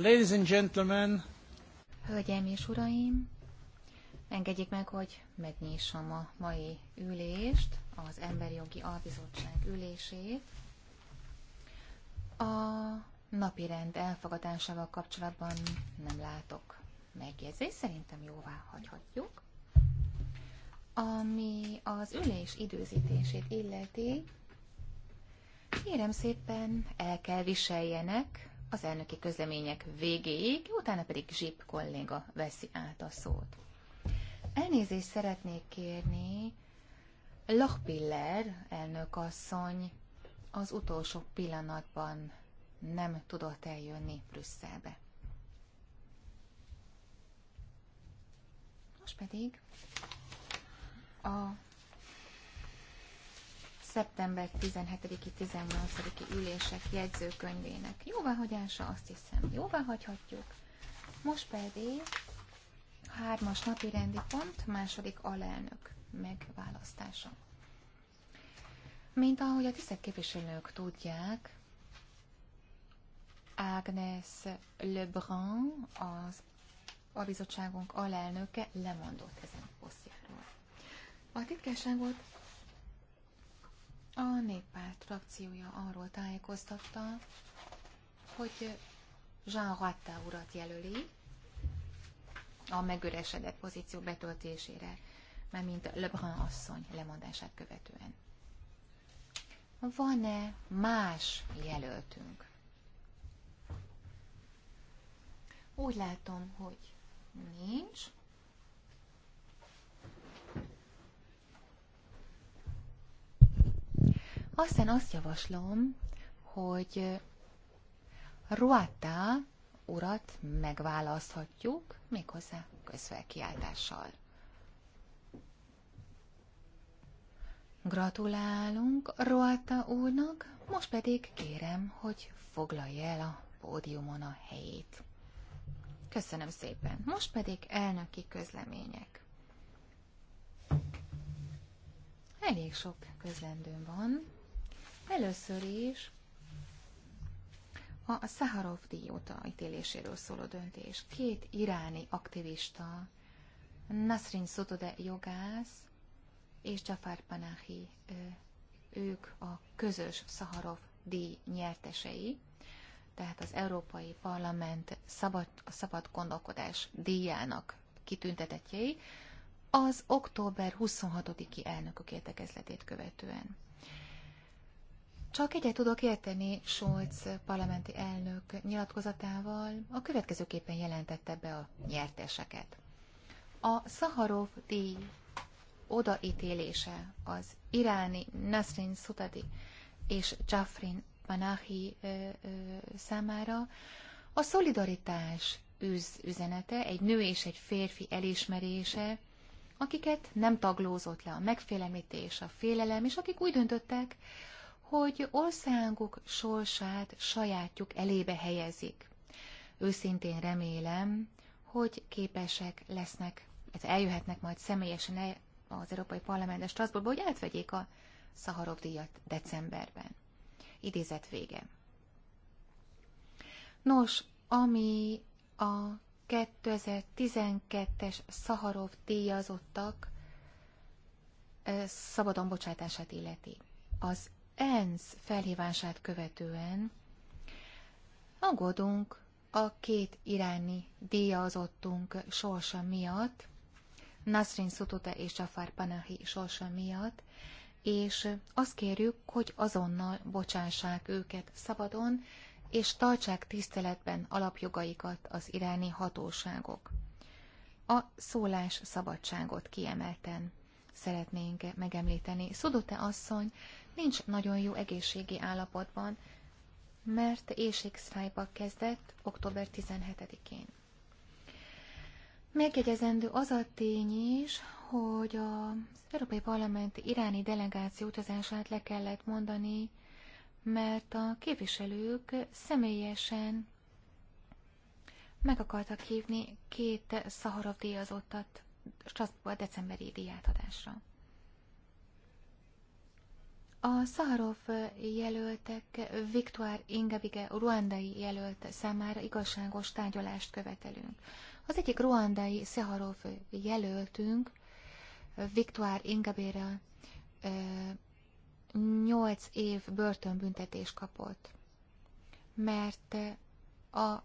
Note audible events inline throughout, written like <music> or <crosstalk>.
Ladies and gentlemen. Hölgyeim és uraim, engedjék meg, hogy megnyissam a mai ülést, az Emberi Jogi Albizottság ülését. A napi rend elfogadásával kapcsolatban nem látok megjegyzést, szerintem jóvá hagyhatjuk. Ami az ülés időzítését illeti, kérem szépen el kell viseljenek az elnöki közlemények végéig, utána pedig Zsip kolléga veszi át a szót. Elnézést szeretnék kérni, Lachpiller elnökasszony az utolsó pillanatban nem tudott eljönni Brüsszelbe. Most pedig a szeptember 17-i, 18-i ülések jegyzőkönyvének jóváhagyása, azt hiszem, jóváhagyhatjuk. Most pedig hármas napi rendi pont, második alelnök megválasztása. Mint ahogy a tisztelt képviselők tudják, Agnes Lebrun, az a bizottságunk alelnöke lemondott ezen a posztjáról. A titkárságot a néppárt frakciója arról tájékoztatta, hogy Jean Ratta urat jelöli a megöresedett pozíció betöltésére, mert mint Lebrun asszony lemondását követően. Van-e más jelöltünk? Úgy látom, hogy nincs. Aztán azt javaslom, hogy Ruata urat megválaszthatjuk, méghozzá közfelkiáltással. Gratulálunk Roata úrnak, most pedig kérem, hogy foglalja el a pódiumon a helyét. Köszönöm szépen. Most pedig elnöki közlemények. Elég sok közlendőm van. Először is a Szaharov díjóta ítéléséről szóló döntés. Két iráni aktivista, Nasrin Sotode jogász és Jafar Panahi, ők a közös Szaharov díj nyertesei, tehát az Európai Parlament szabad, a szabad gondolkodás díjának kitüntetetjei, az október 26-i elnökök értekezletét követően. Csak egyet tudok érteni Scholz parlamenti elnök nyilatkozatával, a következőképpen jelentette be a nyerteseket. A Szaharov díj odaítélése az iráni Nasrin Sutadi és Jafrin Panahi ö, ö, számára a szolidaritás üz, üzenete, egy nő és egy férfi elismerése, akiket nem taglózott le a megfélemlítés, a félelem, és akik úgy döntöttek, hogy országuk sorsát sajátjuk elébe helyezik. Őszintén remélem, hogy képesek lesznek, ez eljöhetnek majd személyesen az Európai Parlamentbe Strasbourgba, hogy átvegyék a Szaharov díjat decemberben. Idézet vége. Nos, ami a 2012-es Szaharov díjazottak eh, szabadon bocsátását illeti. Az ENSZ felhívását követően aggódunk a két iráni díjazottunk sorsa miatt, Nasrin Sutute és Jafar Panahi sorsa miatt, és azt kérjük, hogy azonnal bocsássák őket szabadon, és tartsák tiszteletben alapjogaikat az iráni hatóságok. A szólás szabadságot kiemelten szeretnénk megemlíteni. Szudote asszony nincs nagyon jó egészségi állapotban, mert éjségszájba kezdett október 17-én. Megjegyezendő az a tény is, hogy az Európai Parlament iráni delegáció utazását le kellett mondani, mert a képviselők személyesen meg akartak hívni két Szaharov díjazottat Strasbourg decemberi díjátadásra. A Szaharov jelöltek Viktor Ingevige ruandai jelölt számára igazságos tárgyalást követelünk. Az egyik ruandai Szaharov jelöltünk, Viktor Ingabére 8 év börtönbüntetés kapott, mert a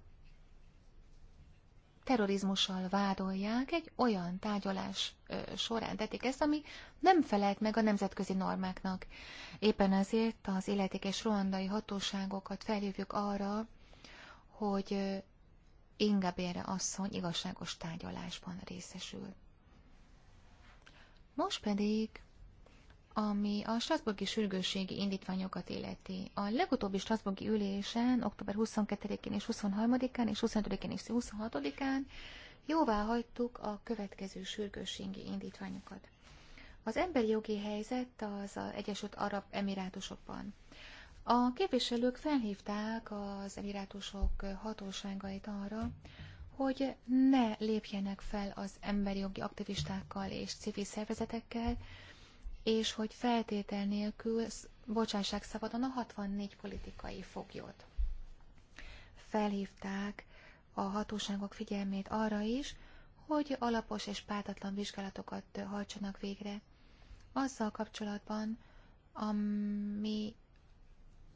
terrorizmussal vádolják, egy olyan tárgyalás során tették ezt, ami nem felelt meg a nemzetközi normáknak. Éppen ezért az illetékes ruandai hatóságokat felhívjuk arra, hogy Ingabére asszony igazságos tárgyalásban részesül. Most pedig ami a Strasburgi sürgősségi indítványokat illeti. A legutóbbi Strasburgi ülésen, október 22-én és 23-án és 25-én és 26-án jóvá hagytuk a következő sürgősségi indítványokat. Az emberi jogi helyzet az, az Egyesült Arab Emirátusokban. A képviselők felhívták az emirátusok hatóságait arra, hogy ne lépjenek fel az emberi jogi aktivistákkal és civil szervezetekkel, és hogy feltétel nélkül bocsássák szabadon a 64 politikai foglyot. Felhívták a hatóságok figyelmét arra is, hogy alapos és pártatlan vizsgálatokat hajtsanak végre. Azzal kapcsolatban, ami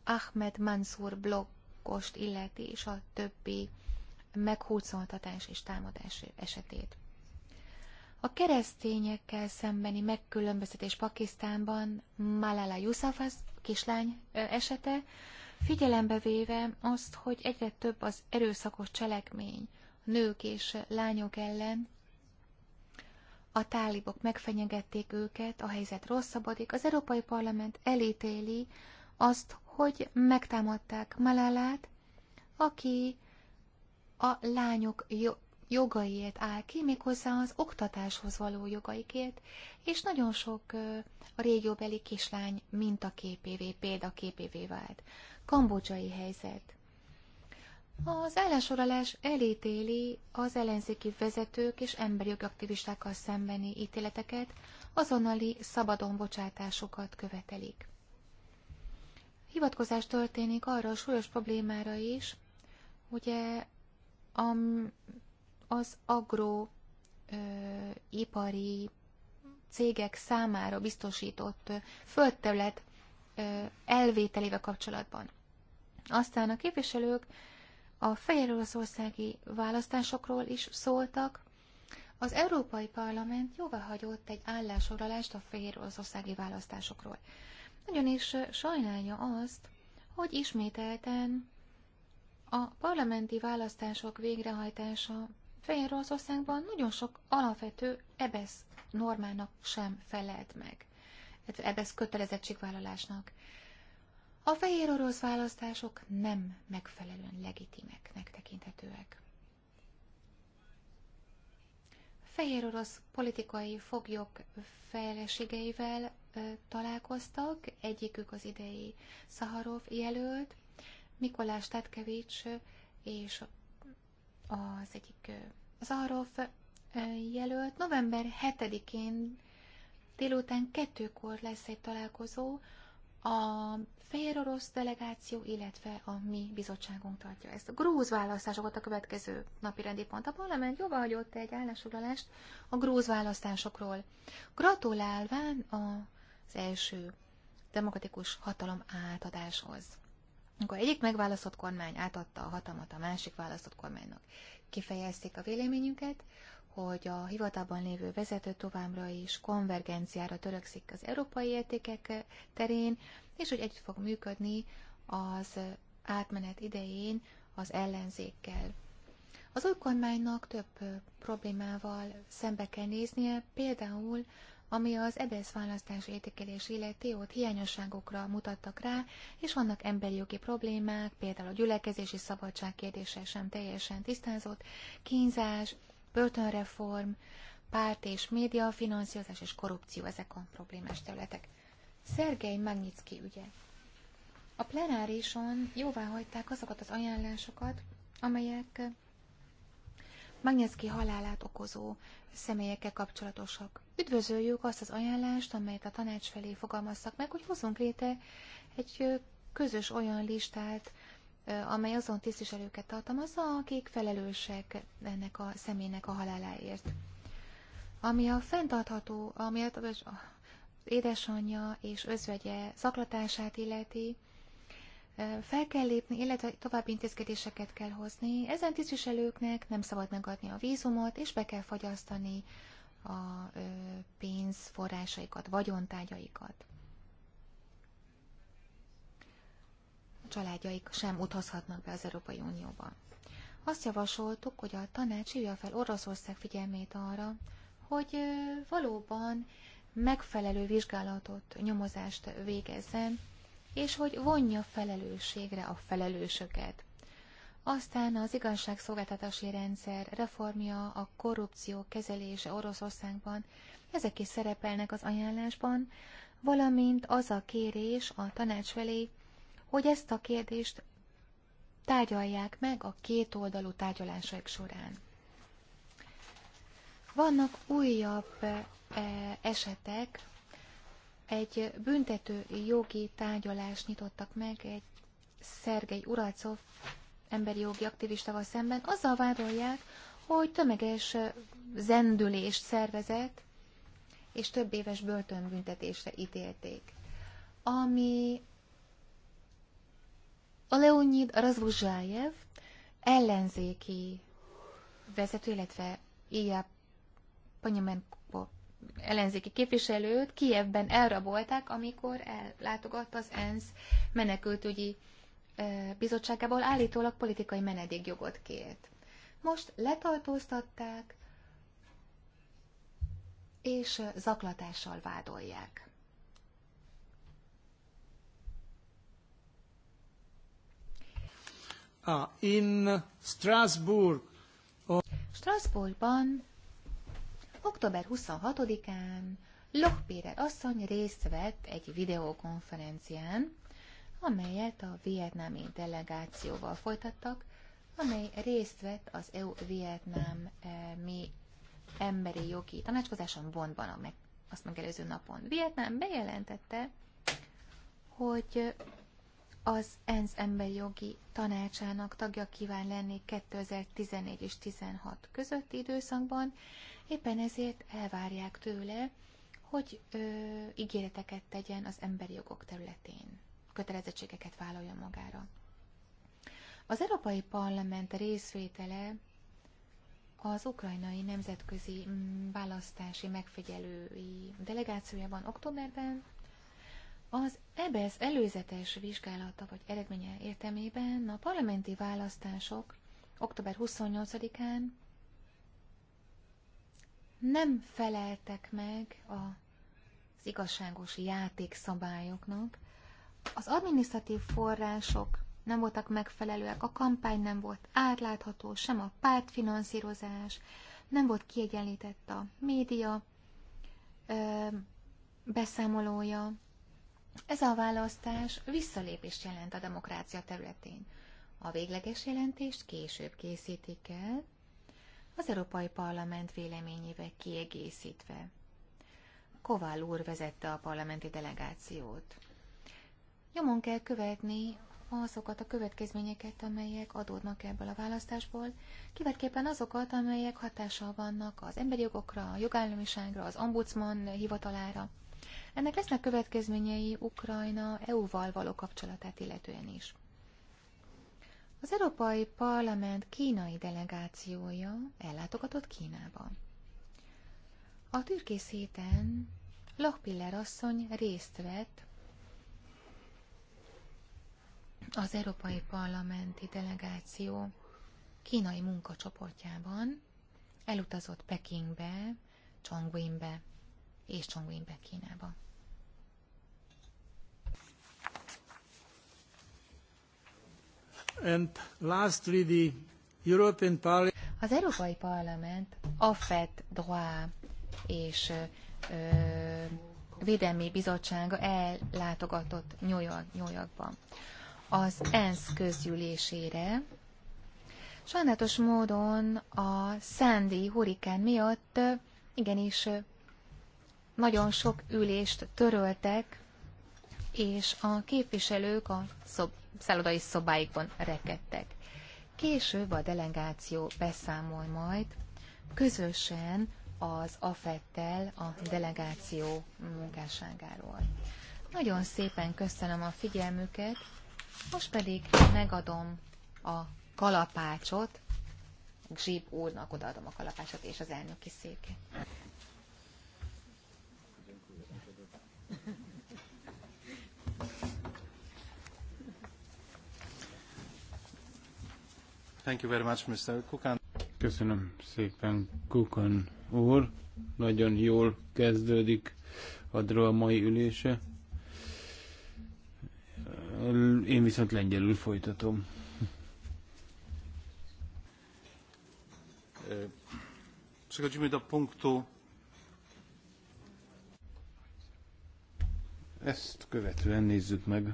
Ahmed Mansur blogost illeti, és a többi meghúzoltatás és támadás esetét. A keresztényekkel szembeni megkülönböztetés Pakisztánban Malala Yousafzai kislány esete, figyelembe véve azt, hogy egyre több az erőszakos cselekmény nők és lányok ellen, a tálibok megfenyegették őket, a helyzet rosszabbodik, az Európai Parlament elítéli azt, hogy megtámadták Malalát, aki a lányok jogaiért áll ki, méghozzá az oktatáshoz való jogaikért, és nagyon sok a régióbeli kislány mintaképévé, példaképévé vált. Kambodzsai helyzet. Az ellensorolás elítéli az ellenzéki vezetők és emberi aktivistákkal szembeni ítéleteket, azonnali szabadon bocsátásokat követelik. Hivatkozás történik arra a súlyos problémára is, ugye a az agroipari cégek számára biztosított földterület elvételével kapcsolatban. Aztán a képviselők a fehér oroszországi választásokról is szóltak. Az Európai Parlament hagyott egy állásoralást a fehér oroszországi választásokról. Nagyon is sajnálja azt, hogy ismételten a parlamenti választások végrehajtása Fehér Oroszországban nagyon sok alapvető ebesz normának sem felelt meg, ebesz kötelezettségvállalásnak. A fehér orosz választások nem megfelelően legitimeknek tekinthetőek. Fehér orosz politikai foglyok feleségeivel találkoztak, egyikük az idei Szaharov jelölt, Mikolás Tetkevics és az egyik az jelölt. November 7-én délután kettőkor lesz egy találkozó, a fehér orosz delegáció, illetve a mi bizottságunk tartja ezt. A grúz választásokat a következő napi rendi pont. A parlament hagyott egy állásfoglalást a grúz választásokról, gratulálván az első demokratikus hatalom átadáshoz. Amikor egyik megválasztott kormány átadta a hatalmat a másik választott kormánynak, kifejezték a véleményünket, hogy a hivatalban lévő vezető továbbra is konvergenciára törekszik az európai értékek terén, és hogy együtt fog működni az átmenet idején az ellenzékkel. Az új kormánynak több problémával szembe kell néznie, például ami az EDESZ választási értékelés illeti, ott hiányosságokra mutattak rá, és vannak emberi jogi problémák, például a gyülekezési szabadság kérdése sem teljesen tisztázott, kínzás, börtönreform, párt és média, finanszírozás és korrupció, ezek a problémás területek. Szergei Magnitsky ügye. A plenárison jóvá hagyták azokat az ajánlásokat, amelyek Magnetsky halálát okozó személyekkel kapcsolatosak. Üdvözöljük azt az ajánlást, amelyet a tanács felé fogalmaztak meg, hogy hozzunk léte egy közös olyan listát, amely azon tisztviselőket tartalmazza, akik felelősek ennek a személynek a haláláért. Ami a fenntartható, ami az édesanyja és özvegye zaklatását illeti, fel kell lépni, illetve további intézkedéseket kell hozni. Ezen tisztviselőknek nem szabad megadni a vízumot, és be kell fagyasztani a pénz forrásaikat, vagyontágyaikat. A családjaik sem utazhatnak be az Európai Unióba. Azt javasoltuk, hogy a tanács hívja fel Oroszország figyelmét arra, hogy valóban megfelelő vizsgálatot, nyomozást végezzen és hogy vonja felelősségre a felelősöket. Aztán az igazságszolgáltatási rendszer reformja, a korrupció kezelése Oroszországban, ezek is szerepelnek az ajánlásban, valamint az a kérés a tanács felé, hogy ezt a kérdést tárgyalják meg a kétoldalú tárgyalások során. Vannak újabb eh, esetek, egy büntető jogi tárgyalást nyitottak meg egy Szergei Uralcov emberi jogi aktivistával szemben. Azzal vádolják, hogy tömeges zendülést szervezett, és több éves börtönbüntetésre ítélték. Ami a Leonid Razvuzsájev ellenzéki vezető, illetve Ilya Panyamen ellenzéki képviselőt Kievben elrabolták, amikor ellátogatta az ENSZ menekültügyi bizottságából állítólag politikai menedékjogot kért. Most letartóztatták, és zaklatással vádolják. Ah, in Strasbourg. Oh. Strasbourgban Október 26-án Lochpérer asszony részt vett egy videokonferencián, amelyet a vietnámi delegációval folytattak, amely részt vett az EU-Vietnám eh, mi emberi jogi tanácskozáson Bondban, a azt megelőző napon. Vietnám bejelentette, hogy az ENSZ emberi jogi tanácsának tagja kíván lenni 2014 és 16 közötti időszakban, Éppen ezért elvárják tőle, hogy ö, ígéreteket tegyen az emberi jogok területén, kötelezettségeket vállalja magára. Az Európai Parlament részvétele az ukrajnai nemzetközi mm, választási megfigyelői delegációjában októberben az EBS e előzetes vizsgálata vagy eredménye értelmében a parlamenti választások október 28-án nem feleltek meg az igazságos játékszabályoknak, az adminisztratív források nem voltak megfelelőek, a kampány nem volt átlátható, sem a pártfinanszírozás, nem volt kiegyenlített a média ö, beszámolója. Ez a választás visszalépést jelent a demokrácia területén. A végleges jelentést később készítik el, az Európai Parlament véleményével kiegészítve. Kovál úr vezette a parlamenti delegációt. Nyomon kell követni azokat a következményeket, amelyek adódnak ebből a választásból, kivetképpen azokat, amelyek hatással vannak az emberi jogokra, a jogállamiságra, az ombudsman hivatalára. Ennek lesznek következményei Ukrajna EU-val való kapcsolatát illetően is. Az Európai Parlament kínai delegációja ellátogatott Kínába. A türkész héten Lachpiller asszony részt vett az Európai Parlamenti Delegáció kínai munkacsoportjában, elutazott Pekingbe, Chongqingbe és Chongqingbe Kínába. And lastly, the European Parliament... Az Európai Parlament AFET Droit és ö, Védelmi Bizottsága ellátogatott New, York, New Yorkban az ENSZ közgyűlésére. Sajnálatos módon a Sandy hurikán miatt igenis nagyon sok ülést töröltek és a képviselők a szob- szállodai szobáikban rekedtek. Később a delegáció beszámol majd közösen az AFET-tel a delegáció munkásságáról. Nagyon szépen köszönöm a figyelmüket, most pedig megadom a kalapácsot, Gzsib úrnak odaadom a kalapácsot és az elnöki székét. Thank you very much, Mr. Kukan. Köszönöm szépen, Kukan úr. Nagyon jól kezdődik a mai ülése. Én viszont lengyelül folytatom. Przechodzimy do punktu. Ezt követően nézzük meg.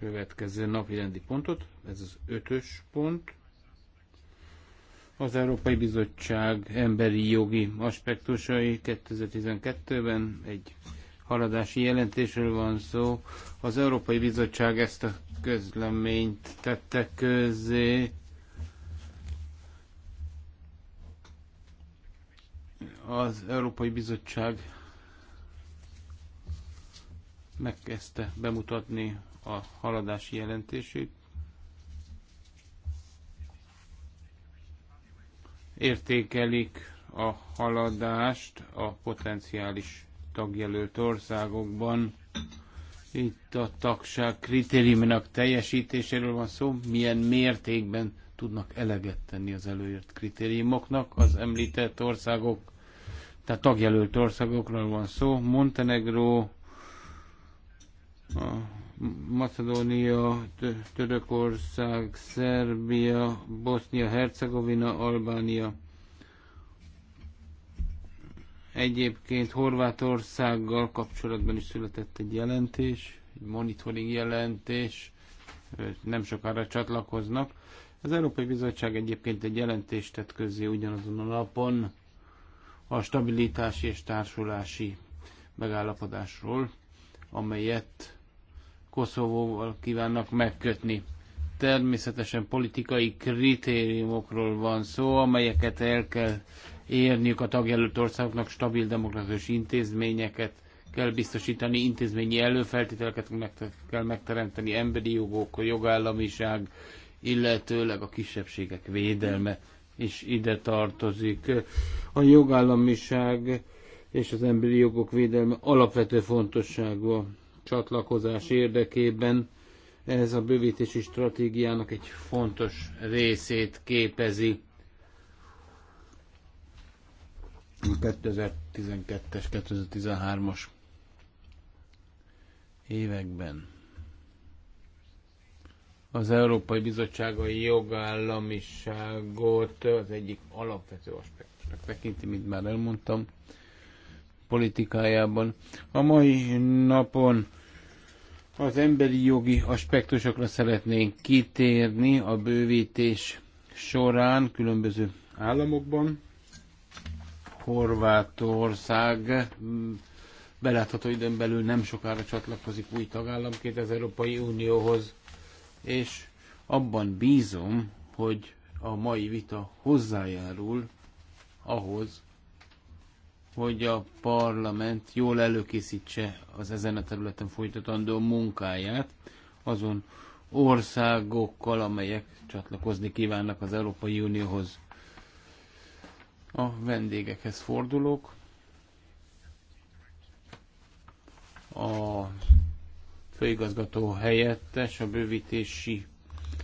következő napi rendi pontot, ez az ötös pont. Az Európai Bizottság emberi jogi aspektusai 2012-ben egy haladási jelentésről van szó. Az Európai Bizottság ezt a közleményt tette közé. Az Európai Bizottság megkezdte bemutatni a haladási jelentését. Értékelik a haladást a potenciális tagjelölt országokban. Itt a tagság kritériumnak teljesítéséről van szó, milyen mértékben tudnak eleget tenni az előírt kritériumoknak az említett országok, tehát tagjelölt országokról van szó. Montenegro a Macedónia, Törökország, Szerbia, Bosznia-Hercegovina, Albánia. Egyébként Horvátországgal kapcsolatban is született egy jelentés, egy monitoring jelentés, nem sokára csatlakoznak. Az Európai Bizottság egyébként egy jelentést tett közzé ugyanazon a napon a stabilitási és társulási megállapodásról, amelyet Koszovóval kívánnak megkötni. Természetesen politikai kritériumokról van szó, amelyeket el kell érniük a tagjelölt országoknak, stabil demokratikus intézményeket kell biztosítani, intézményi előfeltételeket kell megteremteni, emberi jogok, a jogállamiság, illetőleg a kisebbségek védelme is ide tartozik. A jogállamiság és az emberi jogok védelme alapvető fontosságú csatlakozás érdekében ez a bővítési stratégiának egy fontos részét képezi. 2012-es, 2013-as években az Európai Bizottságai jogállamiságot az egyik alapvető aspektusnak tekinti, mint már elmondtam politikájában. A mai napon az emberi jogi aspektusokra szeretnénk kitérni a bővítés során különböző államokban. Horvátország mm, belátható időn belül nem sokára csatlakozik új tagállamként az Európai Unióhoz, és abban bízom, hogy a mai vita hozzájárul ahhoz, hogy a parlament jól előkészítse az ezen a területen folytatandó munkáját azon országokkal, amelyek csatlakozni kívánnak az Európai Unióhoz. A vendégekhez fordulok. A főigazgató helyettes, a bővítési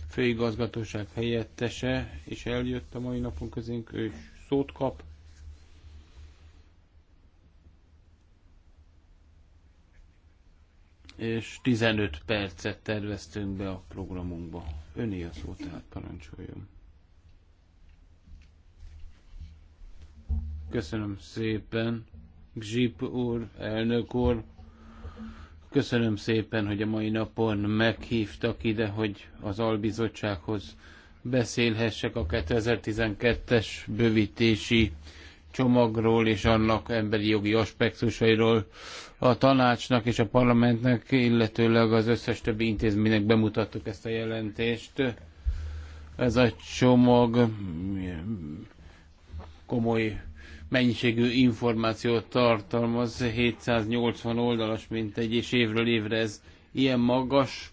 főigazgatóság helyettese, és eljött a mai napon közénk, ő is szót kap. és 15 percet terveztünk be a programunkba. Öné a szó, tehát parancsoljon. Köszönöm szépen, Gzsip úr, elnök úr. Köszönöm szépen, hogy a mai napon meghívtak ide, hogy az albizottsághoz beszélhessek a 2012-es bővítési csomagról és annak emberi jogi aspektusairól a tanácsnak és a parlamentnek, illetőleg az összes többi intézménynek bemutattuk ezt a jelentést. Ez a csomag komoly mennyiségű információt tartalmaz, 780 oldalas, mint egy, és évről évre ez ilyen magas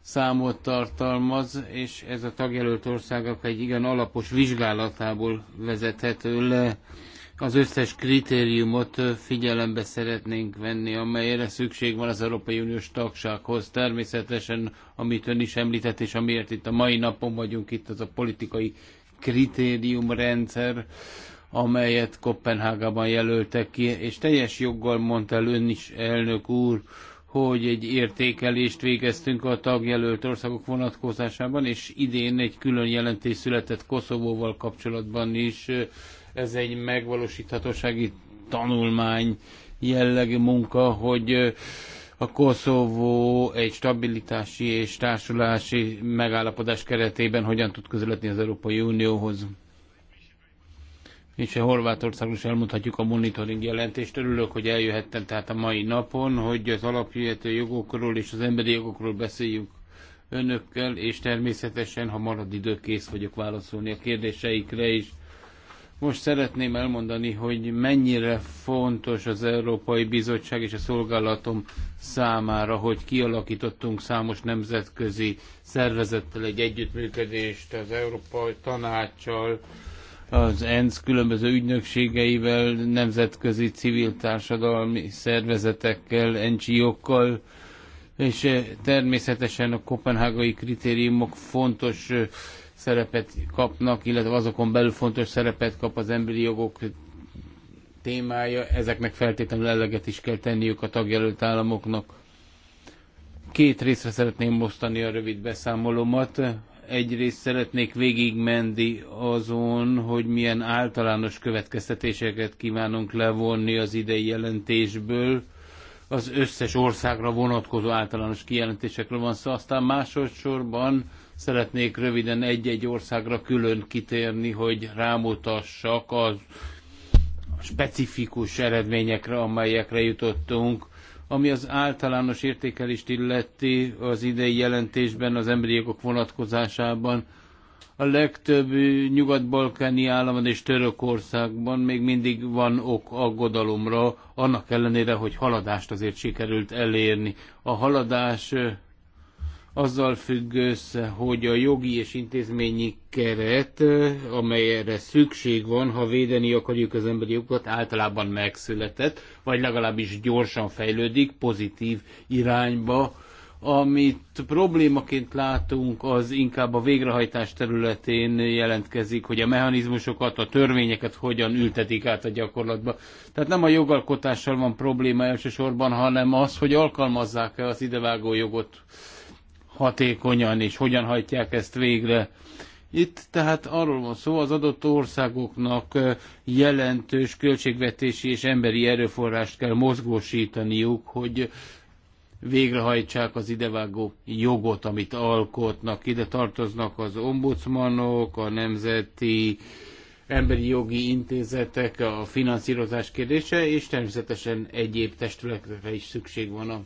számot tartalmaz, és ez a tagjelölt országok egy igen alapos vizsgálatából vezethető le az összes kritériumot figyelembe szeretnénk venni, amelyre szükség van az Európai Uniós tagsághoz. Természetesen, amit ön is említett, és amiért itt a mai napon vagyunk, itt az a politikai kritériumrendszer, amelyet Kopenhágában jelöltek ki, és teljes joggal mondta el ön is, elnök úr, hogy egy értékelést végeztünk a tagjelölt országok vonatkozásában, és idén egy külön jelentés született Koszovóval kapcsolatban is, ez egy megvalósíthatósági tanulmány jellegű munka, hogy a Koszovó egy stabilitási és társulási megállapodás keretében hogyan tud közeledni az Európai Unióhoz. És a Horvátországon is elmondhatjuk a monitoring jelentést. Örülök, hogy eljöhettem tehát a mai napon, hogy az alapvető jogokról és az emberi jogokról beszéljük önökkel, és természetesen, ha marad idő, kész vagyok válaszolni a kérdéseikre is. Most szeretném elmondani, hogy mennyire fontos az Európai Bizottság és a szolgálatom számára, hogy kialakítottunk számos nemzetközi szervezettel egy együttműködést az Európai Tanácssal, az ENSZ különböző ügynökségeivel, nemzetközi civil társadalmi szervezetekkel, NGO-kkal, és természetesen a kopenhágai kritériumok fontos szerepet kapnak, illetve azokon belül fontos szerepet kap az emberi jogok témája, ezeknek feltétlenül eleget is kell tenniük a tagjelölt államoknak. Két részre szeretném mostani a rövid beszámolomat. Egyrészt szeretnék végigmenni azon, hogy milyen általános következtetéseket kívánunk levonni az idei jelentésből. Az összes országra vonatkozó általános kijelentésekről van szó, aztán másodszorban Szeretnék röviden egy-egy országra külön kitérni, hogy rámutassak az specifikus eredményekre, amelyekre jutottunk. Ami az általános értékelést illeti az idei jelentésben, az emberi jogok vonatkozásában, a legtöbb nyugat-balkáni államon és Törökországban még mindig van ok aggodalomra, annak ellenére, hogy haladást azért sikerült elérni. A haladás azzal függ össze, hogy a jogi és intézményi keret, amelyre szükség van, ha védeni akarjuk az emberi jogokat, általában megszületett, vagy legalábbis gyorsan fejlődik, pozitív irányba. Amit problémaként látunk, az inkább a végrehajtás területén jelentkezik, hogy a mechanizmusokat, a törvényeket hogyan ültetik át a gyakorlatba. Tehát nem a jogalkotással van probléma elsősorban, hanem az, hogy alkalmazzák-e az idevágó jogot hatékonyan, és hogyan hajtják ezt végre. Itt tehát arról van szó, az adott országoknak jelentős költségvetési és emberi erőforrást kell mozgósítaniuk, hogy végrehajtsák az idevágó jogot, amit alkotnak. Ide tartoznak az ombudsmanok, a nemzeti emberi jogi intézetek, a finanszírozás kérdése, és természetesen egyéb testületekre is szükség van a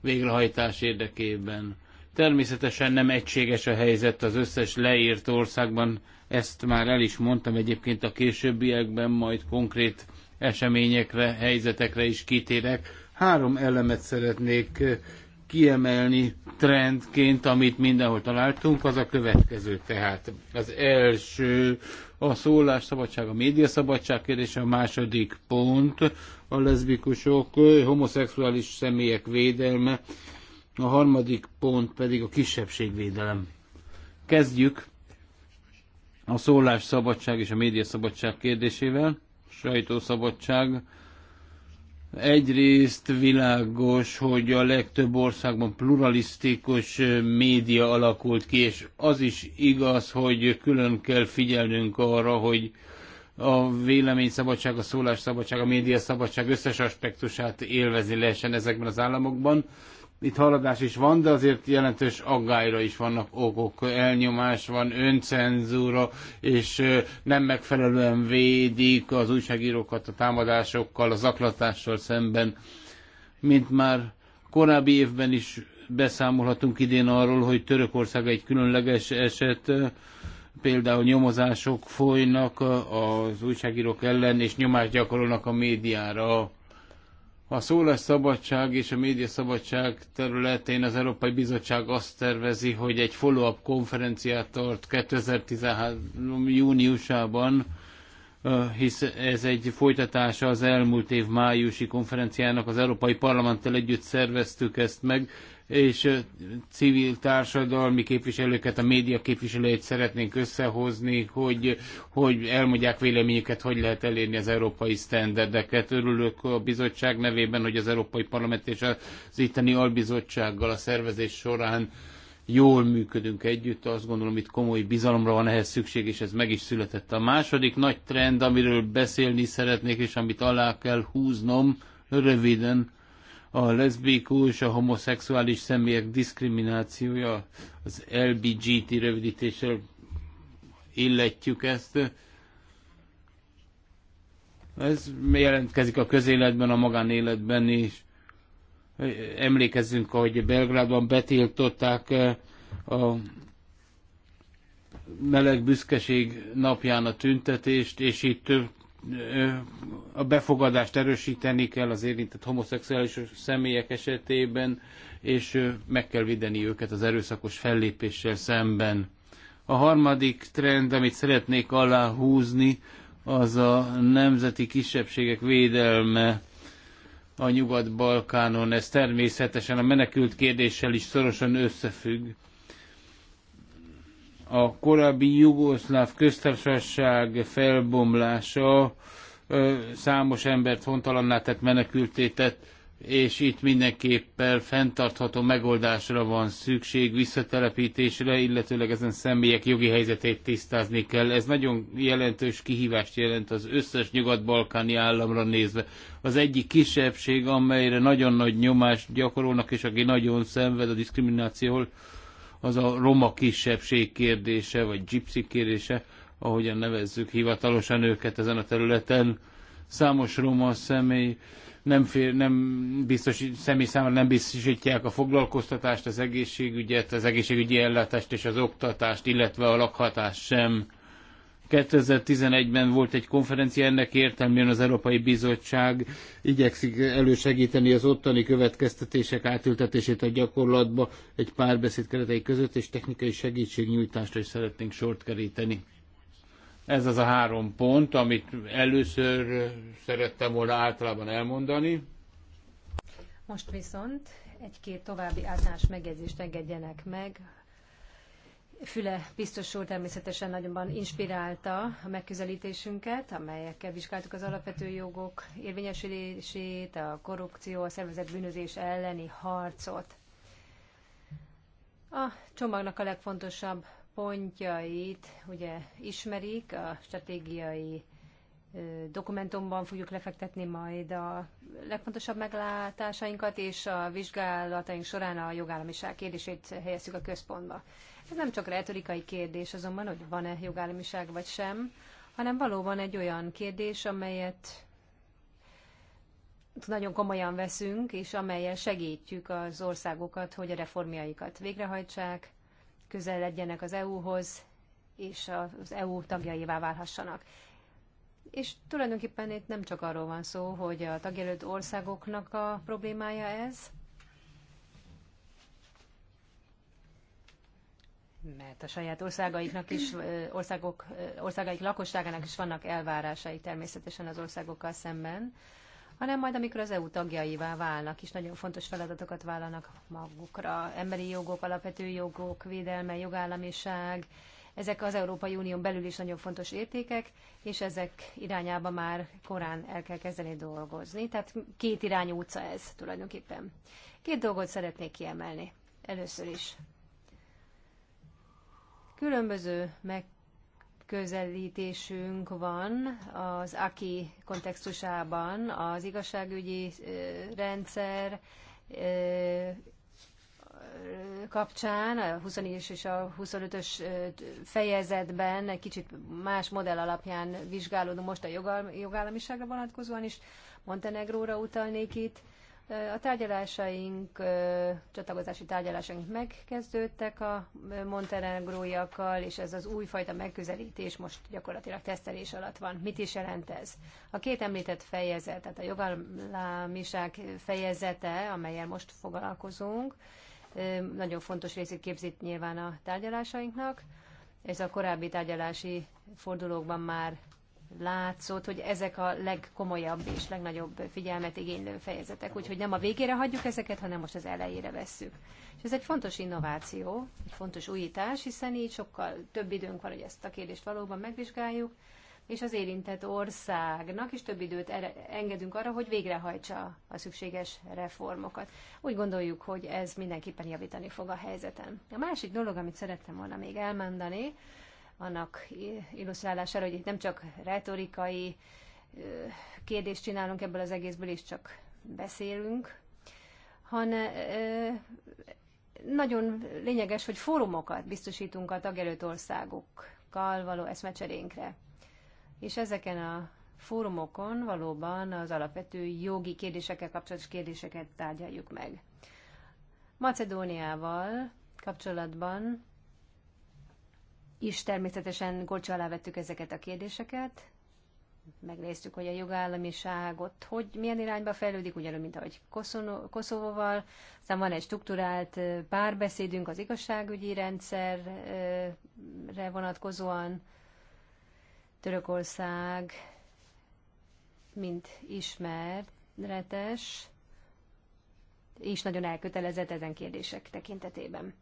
végrehajtás érdekében. Természetesen nem egységes a helyzet az összes leírt országban, ezt már el is mondtam egyébként a későbbiekben, majd konkrét eseményekre, helyzetekre is kitérek. Három elemet szeretnék eh, kiemelni trendként, amit mindenhol találtunk, az a következő tehát. Az első a szólásszabadság, a médiaszabadság kérdése, a második pont a leszbikusok, eh, homoszexuális személyek védelme, a harmadik pont pedig a kisebbségvédelem. Kezdjük a szólás szabadság és a média szabadság kérdésével, sajtószabadság. Egyrészt világos, hogy a legtöbb országban pluralisztikus média alakult ki, és az is igaz, hogy külön kell figyelnünk arra, hogy a véleményszabadság, a szólásszabadság, a média szabadság összes aspektusát élvezni lehessen ezekben az államokban itt haladás is van, de azért jelentős aggályra is vannak okok. Elnyomás van, öncenzúra, és nem megfelelően védik az újságírókat a támadásokkal, a zaklatással szemben, mint már korábbi évben is beszámolhatunk idén arról, hogy Törökország egy különleges eset, például nyomozások folynak az újságírók ellen, és nyomást gyakorolnak a médiára a szólásszabadság és a média szabadság területén az Európai Bizottság azt tervezi, hogy egy follow-up konferenciát tart 2013. júniusában, hisz ez egy folytatása az elmúlt év májusi konferenciának, az Európai Parlamenttel együtt szerveztük ezt meg, és civil társadalmi képviselőket, a média képviselőit szeretnénk összehozni, hogy, hogy elmondják véleményüket, hogy lehet elérni az európai sztenderdeket. Örülök a bizottság nevében, hogy az Európai Parlament és az itteni albizottsággal a szervezés során jól működünk együtt, azt gondolom itt komoly bizalomra van ehhez szükség, és ez meg is született. A második nagy trend, amiről beszélni szeretnék, és amit alá kell húznom röviden, a leszbikus, a homoszexuális személyek diszkriminációja, az LBGT rövidítéssel illetjük ezt. Ez jelentkezik a közéletben, a magánéletben is. Emlékezzünk, hogy Belgrádban betiltották eh, a meleg büszkeség napján a tüntetést, és itt a befogadást erősíteni kell az érintett homoszexuális személyek esetében, és meg kell védeni őket az erőszakos fellépéssel szemben. A harmadik trend, amit szeretnék aláhúzni, az a nemzeti kisebbségek védelme a Nyugat-Balkánon. Ez természetesen a menekült kérdéssel is szorosan összefügg a korábbi jugoszláv köztársaság felbomlása számos embert hontalanná tett, menekülté tett, és itt mindenképpen fenntartható megoldásra van szükség, visszatelepítésre, illetőleg ezen személyek jogi helyzetét tisztázni kell. Ez nagyon jelentős kihívást jelent az összes nyugat-balkáni államra nézve. Az egyik kisebbség, amelyre nagyon nagy nyomást gyakorolnak, és aki nagyon szenved a diszkriminációhol, az a roma kisebbség kérdése, vagy gypsy kérdése, ahogyan nevezzük hivatalosan őket ezen a területen. Számos roma személy nem, fér, nem biztos, személy számára nem biztosítják a foglalkoztatást, az egészségügyet, az egészségügyi ellátást és az oktatást, illetve a lakhatást sem 2011-ben volt egy konferencia, ennek értelmében az Európai Bizottság igyekszik elősegíteni az ottani következtetések átültetését a gyakorlatba egy párbeszéd keretei között, és technikai segítségnyújtásra is szeretnénk sort keríteni. Ez az a három pont, amit először szerettem volna általában elmondani. Most viszont egy-két további általános megjegyzést engedjenek meg Füle biztos úr természetesen nagyonban inspirálta a megközelítésünket, amelyekkel vizsgáltuk az alapvető jogok érvényesülését, a korrupció, a szervezett bűnözés elleni harcot. A csomagnak a legfontosabb pontjait ugye ismerik, a stratégiai dokumentumban fogjuk lefektetni majd a legfontosabb meglátásainkat, és a vizsgálataink során a jogállamiság kérdését helyezzük a központba. Ez nem csak retorikai kérdés azonban, hogy van-e jogállamiság vagy sem, hanem valóban egy olyan kérdés, amelyet nagyon komolyan veszünk, és amelyel segítjük az országokat, hogy a reformjaikat végrehajtsák, közel legyenek az EU-hoz, és az EU tagjaivá válhassanak. És tulajdonképpen itt nem csak arról van szó, hogy a tagjelölt országoknak a problémája ez, mert a saját országaiknak is, országok, országaik lakosságának is vannak elvárásai természetesen az országokkal szemben, hanem majd amikor az EU tagjaivá válnak is, nagyon fontos feladatokat vállalnak magukra. Emberi jogok, alapvető jogok, védelme, jogállamiság, ezek az Európai Unión belül is nagyon fontos értékek, és ezek irányába már korán el kell kezdeni dolgozni. Tehát két irányú utca ez tulajdonképpen. Két dolgot szeretnék kiemelni. Először is Különböző megközelítésünk van az AKI kontextusában, az igazságügyi rendszer kapcsán, a 20-es és a 25-ös fejezetben egy kicsit más modell alapján vizsgálódunk most a jogállamiságra vonatkozóan is. Montenegróra utalnék itt, a tárgyalásaink, csatlakozási tárgyalásaink megkezdődtek a montenegróiakkal, és ez az újfajta megközelítés most gyakorlatilag tesztelés alatt van. Mit is jelent ez? A két említett fejezet, tehát a jogállamiság fejezete, amelyel most foglalkozunk, nagyon fontos részét képzít nyilván a tárgyalásainknak. Ez a korábbi tárgyalási fordulókban már látszott, hogy ezek a legkomolyabb és legnagyobb figyelmet igénylő fejezetek. Úgyhogy nem a végére hagyjuk ezeket, hanem most az elejére vesszük. És ez egy fontos innováció, egy fontos újítás, hiszen így sokkal több időnk van, hogy ezt a kérdést valóban megvizsgáljuk, és az érintett országnak is több időt engedünk arra, hogy végrehajtsa a szükséges reformokat. Úgy gondoljuk, hogy ez mindenképpen javítani fog a helyzeten. A másik dolog, amit szerettem volna még elmondani, annak illusztrálására, hogy itt nem csak retorikai kérdést csinálunk ebből az egészből, és csak beszélünk, hanem nagyon lényeges, hogy fórumokat biztosítunk a tagjelölt országokkal való eszmecserénkre. És ezeken a fórumokon valóban az alapvető jogi kérdésekkel kapcsolatos kérdéseket tárgyaljuk meg. Macedóniával kapcsolatban is természetesen golcsa alá vettük ezeket a kérdéseket, megnéztük, hogy a jogállamiságot hogy milyen irányba fejlődik, ugyanúgy, mint ahogy Koszovóval. Aztán van egy strukturált párbeszédünk az igazságügyi rendszerre vonatkozóan. Törökország, mint ismeretes, és nagyon elkötelezett ezen kérdések tekintetében.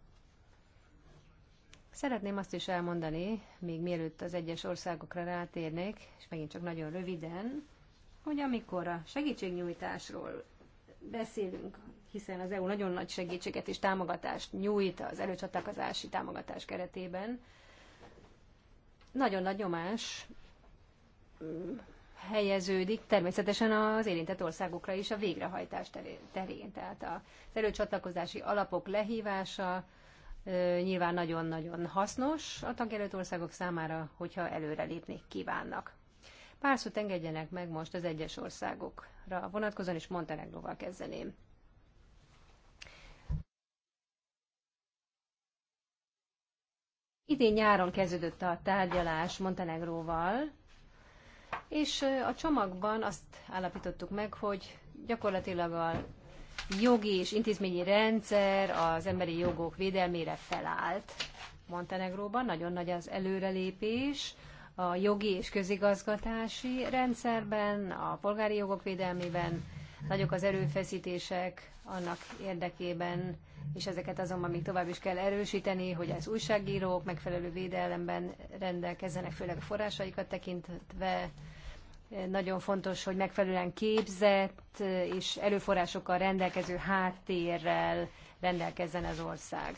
Szeretném azt is elmondani, még mielőtt az egyes országokra rátérnék, és megint csak nagyon röviden, hogy amikor a segítségnyújtásról beszélünk, hiszen az EU nagyon nagy segítséget és támogatást nyújt az előcsatlakozási támogatás keretében, nagyon nagy nyomás mm, helyeződik természetesen az érintett országokra is a végrehajtás terén. Tehát az előcsatlakozási alapok lehívása, nyilván nagyon-nagyon hasznos a tagjelölt országok számára, hogyha előrelépni kívánnak. Pár szót engedjenek meg most az egyes országokra vonatkozóan, és Montenegróval kezdeném. Idén nyáron kezdődött a tárgyalás Montenegróval, és a csomagban azt állapítottuk meg, hogy gyakorlatilag a jogi és intézményi rendszer az emberi jogok védelmére felállt Montenegróban. Nagyon nagy az előrelépés a jogi és közigazgatási rendszerben, a polgári jogok védelmében. Nagyok az erőfeszítések annak érdekében, és ezeket azonban még tovább is kell erősíteni, hogy az újságírók megfelelő védelemben rendelkezzenek, főleg a forrásaikat tekintve, nagyon fontos, hogy megfelelően képzett és előforrásokkal rendelkező háttérrel rendelkezzen az ország.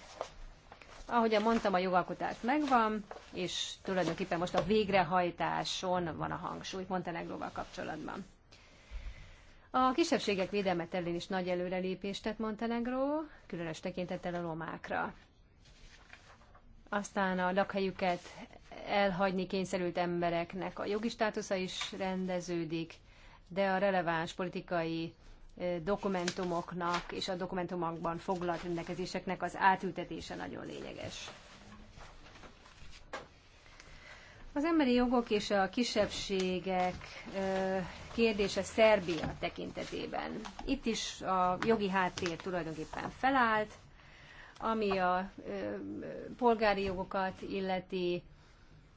Ahogy mondtam, a jogalkotás megvan, és tulajdonképpen most a végrehajtáson van a hangsúly Montenegróval kapcsolatban. A kisebbségek védelme terén is nagy előrelépést tett Montenegró, különös tekintettel a romákra. Aztán a lakhelyüket elhagyni kényszerült embereknek a jogi státusza is rendeződik, de a releváns politikai dokumentumoknak és a dokumentumokban foglalt rendelkezéseknek az átültetése nagyon lényeges. Az emberi jogok és a kisebbségek kérdése Szerbia tekintetében. Itt is a jogi háttér tulajdonképpen felállt, ami a polgári jogokat illeti,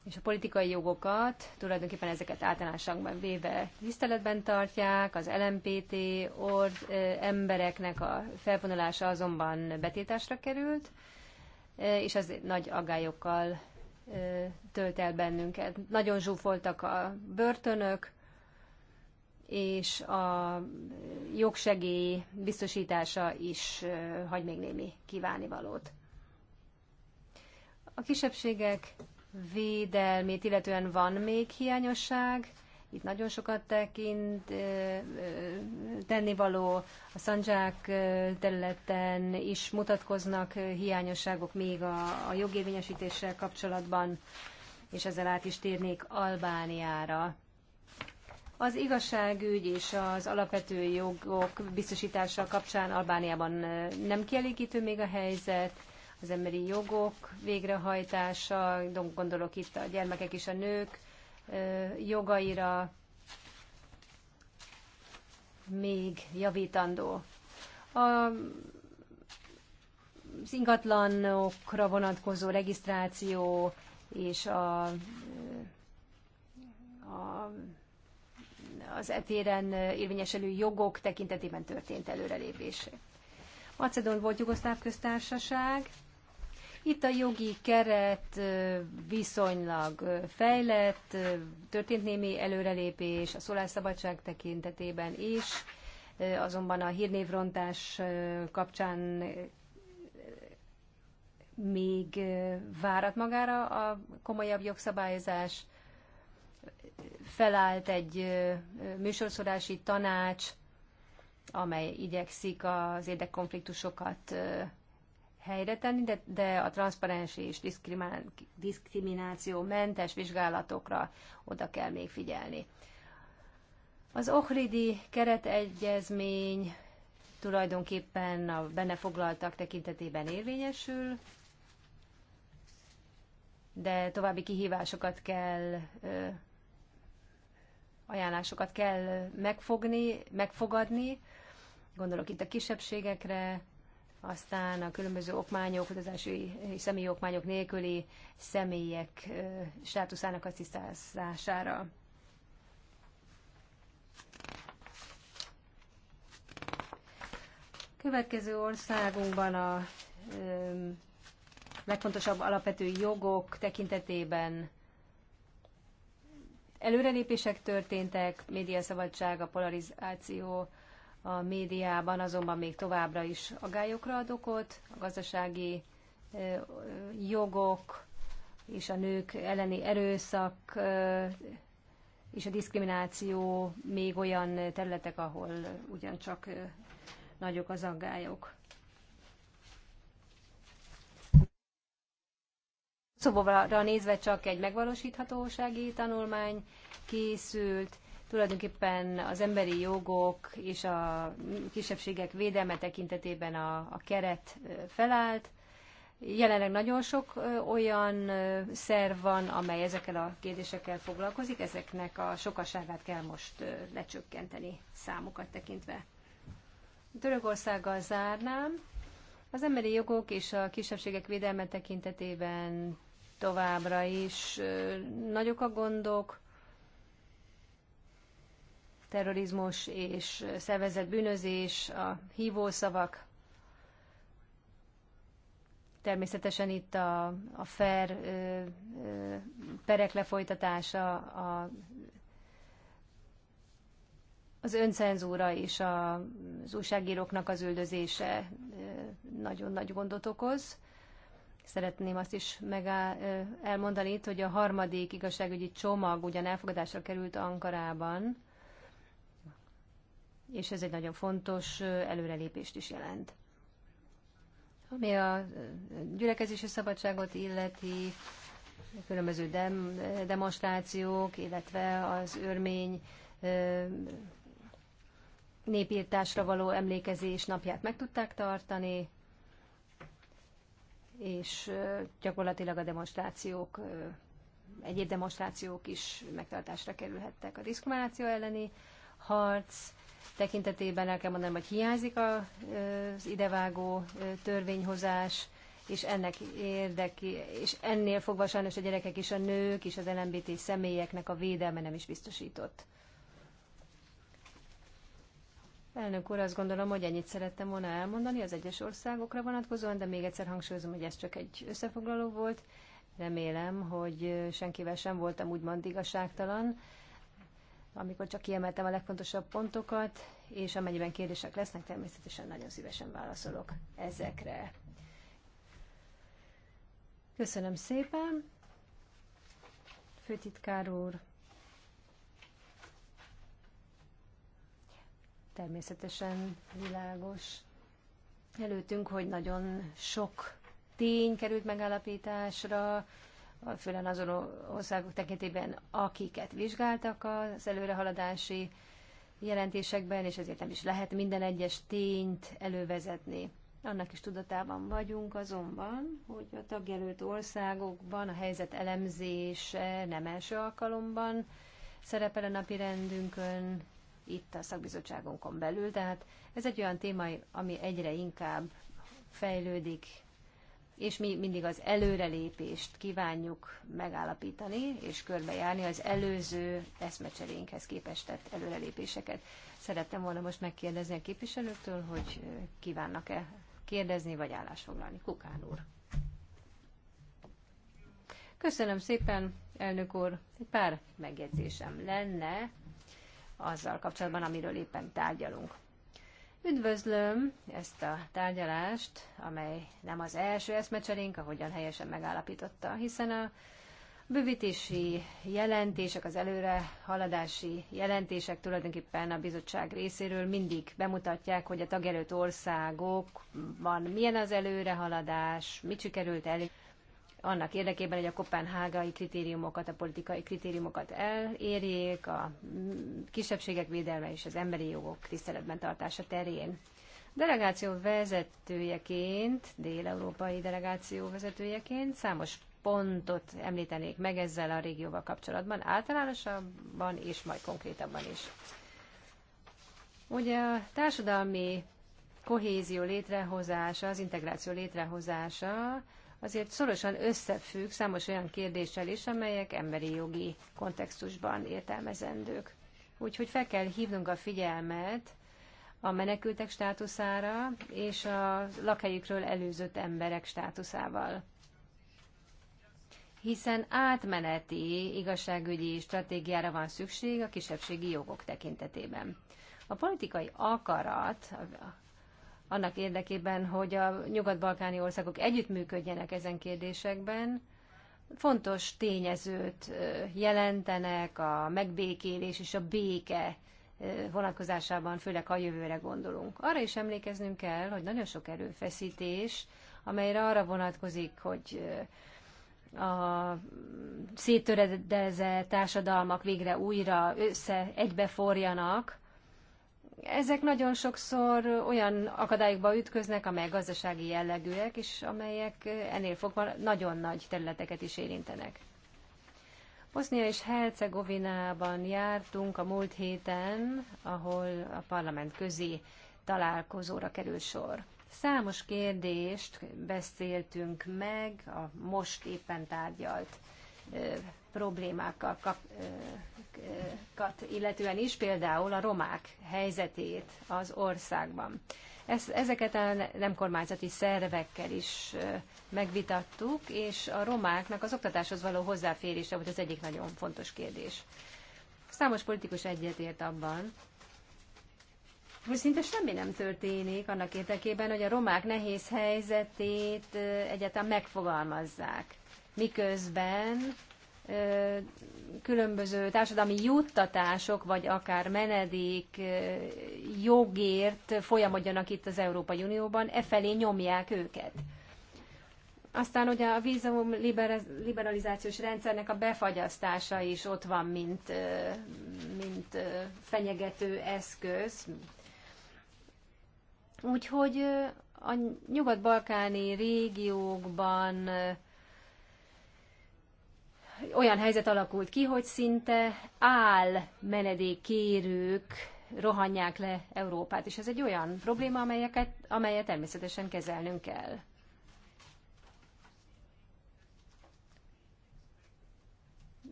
és a politikai jogokat tulajdonképpen ezeket általánosságban véve tiszteletben tartják, az LMPT or, embereknek a felvonulása azonban betétásra került, és az nagy aggályokkal tölt el bennünket. Nagyon zsúfoltak a börtönök, és a jogsegély biztosítása is hagy még némi kívánivalót. A kisebbségek védelmét, illetően van még hiányosság. Itt nagyon sokat tekint tennivaló. A szandzsák területen is mutatkoznak hiányosságok még a, a jogérvényesítéssel kapcsolatban, és ezzel át is térnék Albániára. Az igazságügy és az alapvető jogok biztosítása kapcsán Albániában nem kielégítő még a helyzet, az emberi jogok végrehajtása, gondolok itt a gyermekek és a nők jogaira, még javítandó. A, az ingatlanokra vonatkozó regisztráció és a, a, az etéren érvényeselő jogok tekintetében történt előrelépés. Macedon volt Jugoszláv köztársaság, itt a jogi keret viszonylag fejlett, történt némi előrelépés a szólásszabadság tekintetében is, azonban a hírnévrontás kapcsán még várat magára a komolyabb jogszabályozás. Felállt egy műsorszorási tanács, amely igyekszik az érdekkonfliktusokat helyre tenni, de, de a transzparens és diszkrimináció mentes vizsgálatokra oda kell még figyelni. Az Ohridi keretegyezmény tulajdonképpen a benne foglaltak tekintetében érvényesül, de további kihívásokat kell, ajánlásokat kell megfogni, megfogadni. Gondolok itt a kisebbségekre, aztán a különböző okmányok, utazási és személyi okmányok nélküli személyek státuszának a tisztázására. Következő országunkban a ö, legfontosabb alapvető jogok tekintetében előrelépések történtek, médiaszabadság, a polarizáció, a médiában azonban még továbbra is agályokra ad okot, a gazdasági jogok és a nők elleni erőszak és a diszkrimináció még olyan területek, ahol ugyancsak nagyok az aggályok. Szóval nézve csak egy megvalósíthatósági tanulmány készült, tulajdonképpen az emberi jogok és a kisebbségek védelme tekintetében a, a keret felállt. Jelenleg nagyon sok olyan szerv van, amely ezekkel a kérdésekkel foglalkozik, ezeknek a sokaságát kell most lecsökkenteni számokat tekintve. Törökországgal zárnám. Az emberi jogok és a kisebbségek védelme tekintetében továbbra is nagyok a gondok, terrorizmus és szervezett bűnözés, a hívószavak. Természetesen itt a, a fair ö, ö, perek lefolytatása, a, az öncenzúra és a, az újságíróknak az üldözése nagyon nagy gondot okoz. Szeretném azt is meg elmondani itt, hogy a harmadik igazságügyi csomag ugyan elfogadásra került Ankarában, és ez egy nagyon fontos előrelépést is jelent. Ami a gyülekezési szabadságot illeti, különböző dem, demonstrációk, illetve az örmény népírtásra való emlékezés napját meg tudták tartani, és gyakorlatilag a demonstrációk, egyéb demonstrációk is megtartásra kerülhettek. A diszkrimináció elleni harc tekintetében el kell mondanom, hogy hiányzik az idevágó törvényhozás, és ennek érdeki, és ennél fogva sajnos a gyerekek és a nők és az LMBT személyeknek a védelme nem is biztosított. Elnök úr, azt gondolom, hogy ennyit szerettem volna elmondani az egyes országokra vonatkozóan, de még egyszer hangsúlyozom, hogy ez csak egy összefoglaló volt. Remélem, hogy senkivel sem voltam úgymond igazságtalan amikor csak kiemeltem a legfontosabb pontokat, és amennyiben kérdések lesznek, természetesen nagyon szívesen válaszolok ezekre. Köszönöm szépen, főtitkár úr. Természetesen világos előttünk, hogy nagyon sok tény került megállapításra, főleg azon országok tekintében, akiket vizsgáltak az előrehaladási jelentésekben, és ezért nem is lehet minden egyes tényt elővezetni. Annak is tudatában vagyunk azonban, hogy a tagjelölt országokban a helyzet elemzése nem első alkalomban szerepel a napi rendünkön, itt a szakbizottságunkon belül, tehát ez egy olyan téma, ami egyre inkább fejlődik, és mi mindig az előrelépést kívánjuk megállapítani és körbejárni az előző eszmecserénkhez képest tett előrelépéseket. Szerettem volna most megkérdezni a képviselőtől, hogy kívánnak-e kérdezni vagy állásfoglalni. Kukán úr. Köszönöm szépen, elnök úr. Egy pár megjegyzésem lenne azzal kapcsolatban, amiről éppen tárgyalunk. Üdvözlöm ezt a tárgyalást, amely nem az első eszmecserénk, ahogyan helyesen megállapította, hiszen a bővítési jelentések, az előre haladási jelentések tulajdonképpen a bizottság részéről mindig bemutatják, hogy a tagjelölt van milyen az előre haladás, mit sikerült elérni annak érdekében, hogy a kopenhágai kritériumokat, a politikai kritériumokat elérjék, a kisebbségek védelme és az emberi jogok tiszteletben tartása terén. Delegáció vezetőjeként, dél-európai delegáció vezetőjeként számos pontot említenék meg ezzel a régióval kapcsolatban, általánosabban és majd konkrétabban is. Ugye a társadalmi kohézió létrehozása, az integráció létrehozása azért szorosan összefügg számos olyan kérdéssel is, amelyek emberi jogi kontextusban értelmezendők. Úgyhogy fel kell hívnunk a figyelmet a menekültek státuszára és a lakhelyükről előzött emberek státuszával hiszen átmeneti igazságügyi stratégiára van szükség a kisebbségi jogok tekintetében. A politikai akarat annak érdekében, hogy a nyugat-balkáni országok együttműködjenek ezen kérdésekben, fontos tényezőt jelentenek a megbékélés és a béke vonatkozásában, főleg ha a jövőre gondolunk. Arra is emlékeznünk kell, hogy nagyon sok erőfeszítés, amelyre arra vonatkozik, hogy a széttöredezett társadalmak végre újra össze egybeforjanak, ezek nagyon sokszor olyan akadályokba ütköznek, amelyek gazdasági jellegűek, és amelyek ennél fogva nagyon nagy területeket is érintenek. Bosznia és Hercegovinában jártunk a múlt héten, ahol a parlament közi találkozóra kerül sor. Számos kérdést beszéltünk meg a most éppen tárgyalt problémákkal, problémákat illetően is, például a romák helyzetét az országban. Ezeket a nem kormányzati szervekkel is megvitattuk, és a romáknak az oktatáshoz való hozzáférése volt az egyik nagyon fontos kérdés. Számos politikus egyetért abban, hogy szinte semmi nem történik annak érdekében, hogy a romák nehéz helyzetét egyáltalán megfogalmazzák miközben különböző társadalmi juttatások, vagy akár menedék jogért folyamodjanak itt az Európai Unióban, e felé nyomják őket. Aztán ugye a vízum liberalizációs rendszernek a befagyasztása is ott van, mint, mint fenyegető eszköz. Úgyhogy a nyugat-balkáni régiókban olyan helyzet alakult ki, hogy szinte áll menedékkérők rohanják le Európát, és ez egy olyan probléma, amelyeket, amelyet természetesen kezelnünk kell.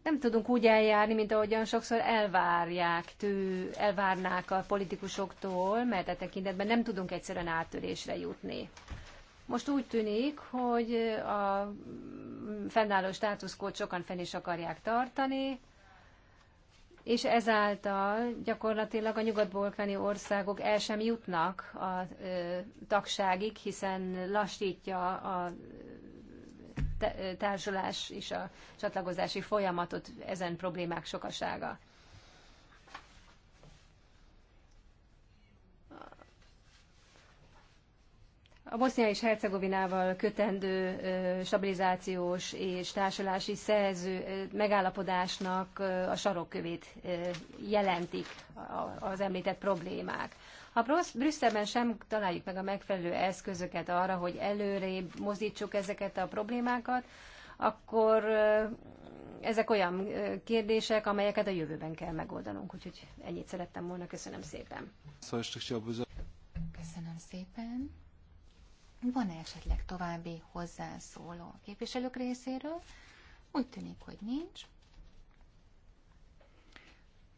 nem tudunk úgy eljárni, mint ahogyan sokszor elvárják, tő, elvárnák a politikusoktól, mert e tekintetben nem tudunk egyszerűen áttörésre jutni. Most úgy tűnik, hogy a fennálló státuszkót sokan fel is akarják tartani, és ezáltal gyakorlatilag a nyugat-balkáni országok el sem jutnak a ö, tagságig, hiszen lassítja a társulás és a csatlakozási folyamatot ezen problémák sokasága. A Bosznia és Hercegovinával kötendő stabilizációs és társulási szerző megállapodásnak a sarokkövét jelentik az említett problémák. Ha Brüsszelben sem találjuk meg a megfelelő eszközöket arra, hogy előrébb mozdítsuk ezeket a problémákat, akkor ezek olyan kérdések, amelyeket a jövőben kell megoldanunk. Úgyhogy ennyit szerettem volna. Köszönöm szépen. Szóval Köszönöm szépen. Van-e esetleg további hozzászóló a képviselők részéről? Úgy tűnik, hogy nincs.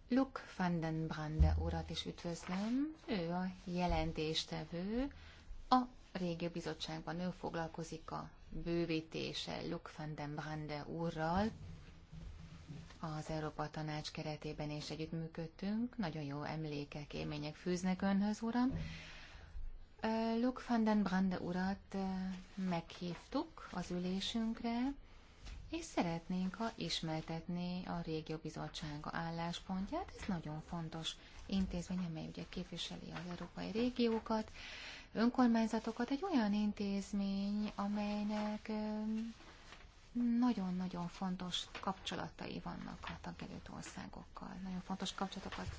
Luk van den Brande urat is üdvözlöm. Ő a jelentéstevő. A régió bizottságban ő foglalkozik a bővítése Luk van den Brande úrral. Az Európa Tanács keretében is együttműködtünk. Nagyon jó emlékek, élmények fűznek önhöz, uram. Luke van den Brande urat meghívtuk az ülésünkre, és szeretnénk, ha ismertetné a régió bizottsága álláspontját. Ez nagyon fontos intézmény, amely ugye képviseli az európai régiókat, önkormányzatokat. Egy olyan intézmény, amelynek nagyon-nagyon fontos kapcsolatai vannak a tagjelölt országokkal. Nagyon fontos kapcsolatokat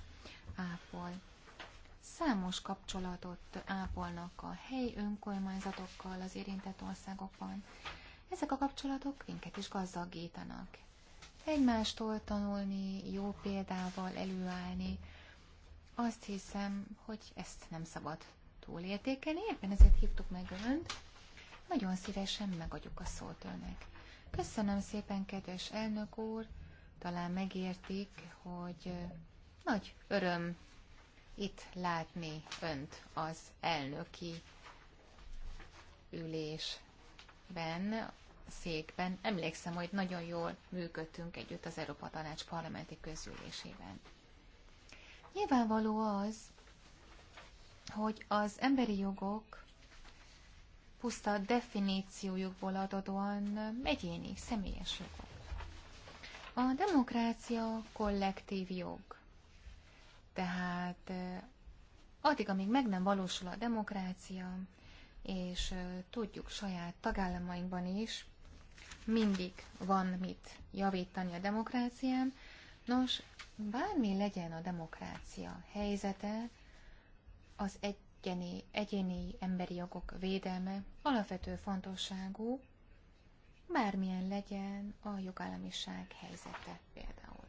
ápol számos kapcsolatot ápolnak a helyi önkormányzatokkal az érintett országokban. Ezek a kapcsolatok minket is gazdagítanak. Egymástól tanulni, jó példával előállni, azt hiszem, hogy ezt nem szabad túlértékelni, éppen ezért hívtuk meg Önt. Nagyon szívesen megadjuk a szót Önnek. Köszönöm szépen, kedves elnök úr, talán megértik, hogy nagy öröm itt látni önt az elnöki ülésben, székben. Emlékszem, hogy nagyon jól működtünk együtt az Európa Tanács parlamenti közülésében. Nyilvánvaló az, hogy az emberi jogok puszta definíciójukból adódóan egyéni, személyes jogok. A demokrácia kollektív jog. Tehát addig, amíg meg nem valósul a demokrácia, és tudjuk saját tagállamainkban is, mindig van mit javítani a demokrácián. Nos, bármi legyen a demokrácia helyzete, az egyeni, egyéni emberi jogok védelme alapvető fontosságú, bármilyen legyen a jogállamiság helyzete például.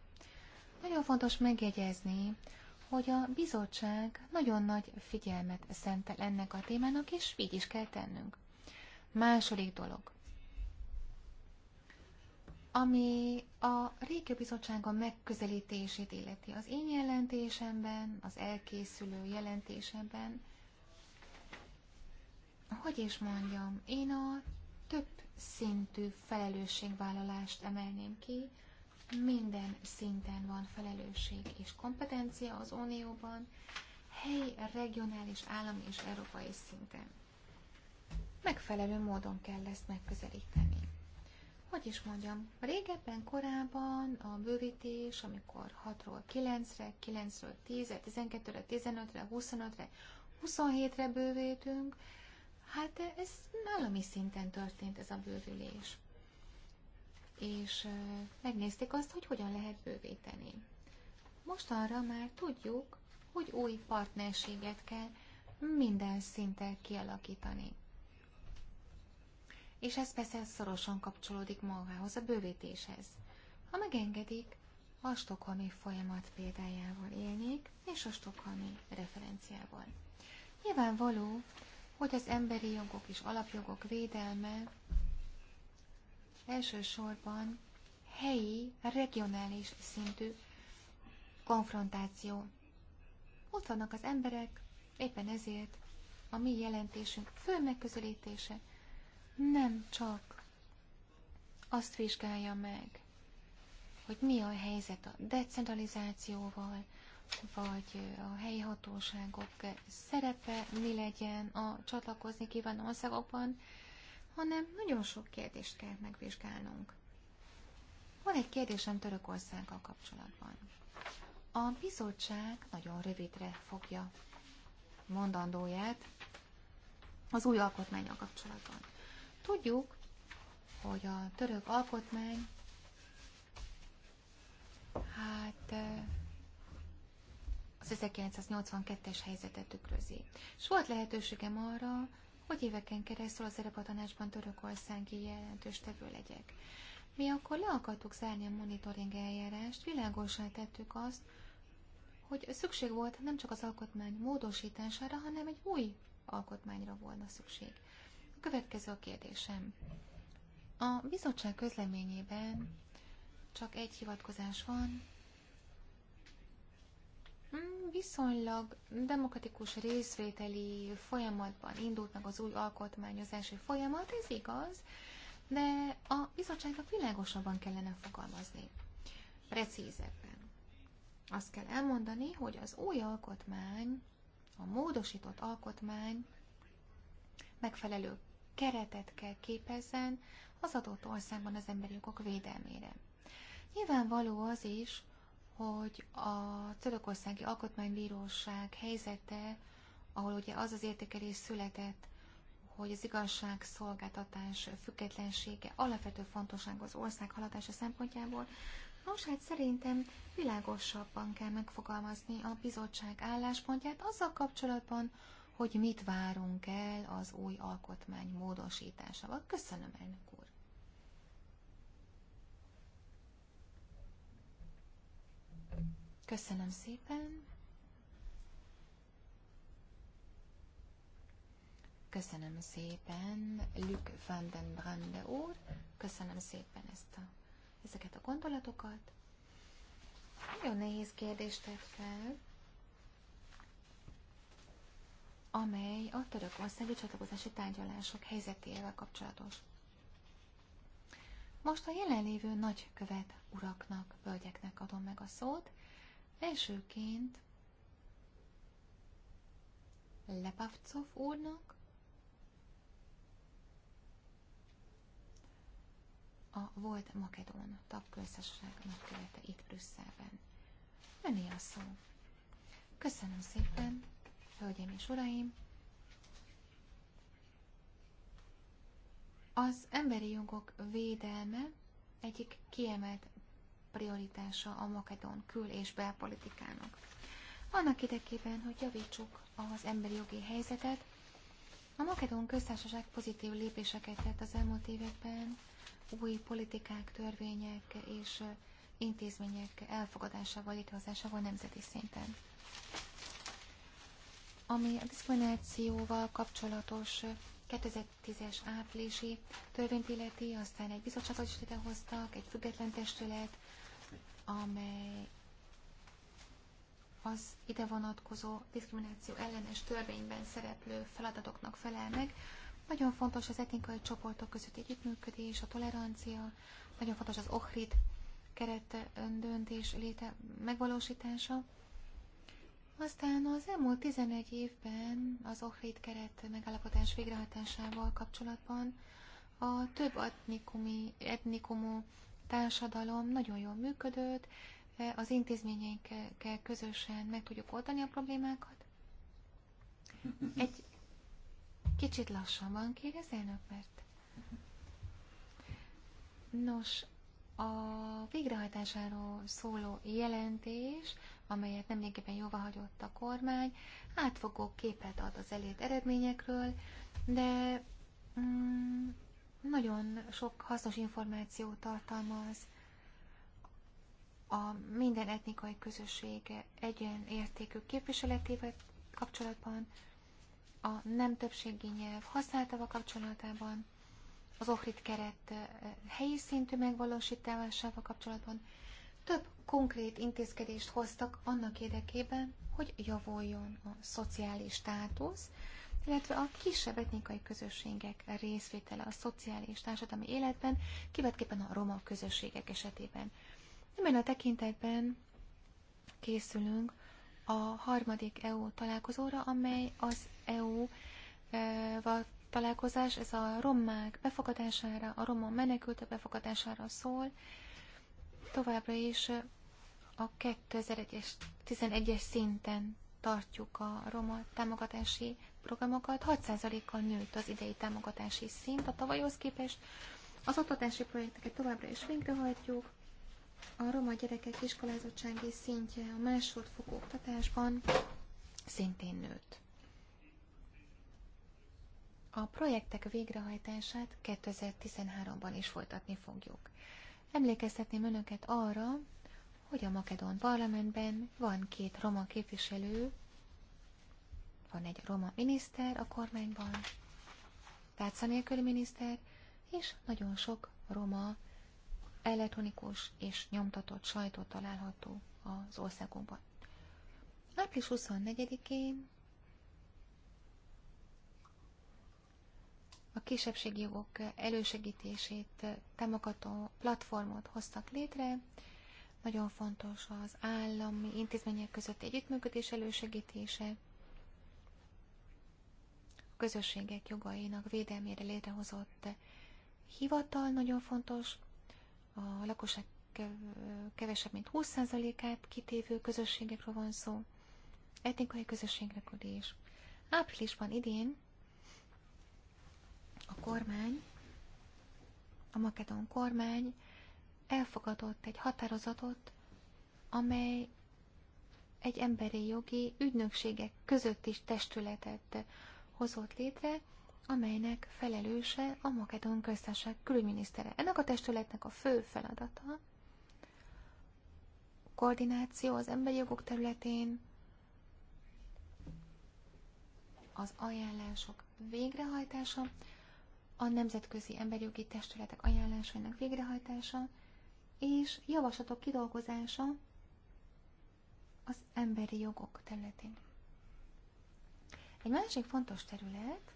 Nagyon fontos megjegyezni, hogy a bizottság nagyon nagy figyelmet szentel ennek a témának, és így is kell tennünk. Második dolog, ami a régi bizottsága megközelítését illeti. Az én jelentésemben, az elkészülő jelentésemben, hogy is mondjam, én a több szintű felelősségvállalást emelném ki, minden szinten van felelősség és kompetencia az Unióban, helyi, regionális, állami és európai szinten. Megfelelő módon kell ezt megközelíteni. Hogy is mondjam, régebben, korábban a bővítés, amikor 6-ról 9-re, 9-ről 10-re, 12-re, 15-re, 25-re, 27-re bővítünk, hát ez állami szinten történt ez a bővülés és megnézték azt, hogy hogyan lehet bővíteni. Mostanra már tudjuk, hogy új partnerséget kell minden szinten kialakítani. És ez persze szorosan kapcsolódik magához, a bővítéshez. Ha megengedik, a stokholmi folyamat példájával élnék, és a stokholmi referenciával. Nyilvánvaló, hogy az emberi jogok és alapjogok védelme Elsősorban helyi, regionális szintű konfrontáció. Ott vannak az emberek, éppen ezért a mi jelentésünk fő megközelítése nem csak azt vizsgálja meg, hogy mi a helyzet a decentralizációval, vagy a helyi hatóságok szerepe mi legyen a csatlakozni kívánó országokban, hanem nagyon sok kérdést kell megvizsgálnunk. Van egy kérdésem Törökországgal kapcsolatban. A bizottság nagyon rövidre fogja mondandóját az új a kapcsolatban. Tudjuk, hogy a török alkotmány hát az 1982-es helyzetet tükrözi. És volt lehetőségem arra, hogy éveken keresztül az Európa Tanácsban Törökországi jelentős tevő legyek. Mi akkor le akartuk zárni a monitoring eljárást, Világosan tettük azt, hogy szükség volt nem csak az alkotmány módosítására, hanem egy új alkotmányra volna szükség. A következő a kérdésem. A bizottság közleményében csak egy hivatkozás van, Mm, viszonylag demokratikus részvételi folyamatban indult meg az új alkotmányozási folyamat, ez igaz, de a bizottságnak világosabban kellene fogalmazni, precízebben. Azt kell elmondani, hogy az új alkotmány, a módosított alkotmány megfelelő keretet kell képezzen az adott országban az emberi jogok védelmére. Nyilvánvaló az is, hogy a Törökországi Alkotmánybíróság helyzete, ahol ugye az az értékelés született, hogy az igazságszolgáltatás függetlensége alapvető fontosság az ország haladása szempontjából, most hát szerintem világosabban kell megfogalmazni a bizottság álláspontját azzal kapcsolatban, hogy mit várunk el az új alkotmány módosításával. Köszönöm, elnök úr! Köszönöm szépen. Köszönöm szépen, Luc van den Brande úr. Köszönöm szépen ezt a, ezeket a gondolatokat. Nagyon nehéz kérdést tett fel, amely a törökországi csatlakozási tárgyalások helyzetével kapcsolatos. Most a jelenlévő nagykövet uraknak, völgyeknek adom meg a szót, Elsőként Lepavcov úrnak a volt Makedón tagköztársaságnak követe itt Brüsszelben. Öné a szó. Köszönöm szépen, hölgyeim és uraim! Az emberi jogok védelme egyik kiemelt prioritása a makedón kül- és belpolitikának. Annak érdekében, hogy javítsuk az emberi jogi helyzetet, a makedón köztársaság pozitív lépéseket tett az elmúlt években, új politikák, törvények és intézmények elfogadásával, létrehozásával nemzeti szinten. Ami a diszkriminációval kapcsolatos 2010-es áprilisi törvényt illeti, aztán egy bizottságot is létrehoztak, egy független testület, amely az ide vonatkozó diszkrimináció ellenes törvényben szereplő feladatoknak felel meg. Nagyon fontos az etnikai csoportok közötti együttműködés, a tolerancia, nagyon fontos az OHRID keret döntés léte megvalósítása. Aztán az elmúlt 11 évben az Ohrid keret megállapodás végrehajtásával kapcsolatban a több etnikumi, etnikumú társadalom nagyon jól működött, az intézményeinkkel közösen meg tudjuk oldani a problémákat. Egy kicsit lassabban van az elnök, mert... Nos, a végrehajtásáról szóló jelentés, amelyet nemrégiben jóvahagyott a kormány, átfogó képet ad az elért eredményekről, de mm, nagyon sok hasznos információt tartalmaz, a minden etnikai közösség egyen értékű képviseletével kapcsolatban, a nem többségi nyelv használatával kapcsolatában, az ohrit keret eh, helyi szintű megvalósításával kapcsolatban több konkrét intézkedést hoztak annak érdekében, hogy javuljon a szociális státusz, illetve a kisebb etnikai közösségek részvétele a szociális társadalmi életben, kivetképpen a roma közösségek esetében. Ebben a tekintetben készülünk a harmadik EU találkozóra, amely az EU találkozás, ez a romák befogadására, a roma menekültek befogadására szól. Továbbra is a 2011-es szinten tartjuk a roma támogatási programokat. 6%-kal nőtt az idei támogatási szint a tavalyhoz képest. Az oktatási projekteket továbbra is végrehajtjuk. A roma gyerekek iskolázottsági szintje a másodfokú oktatásban szintén nőtt. A projektek végrehajtását 2013-ban is folytatni fogjuk. Emlékeztetném önöket arra, hogy a Makedón parlamentben van két roma képviselő, van egy roma miniszter a kormányban, tárca nélküli miniszter, és nagyon sok roma elektronikus és nyomtatott sajtó található az országunkban. Április 24-én a kisebbségi jogok elősegítését támogató platformot hoztak létre, nagyon fontos az állami intézmények közötti együttműködés elősegítése, a közösségek jogainak védelmére létrehozott hivatal nagyon fontos, a lakosság kevesebb, mint 20%-át kitévő közösségekről van szó, etnikai közösségekről is. Áprilisban idén a kormány, a makedon kormány elfogadott egy határozatot, amely egy emberi jogi ügynökségek között is testületet hozott létre, amelynek felelőse a Makedon köztársaság külügyminisztere. Ennek a testületnek a fő feladata koordináció az emberi jogok területén, az ajánlások végrehajtása, a nemzetközi emberi jogi testületek ajánlásainak végrehajtása, és javaslatok kidolgozása az emberi jogok területén. Egy másik fontos terület,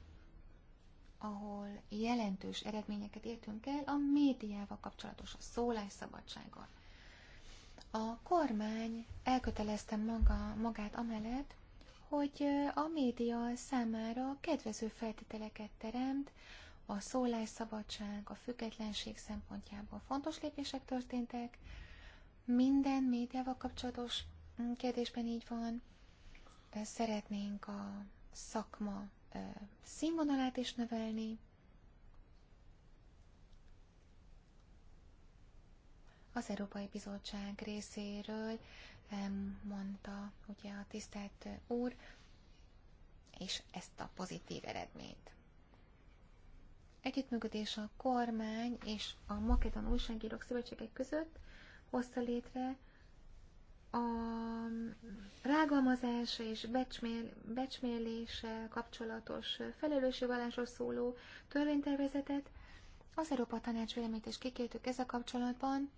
ahol jelentős eredményeket értünk el, a médiával kapcsolatos, a szólásszabadsággal. A kormány elkötelezte maga, magát amellett, hogy a média számára kedvező feltételeket teremt, a szólásszabadság, a függetlenség szempontjából fontos lépések történtek. Minden médiával kapcsolatos mm, kérdésben így van. Szeretnénk a szakma színvonalát is növelni. Az Európai Bizottság részéről mondta ugye a tisztelt úr, és ezt a pozitív eredményt. Együttműködés a kormány és a Makedon Újságírók Szövetségek között hozta létre a rágalmazása és becsmél, becsméléssel kapcsolatos felelősségvállásról szóló törvénytervezetet. Az Európa Tanács véleményt is kikértük ezzel kapcsolatban.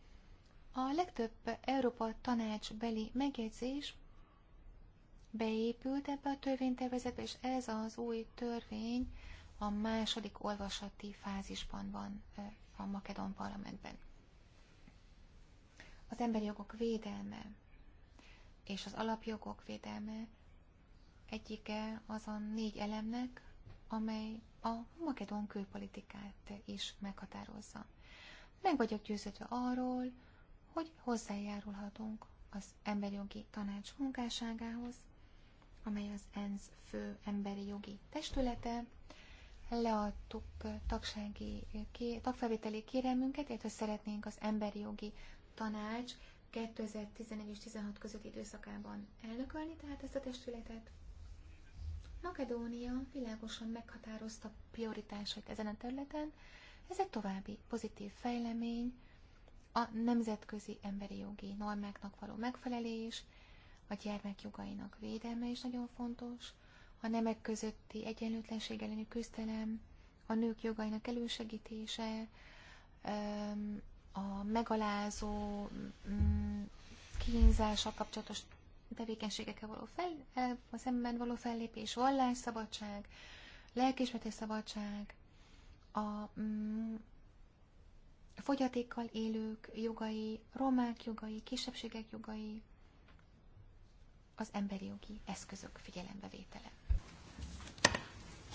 A legtöbb Európa Tanács beli megjegyzés beépült ebbe a törvénytervezetbe, és ez az új törvény a második olvasati fázisban van a Makedon parlamentben. Az emberi jogok védelme és az alapjogok védelme egyike a négy elemnek, amely a makedon külpolitikát is meghatározza. Meg vagyok győződve arról, hogy hozzájárulhatunk az emberi jogi tanács munkásságához, amely az ENSZ fő emberi jogi testülete, leadtuk tagsági, tagfelvételi kérelmünket, illetve szeretnénk az emberi jogi tanács 2011 és 16 közötti időszakában elnökölni, tehát ezt a testületet. Makedónia világosan meghatározta prioritásait ezen a területen, ez egy további pozitív fejlemény, a nemzetközi emberi jogi normáknak való megfelelés, a gyermek jogainak védelme is nagyon fontos, a nemek közötti egyenlőtlenség elleni küzdelem, a nők jogainak elősegítése, a megalázó mm, kínzással kapcsolatos tevékenységekkel való fel, a szemben való fellépés, vallásszabadság, lelkismereti szabadság, a mm, fogyatékkal élők jogai, romák jogai, kisebbségek jogai, az emberi jogi eszközök figyelembevétele.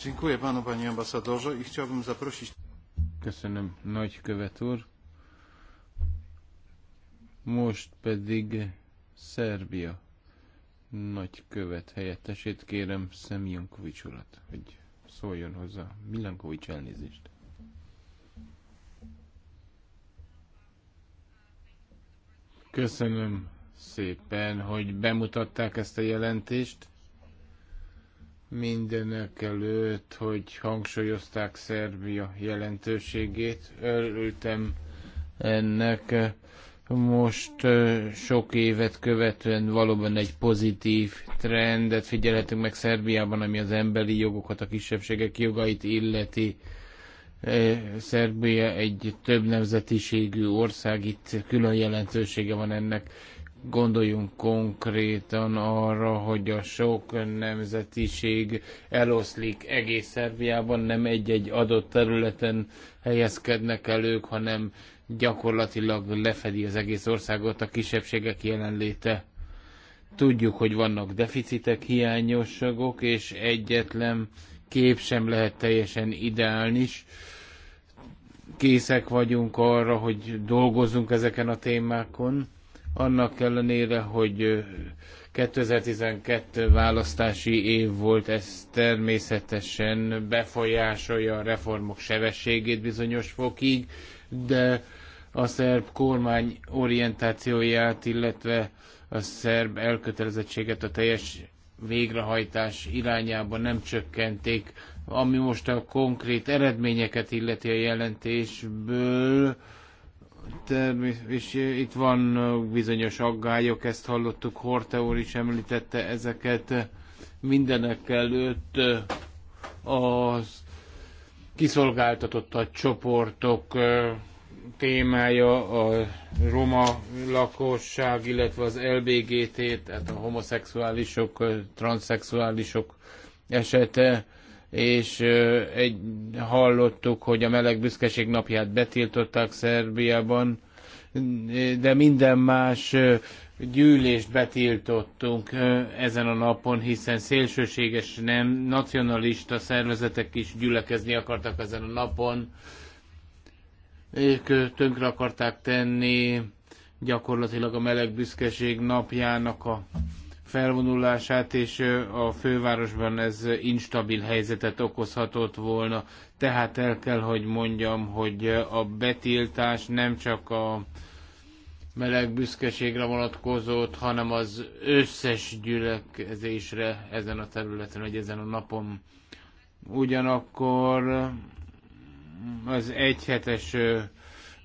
Dziękuję panu, panie ambasadorze, i chciałbym zaprosić... Köszönöm, nagykövet úr. Most pedig Szerbia követ helyettesét kérem Szemjankovics urat, hogy szóljon hozzá. Milankovics elnézést. Köszönöm szépen, hogy bemutatták ezt a jelentést mindenek előtt, hogy hangsúlyozták Szerbia jelentőségét. Örültem ennek. Most sok évet követően valóban egy pozitív trendet figyelhetünk meg Szerbiában, ami az emberi jogokat, a kisebbségek jogait illeti. Szerbia egy több nemzetiségű ország, itt külön jelentősége van ennek. Gondoljunk konkrétan arra, hogy a sok nemzetiség eloszlik egész Szerbiában, nem egy-egy adott területen helyezkednek el ők, hanem gyakorlatilag lefedi az egész országot a kisebbségek jelenléte. Tudjuk, hogy vannak deficitek, hiányosságok, és egyetlen kép sem lehet teljesen ideális. Készek vagyunk arra, hogy dolgozzunk ezeken a témákon, annak ellenére, hogy 2012 választási év volt, ez természetesen befolyásolja a reformok sebességét bizonyos fokig, de a szerb kormány orientációját, illetve a szerb elkötelezettséget a teljes végrehajtás irányába nem csökkenték. Ami most a konkrét eredményeket illeti a jelentésből, és itt van bizonyos aggályok, ezt hallottuk, Horte úr is említette ezeket mindenek előtt az a csoportok témája a roma lakosság, illetve az LBGT, tehát a homoszexuálisok, transzexuálisok esete és egy, hallottuk, hogy a meleg büszkeség napját betiltották Szerbiában, de minden más gyűlést betiltottunk ezen a napon, hiszen szélsőséges, nem nacionalista szervezetek is gyülekezni akartak ezen a napon. Ők tönkre akarták tenni gyakorlatilag a meleg büszkeség napjának a felvonulását, és a fővárosban ez instabil helyzetet okozhatott volna. Tehát el kell, hogy mondjam, hogy a betiltás nem csak a meleg büszkeségre vonatkozott, hanem az összes gyülekezésre ezen a területen, vagy ezen a napon. Ugyanakkor az egyhetes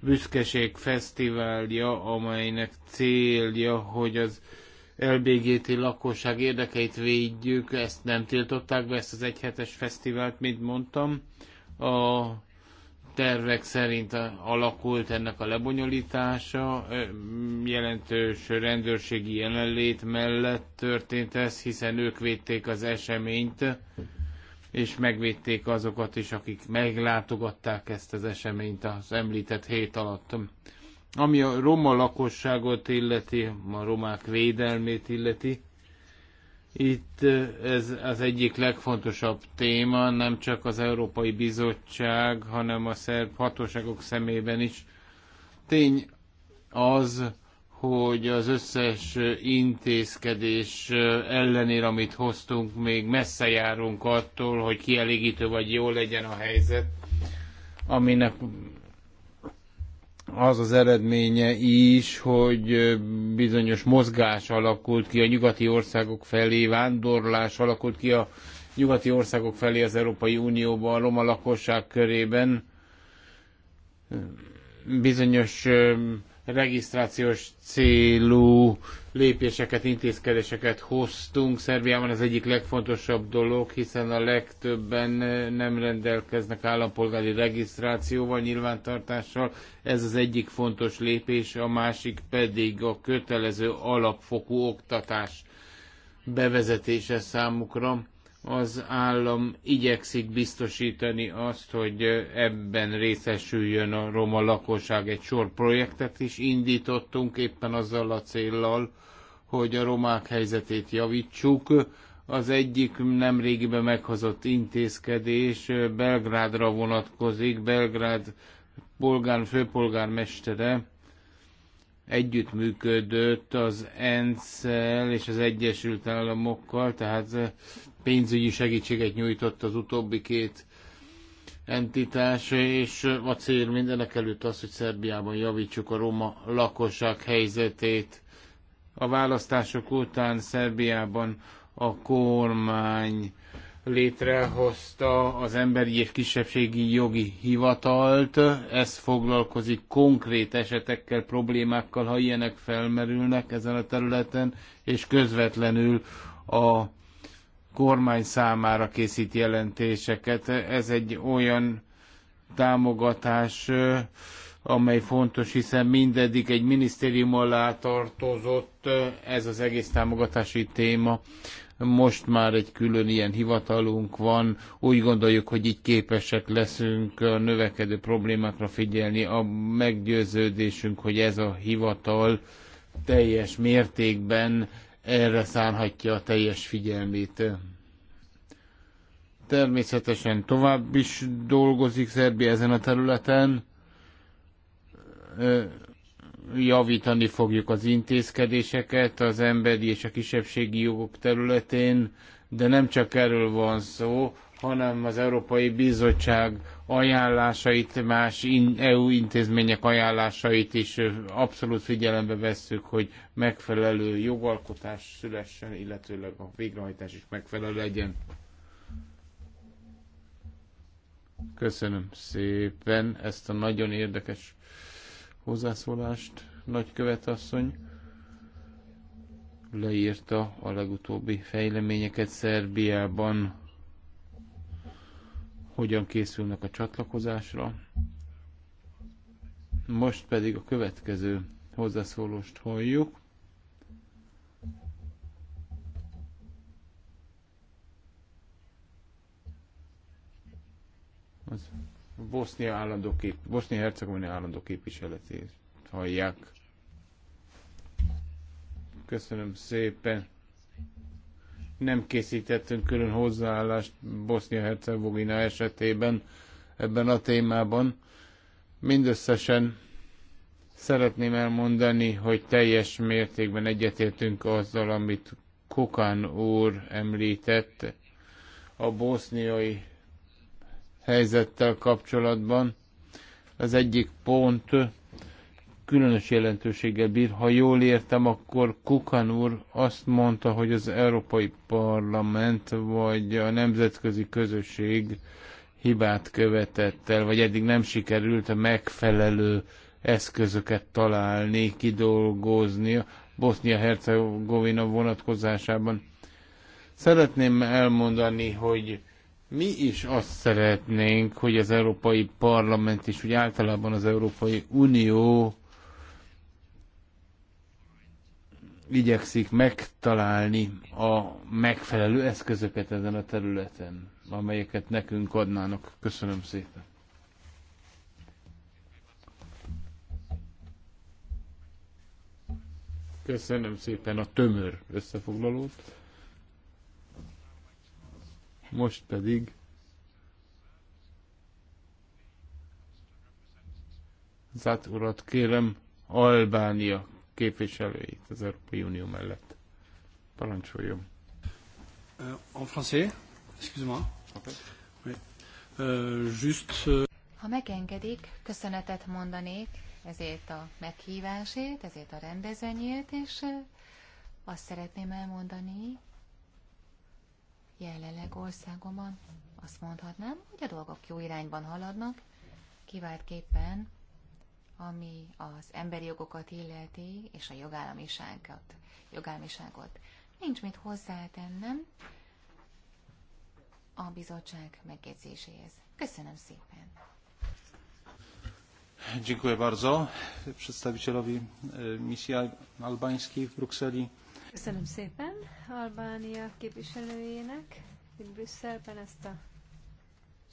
büszkeség fesztiválja, amelynek célja, hogy az LBGT lakosság érdekeit védjük, ezt nem tiltották be, ezt az egyhetes fesztivált, mint mondtam. A tervek szerint alakult ennek a lebonyolítása, jelentős rendőrségi jelenlét mellett történt ez, hiszen ők védték az eseményt, és megvédték azokat is, akik meglátogatták ezt az eseményt az említett hét alatt. Ami a roma lakosságot illeti, a romák védelmét illeti, itt ez az egyik legfontosabb téma, nem csak az Európai Bizottság, hanem a szerb hatóságok szemében is. Tény az, hogy az összes intézkedés ellenére, amit hoztunk, még messze járunk attól, hogy kielégítő vagy jó legyen a helyzet, aminek az az eredménye is, hogy bizonyos mozgás alakult ki a nyugati országok felé, vándorlás alakult ki a nyugati országok felé az Európai Unióban, a roma lakosság körében. Bizonyos regisztrációs célú lépéseket, intézkedéseket hoztunk. Szerbiában az egyik legfontosabb dolog, hiszen a legtöbben nem rendelkeznek állampolgári regisztrációval, nyilvántartással. Ez az egyik fontos lépés, a másik pedig a kötelező alapfokú oktatás bevezetése számukra az állam igyekszik biztosítani azt, hogy ebben részesüljön a roma lakosság. Egy sor projektet is indítottunk éppen azzal a céllal, hogy a romák helyzetét javítsuk. Az egyik nemrégiben meghozott intézkedés Belgrádra vonatkozik. Belgrád polgár, főpolgármestere együttműködött az ensz és az Egyesült Államokkal, tehát eh, pénzügyi segítséget nyújtott az utóbbi két entitás, és eh, a cél mindenek előtt az, hogy Szerbiában javítsuk a roma lakosság helyzetét. A választások után Szerbiában a kormány létrehozta az Emberi és Kisebbségi Jogi Hivatalt. Ez foglalkozik konkrét esetekkel, problémákkal, ha ilyenek felmerülnek ezen a területen, és közvetlenül a kormány számára készít jelentéseket. Ez egy olyan támogatás, amely fontos, hiszen mindeddig egy minisztérium alá tartozott ez az egész támogatási téma. Most már egy külön ilyen hivatalunk van, úgy gondoljuk, hogy így képesek leszünk a növekedő problémákra figyelni. A meggyőződésünk, hogy ez a hivatal teljes mértékben erre szánhatja a teljes figyelmét. Természetesen tovább is dolgozik Szerbia ezen a területen javítani fogjuk az intézkedéseket az emberi és a kisebbségi jogok területén, de nem csak erről van szó, hanem az Európai Bizottság ajánlásait, más EU intézmények ajánlásait is abszolút figyelembe vesszük, hogy megfelelő jogalkotás szülessen, illetőleg a végrehajtás is megfelelő legyen. Köszönöm szépen ezt a nagyon érdekes hozzászólást, nagykövet asszony. Leírta a legutóbbi fejleményeket Szerbiában, hogyan készülnek a csatlakozásra. Most pedig a következő hozzászólóst halljuk. Az Bosznia állandó kép, Bosznia-Hercegovina állandó képviseletét hallják. Köszönöm szépen. Nem készítettünk külön hozzáállást Bosznia-Hercegovina esetében ebben a témában. Mindösszesen szeretném elmondani, hogy teljes mértékben egyetértünk azzal, amit Kokán úr említett, a boszniai helyzettel kapcsolatban. Az egyik pont különös jelentőséggel bír. Ha jól értem, akkor Kukan úr azt mondta, hogy az Európai Parlament vagy a nemzetközi közösség hibát követett el, vagy eddig nem sikerült a megfelelő eszközöket találni, kidolgozni a Bosznia-Hercegovina vonatkozásában. Szeretném elmondani, hogy mi is azt szeretnénk, hogy az Európai Parlament és úgy általában az Európai Unió igyekszik megtalálni a megfelelő eszközöket ezen a területen, amelyeket nekünk adnának. Köszönöm szépen. Köszönöm szépen a tömör összefoglalót. Most pedig Zát urat kérem Albánia képviselőit az Európai Unió mellett. Parancsoljon. Uh, en français, excuse-moi. Okay. Oui. Uh, just, uh, Ha megengedik, köszönetet mondanék ezért a meghívásért, ezért a rendezvényért, és uh, azt szeretném elmondani, Jelenleg országomban azt mondhatnám, hogy a dolgok jó irányban haladnak, kiváltképpen ami az emberi jogokat illeti, és a jogállamiságot. jogállamiságot. Nincs mit hozzátennem a bizottság megjegyzéséhez. Köszönöm szépen! Dziękuję bardzo przedstawicielowi e, misji albańskiej w Brukseli. Köszönöm szépen Albánia képviselőjének itt Brüsszelben ezt a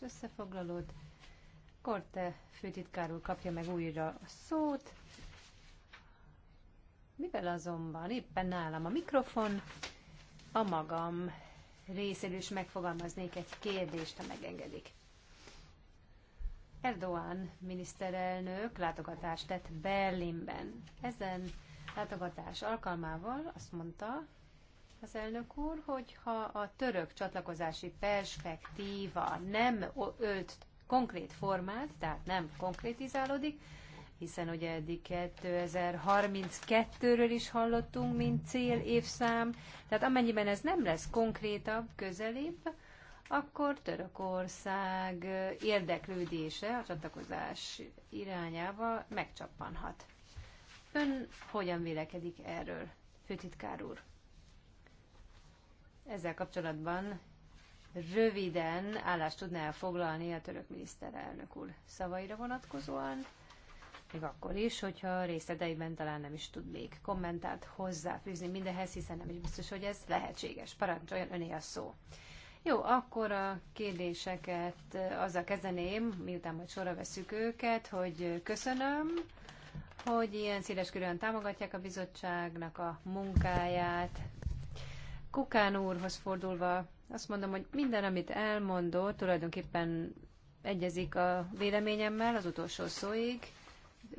összefoglalót. Korte főtitkár úr kapja meg újra a szót. Mivel azonban éppen nálam a mikrofon, a magam részéről is megfogalmaznék egy kérdést, ha megengedik. Erdoğan miniszterelnök látogatást tett Berlinben. Ezen látogatás alkalmával azt mondta az elnök úr, hogy ha a török csatlakozási perspektíva nem ölt konkrét formát, tehát nem konkrétizálódik, hiszen ugye eddig 2032-ről is hallottunk, mint cél évszám, tehát amennyiben ez nem lesz konkrétabb, közelébb, akkor Törökország érdeklődése a csatlakozás irányába megcsappanhat. Ön hogyan vélekedik erről, főtitkár úr? Ezzel kapcsolatban röviden állást tudná foglalni a török miniszterelnök úr szavaira vonatkozóan, még akkor is, hogyha részleteiben talán nem is tud még kommentát hozzáfűzni mindehez, hiszen nem is biztos, hogy ez lehetséges. Parancsoljon öné a szó. Jó, akkor a kérdéseket azzal kezdeném, miután majd sorra veszük őket, hogy köszönöm hogy ilyen széles körülön támogatják a bizottságnak a munkáját. Kukán úrhoz fordulva azt mondom, hogy minden, amit elmondott, tulajdonképpen egyezik a véleményemmel az utolsó szóig,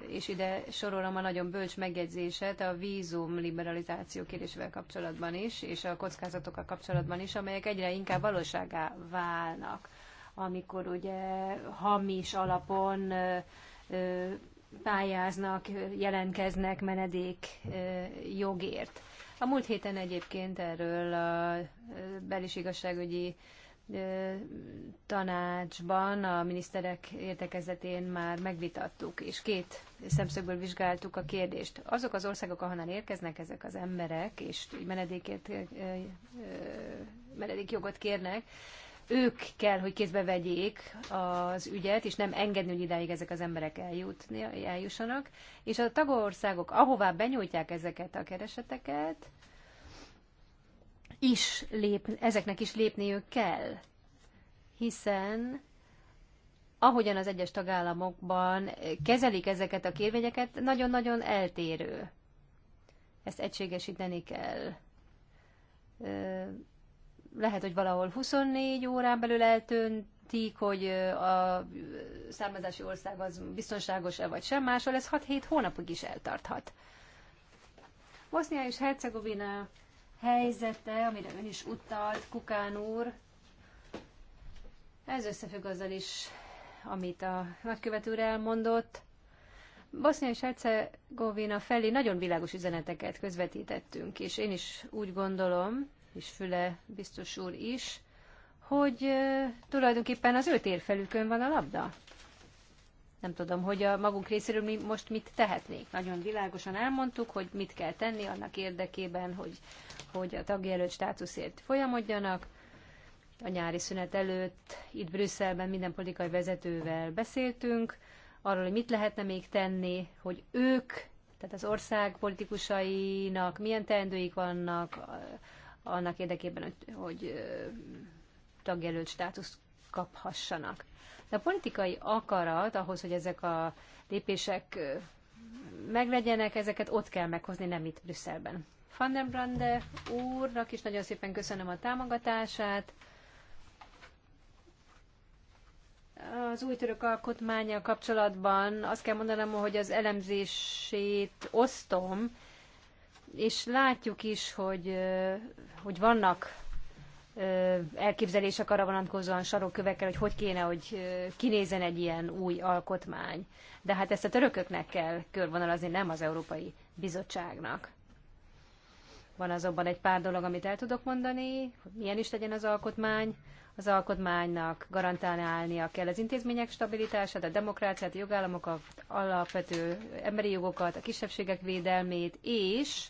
és ide sorolom a nagyon bölcs megjegyzéset a vízum liberalizáció kérdésével kapcsolatban is, és a kockázatokkal kapcsolatban is, amelyek egyre inkább valóságá válnak, amikor ugye hamis alapon ö, ö, pályáznak, jelentkeznek menedék jogért. A múlt héten egyébként erről a belis igazságügyi tanácsban, a miniszterek értekezetén már megvitattuk, és két szemszögből vizsgáltuk a kérdést. Azok az országok, ahonnan érkeznek ezek az emberek, és menedékért, menedékjogot kérnek, ők kell, hogy kézbe vegyék az ügyet, és nem engedni, hogy idáig ezek az emberek eljutni, eljussanak. És a tagországok, ahová benyújtják ezeket a kereseteket, is lép, ezeknek is lépniük kell. Hiszen ahogyan az egyes tagállamokban kezelik ezeket a kérvényeket, nagyon-nagyon eltérő. Ezt egységesíteni kell lehet, hogy valahol 24 órán belül eltöntik, hogy a származási ország az biztonságos-e vagy sem, máshol ez 6-7 hónapig is eltarthat. Bosznia és Hercegovina helyzete, amire ön is utalt, Kukán úr, ez összefügg azzal is, amit a nagykövet úr elmondott. Bosznia és Hercegovina felé nagyon világos üzeneteket közvetítettünk, és én is úgy gondolom, és Füle biztos úr is, hogy tulajdonképpen az ő térfelükön van a labda. Nem tudom, hogy a magunk részéről mi most mit tehetnék. Nagyon világosan elmondtuk, hogy mit kell tenni annak érdekében, hogy, hogy a tagjelölt státuszért folyamodjanak. A nyári szünet előtt itt Brüsszelben minden politikai vezetővel beszéltünk, arról, hogy mit lehetne még tenni, hogy ők, tehát az ország politikusainak milyen teendőik vannak, annak érdekében, hogy, hogy tagjelölt státuszt kaphassanak. De a politikai akarat ahhoz, hogy ezek a lépések meglegyenek, ezeket ott kell meghozni, nem itt Brüsszelben. Van der Brande úrnak is nagyon szépen köszönöm a támogatását. Az új török alkotmánya kapcsolatban azt kell mondanom, hogy az elemzését osztom, és látjuk is, hogy, hogy vannak elképzelések arra vonatkozóan sarokkövekkel, hogy hogy kéne, hogy kinézen egy ilyen új alkotmány. De hát ezt a törököknek kell körvonalazni, nem az Európai Bizottságnak. Van azonban egy pár dolog, amit el tudok mondani, hogy milyen is legyen az alkotmány. Az alkotmánynak garantálnia kell az intézmények stabilitását, a demokráciát, a jogállamokat, alapvető emberi jogokat, a kisebbségek védelmét, és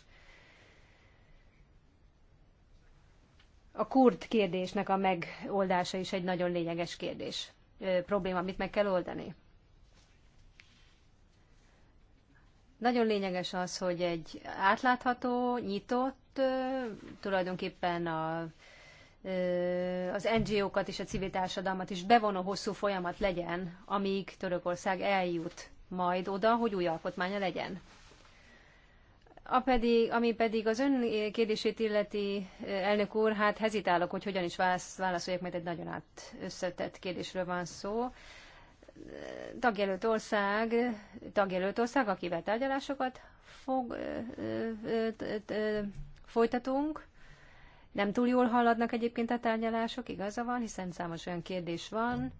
a kurd kérdésnek a megoldása is egy nagyon lényeges kérdés, ö, probléma, amit meg kell oldani. Nagyon lényeges az, hogy egy átlátható, nyitott, ö, tulajdonképpen a, ö, az NGO-kat és a civil társadalmat is bevonó hosszú folyamat legyen, amíg Törökország eljut majd oda, hogy új alkotmánya legyen. A pedig, ami pedig az ön kérdését illeti, elnök úr, hát hezitálok, hogy hogyan is válasz, válaszoljak, mert egy nagyon át összetett kérdésről van szó. Tagjelölt ország, tagjelölt ország, akivel tárgyalásokat fog, ö, ö, ö, folytatunk. Nem túl jól haladnak egyébként a tárgyalások, igaza van, hiszen számos olyan kérdés van,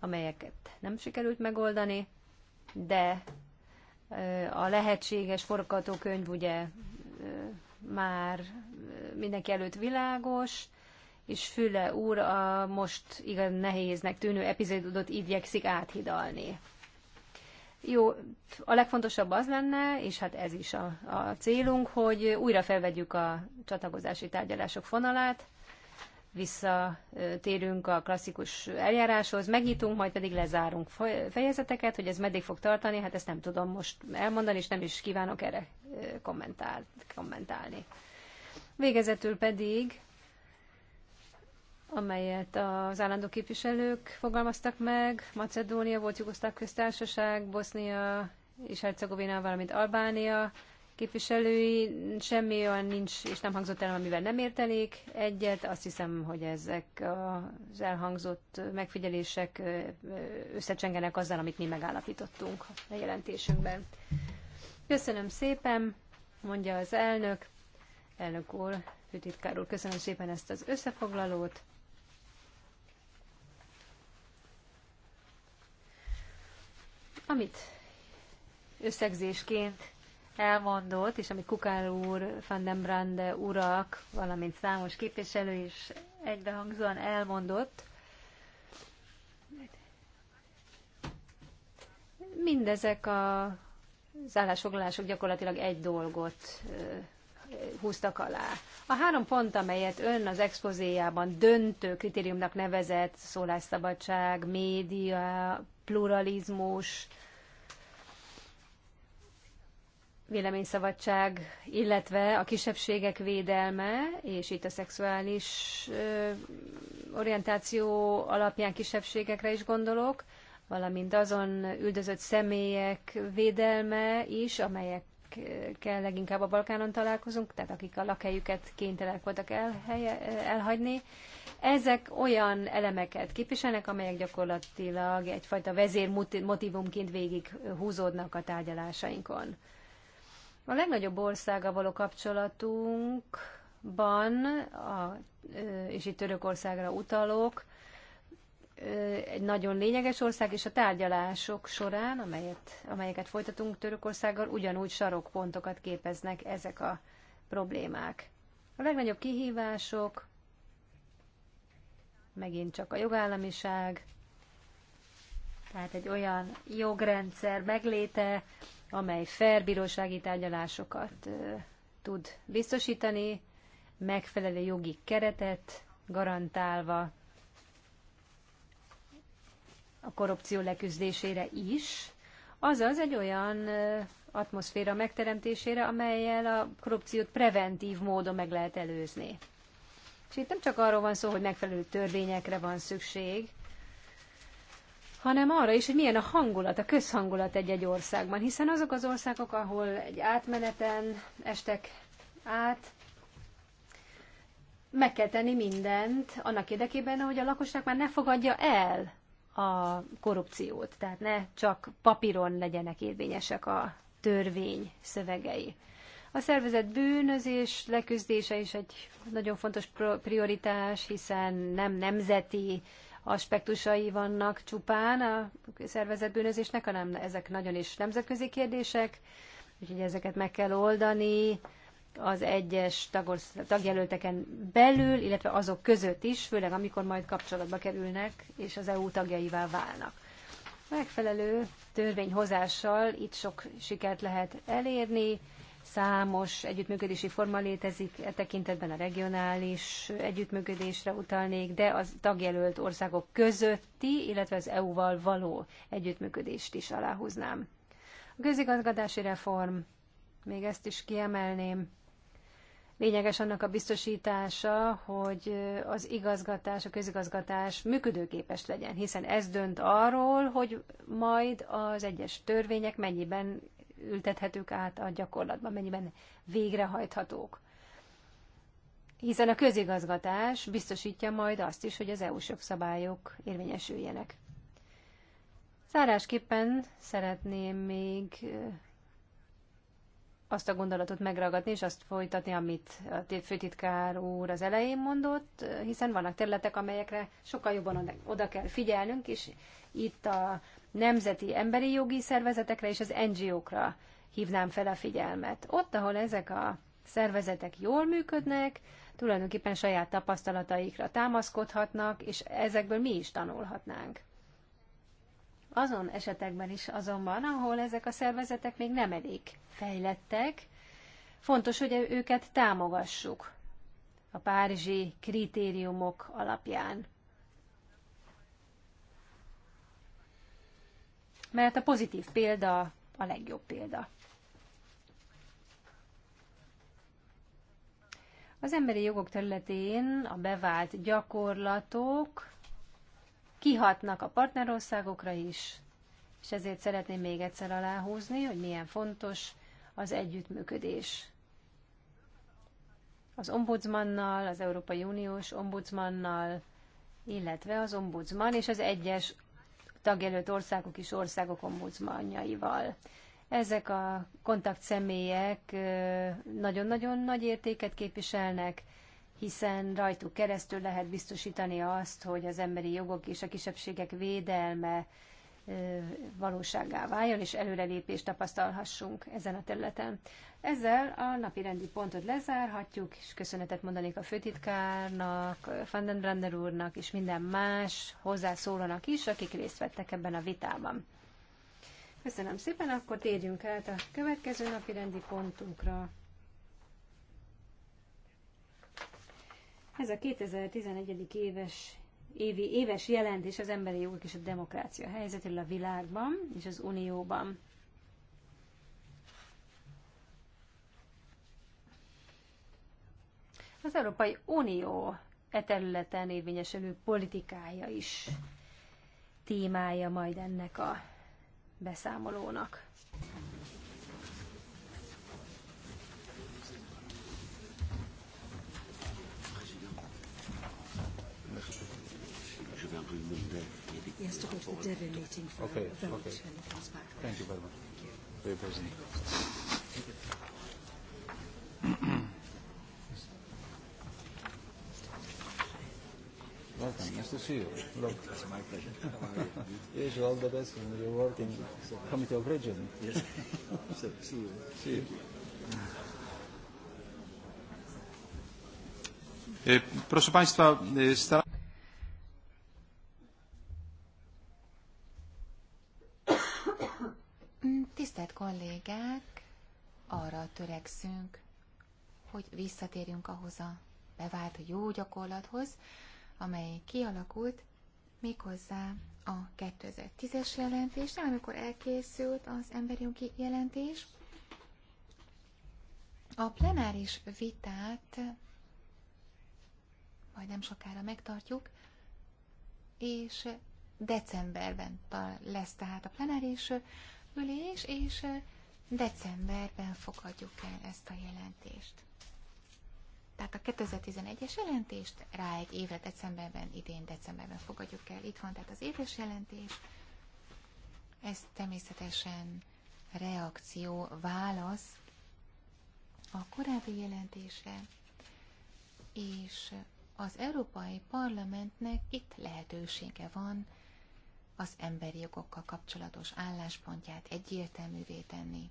amelyeket nem sikerült megoldani, de a lehetséges forgatókönyv ugye már mindenki előtt világos, és Füle úr a most igen nehéznek tűnő epizódot igyekszik áthidalni. Jó, a legfontosabb az lenne, és hát ez is a, a célunk, hogy újra felvegyük a csatlakozási tárgyalások fonalát, visszatérünk a klasszikus eljáráshoz, megnyitunk, majd pedig lezárunk fejezeteket, hogy ez meddig fog tartani, hát ezt nem tudom most elmondani, és nem is kívánok erre kommentál, kommentálni. Végezetül pedig, amelyet az állandó képviselők fogalmaztak meg, Macedónia volt Jugoszláv köztársaság, Bosznia és Hercegovina, valamint Albánia, képviselői, semmi olyan nincs, és nem hangzott el, amivel nem értenék egyet. Azt hiszem, hogy ezek az elhangzott megfigyelések összecsengenek azzal, amit mi megállapítottunk a jelentésünkben. Köszönöm szépen, mondja az elnök. Elnök úr, főtitkár úr, köszönöm szépen ezt az összefoglalót. Amit összegzésként elmondott, és amit Kukár úr, Van den Brande urak, valamint számos képviselő is egybehangzóan elmondott, mindezek a, zállásfoglalások gyakorlatilag egy dolgot húztak alá. A három pont, amelyet ön az expozéjában döntő kritériumnak nevezett, szólásszabadság, média, pluralizmus, véleményszabadság, illetve a kisebbségek védelme, és itt a szexuális orientáció alapján kisebbségekre is gondolok, valamint azon üldözött személyek védelme is, amelyekkel leginkább a Balkánon találkozunk, tehát akik a lakhelyüket kénytelenek voltak elhelye, elhagyni. Ezek olyan elemeket képviselnek, amelyek gyakorlatilag egyfajta vezérmotívumként végig húzódnak a tárgyalásainkon. A legnagyobb országa való kapcsolatunkban, a, és itt Törökországra utalok, egy nagyon lényeges ország, és a tárgyalások során, amelyet, amelyeket folytatunk Törökországgal, ugyanúgy sarokpontokat képeznek ezek a problémák. A legnagyobb kihívások megint csak a jogállamiság, tehát egy olyan jogrendszer megléte, amely fair bírósági tárgyalásokat tud biztosítani, megfelelő jogi keretet garantálva a korrupció leküzdésére is, azaz egy olyan atmoszféra megteremtésére, amelyel a korrupciót preventív módon meg lehet előzni. És itt nem csak arról van szó, hogy megfelelő törvényekre van szükség, hanem arra is, hogy milyen a hangulat, a közhangulat egy-egy országban. Hiszen azok az országok, ahol egy átmeneten estek át, meg kell tenni mindent annak érdekében, hogy a lakosság már ne fogadja el a korrupciót, tehát ne csak papíron legyenek érvényesek a törvény szövegei. A szervezet bűnözés leküzdése is egy nagyon fontos prioritás, hiszen nem nemzeti aspektusai vannak csupán a szervezett bűnözésnek, hanem ezek nagyon is nemzetközi kérdések, úgyhogy ezeket meg kell oldani az egyes tagos, tagjelölteken belül, illetve azok között is, főleg amikor majd kapcsolatba kerülnek és az EU tagjaivá válnak. Megfelelő törvényhozással itt sok sikert lehet elérni, Számos együttműködési forma létezik, e tekintetben a regionális együttműködésre utalnék, de az tagjelölt országok közötti, illetve az EU-val való együttműködést is aláhúznám. A közigazgatási reform, még ezt is kiemelném, lényeges annak a biztosítása, hogy az igazgatás, a közigazgatás működőképes legyen, hiszen ez dönt arról, hogy majd az egyes törvények mennyiben ültethetők át a gyakorlatban, mennyiben végrehajthatók. Hiszen a közigazgatás biztosítja majd azt is, hogy az EU-s jogszabályok érvényesüljenek. Zárásképpen szeretném még eh, azt a gondolatot megragadni, és azt folytatni, amit a főtitkár úr az elején mondott, eh, hiszen vannak területek, amelyekre sokkal jobban oda kell figyelnünk, és itt a nemzeti emberi jogi szervezetekre és az NGO-kra hívnám fel a figyelmet. Ott, ahol ezek a szervezetek jól működnek, tulajdonképpen saját tapasztalataikra támaszkodhatnak, és ezekből mi is tanulhatnánk. Azon esetekben is azonban, ahol ezek a szervezetek még nem elég fejlettek, fontos, hogy őket támogassuk a párizsi kritériumok alapján. mert a pozitív példa a legjobb példa. Az emberi jogok területén a bevált gyakorlatok kihatnak a partnerországokra is, és ezért szeretném még egyszer aláhúzni, hogy milyen fontos az együttműködés. Az ombudsmannal, az Európai Uniós ombudsmannal, illetve az ombudsman és az egyes tagjelölt országok és országok ombudsmanjaival. Ezek a kontaktszemélyek nagyon-nagyon nagy értéket képviselnek, hiszen rajtuk keresztül lehet biztosítani azt, hogy az emberi jogok és a kisebbségek védelme valóságá váljon, és előrelépést tapasztalhassunk ezen a területen. Ezzel a napi rendi pontot lezárhatjuk, és köszönetet mondanék a főtitkárnak, Vandenbrander úrnak, és minden más hozzászólónak is, akik részt vettek ebben a vitában. Köszönöm szépen, akkor térjünk át a következő napi rendi pontunkra. Ez a 2011. éves évi, éves jelentés az emberi jogok és a demokrácia helyzetéről a világban és az Unióban. az Európai Unió e területen érvényesülő politikája is témája majd ennek a beszámolónak. Yes, to go to the Devon meeting for okay, a vote okay. when he comes back. Thank you very much. Thank you. Very present. <clears throat> Welcome, nice to see you. Look, it's my pleasure. How Wish you <laughs> all the best in your work in Committee of Region. Yes. so, see you. See you. E, proszę Państwa, e, staram Tisztelt kollégák, arra törekszünk, hogy visszatérjünk ahhoz a bevált jó gyakorlathoz, amely kialakult, méghozzá a 2010-es jelentés, amikor elkészült az emberi jogi jelentés. A plenáris vitát majd nem sokára megtartjuk, és decemberben lesz tehát a plenáris ülés, és decemberben fogadjuk el ezt a jelentést. Tehát a 2011-es jelentést rá egy évre decemberben, idén decemberben fogadjuk el. Itt van tehát az éves jelentés. Ez természetesen reakció, válasz a korábbi jelentésre, és az Európai Parlamentnek itt lehetősége van az emberi jogokkal kapcsolatos álláspontját egyértelművé tenni.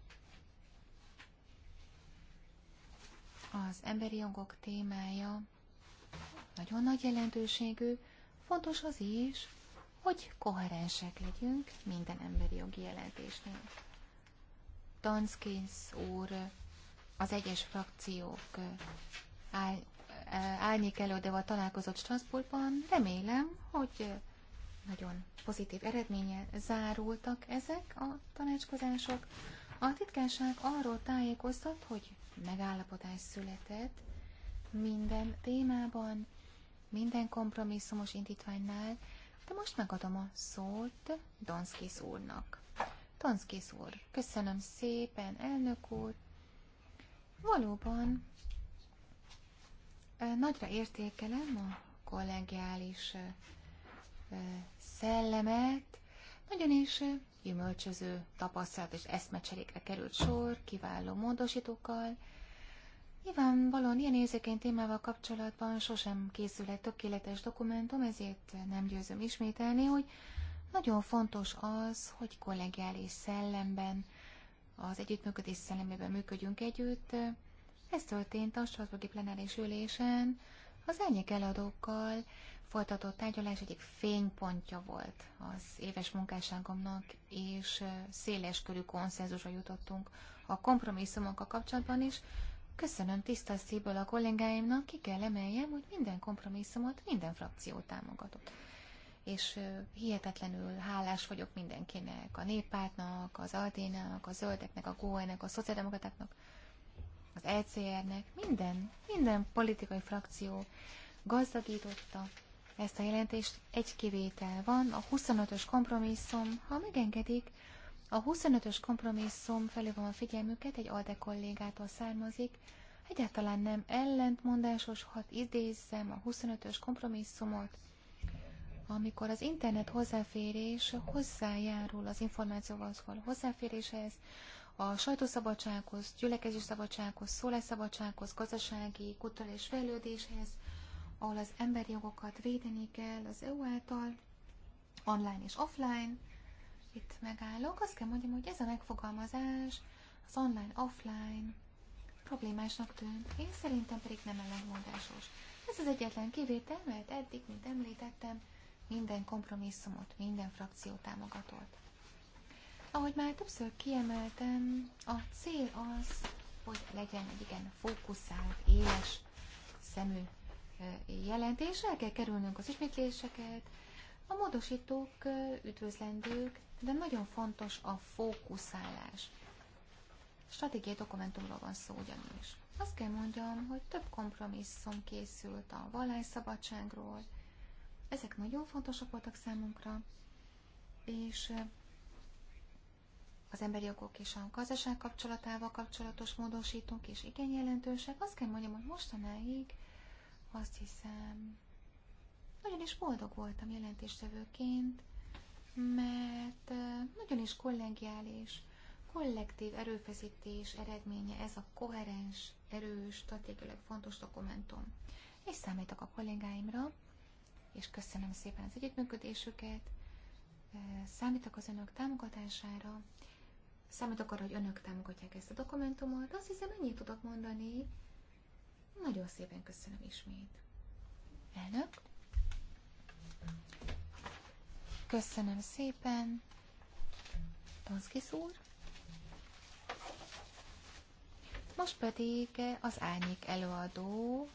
Az emberi jogok témája nagyon nagy jelentőségű, fontos az is, hogy koherensek legyünk minden emberi jogi jelentésnél. Danskins úr, az egyes frakciók álnyék előadával találkozott Strasbourgban. Remélem, hogy nagyon pozitív eredménye zárultak ezek a tanácskozások. A titkárság arról tájékoztat, hogy megállapodás született minden témában, minden kompromisszumos indítványnál, de most megadom a szót Donskis úrnak. Donskis úr, köszönöm szépen, elnök úr. Valóban nagyra értékelem a kollegiális szellemet, nagyon is gyümölcsöző tapasztalat és eszmecserékre került sor, kiváló módosítókkal. valóan ilyen érzékeny témával kapcsolatban sosem készül egy tökéletes dokumentum, ezért nem győzöm ismételni, hogy nagyon fontos az, hogy kollegiális szellemben, az együttműködés szellemében működjünk együtt. Ez történt a Strasbourgi plenáris ülésen, az elnyek eladókkal folytatott tárgyalás egyik fénypontja volt az éves munkásságomnak, és széles körű konszenzusra jutottunk a kompromisszumokkal kapcsolatban is. Köszönöm tiszta szívből a kollégáimnak, ki kell emeljem, hogy minden kompromisszumot minden frakció támogatott. És hihetetlenül hálás vagyok mindenkinek, a néppártnak, az Aldénának, a Zöldeknek, a Góenek, a Szociáldemokratáknak, az ECR-nek, minden, minden politikai frakció gazdagította ezt a jelentést. Egy kivétel van, a 25-ös kompromisszum, ha megengedik, a 25-ös kompromisszum van a figyelmüket, egy ALDE kollégától származik, egyáltalán nem ellentmondásos, ha idézzem a 25-ös kompromisszumot, amikor az internet hozzáférés hozzájárul az információhoz való hozzáféréshez, a sajtószabadsághoz, gyülekezés szabadsághoz, szólásszabadsághoz, gazdasági, kulturális fejlődéshez, ahol az emberi jogokat védeni kell az EU által, online és offline. Itt megállok. Azt kell mondjam, hogy ez a megfogalmazás, az online-offline problémásnak tűnt. Én szerintem pedig nem ellentmondásos. Ez az egyetlen kivétel, mert eddig, mint említettem, minden kompromisszumot, minden frakció támogatott. Ahogy már többször kiemeltem, a cél az, hogy legyen egy igen fókuszált, éles szemű jelentés, el kell kerülnünk az ismétléseket. A módosítók üdvözlendők, de nagyon fontos a fókuszálás. Stratégiai dokumentumról van szó ugyanis. Azt kell mondjam, hogy több kompromisszum készült a vallásszabadságról. Ezek nagyon fontosak voltak számunkra, és az emberi jogok és a gazdaság kapcsolatával kapcsolatos módosítók és igen jelentősek. Azt kell mondjam, hogy mostanáig azt hiszem, nagyon is boldog voltam jelentéstevőként, mert nagyon is kollegiális, kollektív erőfeszítés eredménye ez a koherens, erős, stratégiailag fontos dokumentum. És számítok a kollégáimra, és köszönöm szépen az együttműködésüket, számítok az önök támogatására, számítok arra, hogy önök támogatják ezt a dokumentumot, azt hiszem ennyit tudok mondani, nagyon szépen köszönöm ismét. Elnök. Köszönöm szépen. Tanszkis úr. Most pedig az árnyék előadó.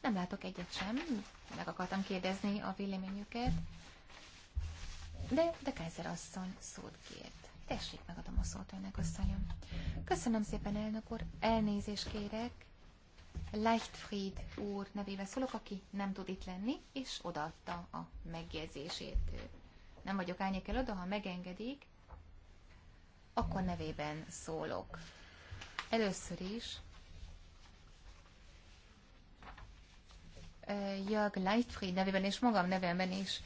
Nem látok egyet sem. Meg akartam kérdezni a véleményüket. De, de Kaiser asszony szót kért. Tessék, megadom a szót önnek, asszonyom. Köszönöm szépen, elnök úr. Elnézést kérek Leichtfried úr nevével szólok, aki nem tud itt lenni, és odaadta a megjegyzését. Nem vagyok el oda, ha megengedik, akkor nevében szólok. Először is eh, Jörg Leichtfried nevében és magam nevemben is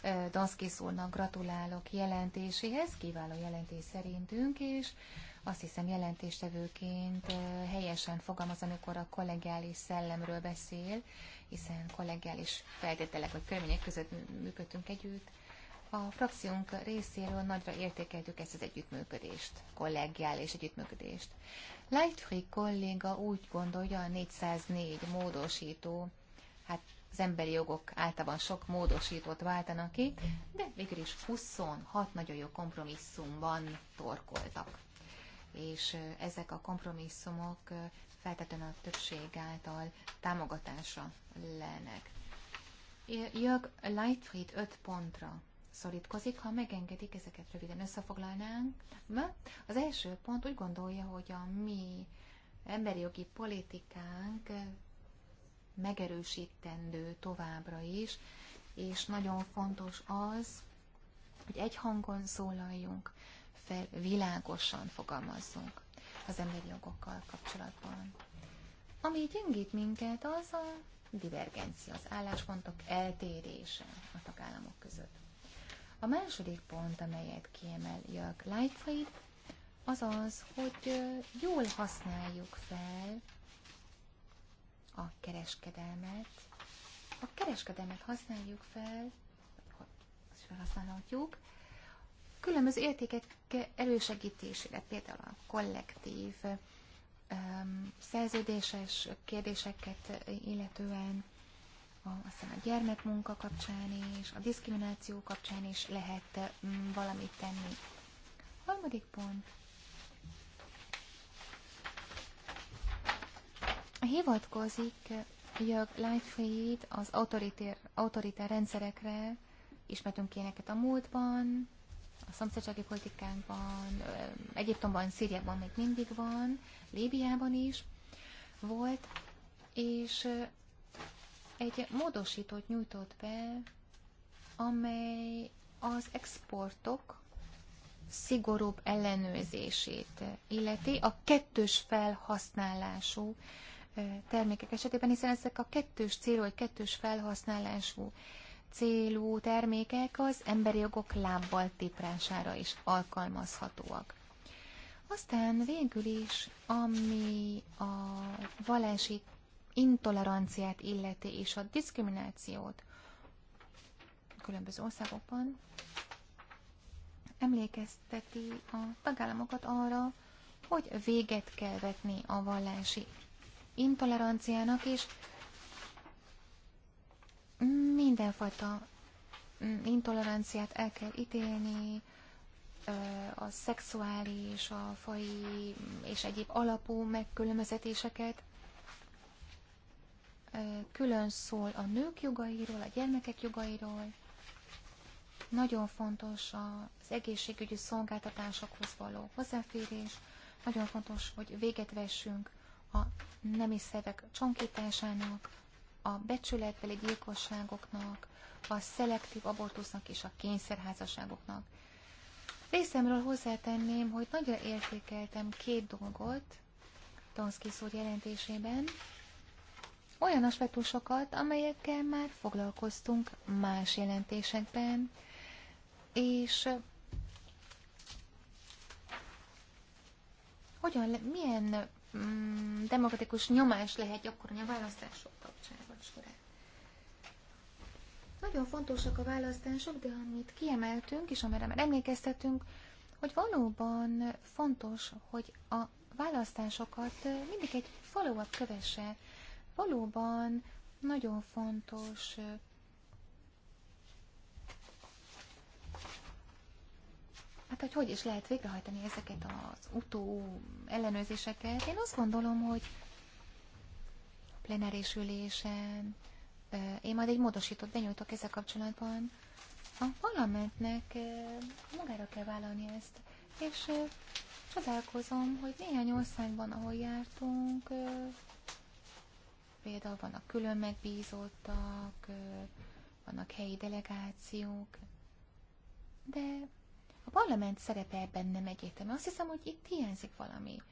eh, Danszkész úrnak gratulálok jelentéséhez, kiváló jelentés szerintünk, és azt hiszem jelentéstevőként helyesen fogalmaz, amikor a kollegiális szellemről beszél, hiszen kollegiális feltételek vagy körülmények között működtünk együtt. A frakciónk részéről nagyra értékeltük ezt az együttműködést, kollegiális együttműködést. Lightfree kolléga úgy gondolja, a 404 módosító, hát az emberi jogok általában sok módosítót váltanak ki, de végül is 26 nagyon jó kompromisszumban torkoltak és ezek a kompromisszumok feltétlenül a többség által támogatása lennek. Jörg Lightfried öt pontra szorítkozik, ha megengedik, ezeket röviden összefoglalnánk. Az első pont úgy gondolja, hogy a mi emberi jogi politikánk megerősítendő továbbra is, és nagyon fontos az, hogy egy hangon szólaljunk fel, világosan fogalmazzunk az emberi jogokkal kapcsolatban. Ami gyengít minket, az a divergencia, az álláspontok eltérése a tagállamok között. A második pont, amelyet kiemel Jörg Lightfried, az az, hogy jól használjuk fel a kereskedelmet. A kereskedelmet használjuk fel, és felhasználhatjuk különböző értékek elősegítésére, például a kollektív um, szerződéses kérdéseket illetően, a, aztán a gyermekmunka kapcsán is, a diszkrimináció kapcsán is lehet um, valamit tenni. Harmadik pont. Hivatkozik Jörg Lightfried az autoritár, rendszerekre, ismertünk éneket a múltban, szomszédsági politikánkban, Egyiptomban, Szíriában még mindig van, Líbiában is volt, és egy módosítót nyújtott be, amely az exportok szigorúbb ellenőrzését illeti a kettős felhasználású termékek esetében, hiszen ezek a kettős célú, vagy kettős felhasználású célú termékek az emberi jogok lábbal tiprására is alkalmazhatóak. Aztán végül is, ami a vallási intoleranciát illeti és a diszkriminációt a különböző országokban, emlékezteti a tagállamokat arra, hogy véget kell vetni a vallási intoleranciának, és mindenfajta mm, intoleranciát el kell ítélni, a szexuális, a fai mm, és egyéb alapú megkülönböztetéseket. Külön szól a nők jogairól, a gyermekek jogairól. Nagyon fontos az egészségügyi szolgáltatásokhoz való hozzáférés. Nagyon fontos, hogy véget vessünk a nemi szervek csonkításának, a becsületbeli gyilkosságoknak, a szelektív abortusznak és a kényszerházasságoknak. Részemről hozzátenném, hogy nagyra értékeltem két dolgot Tonszki szó jelentésében, olyan aspektusokat, amelyekkel már foglalkoztunk más jelentésekben, és hogyan, milyen Mm, demokratikus nyomás lehet gyakorolni a választások kapcsán vagy során. Nagyon fontosak a választások, de amit kiemeltünk, és amire már emlékeztetünk, hogy valóban fontos, hogy a választásokat mindig egy follow-up kövesse. Valóban nagyon fontos Hát, hogy hogy is lehet végrehajtani ezeket az utó ellenőrzéseket? Én azt gondolom, hogy plenáris ülésen, én majd egy módosított benyújtok ezzel kapcsolatban, a parlamentnek magára kell vállalni ezt. És csodálkozom, hogy néhány országban, ahol jártunk, például vannak külön megbízottak, vannak helyi delegációk, de a parlament szerepe ebben nem egyértelmű. Azt hiszem, hogy itt hiányzik valami.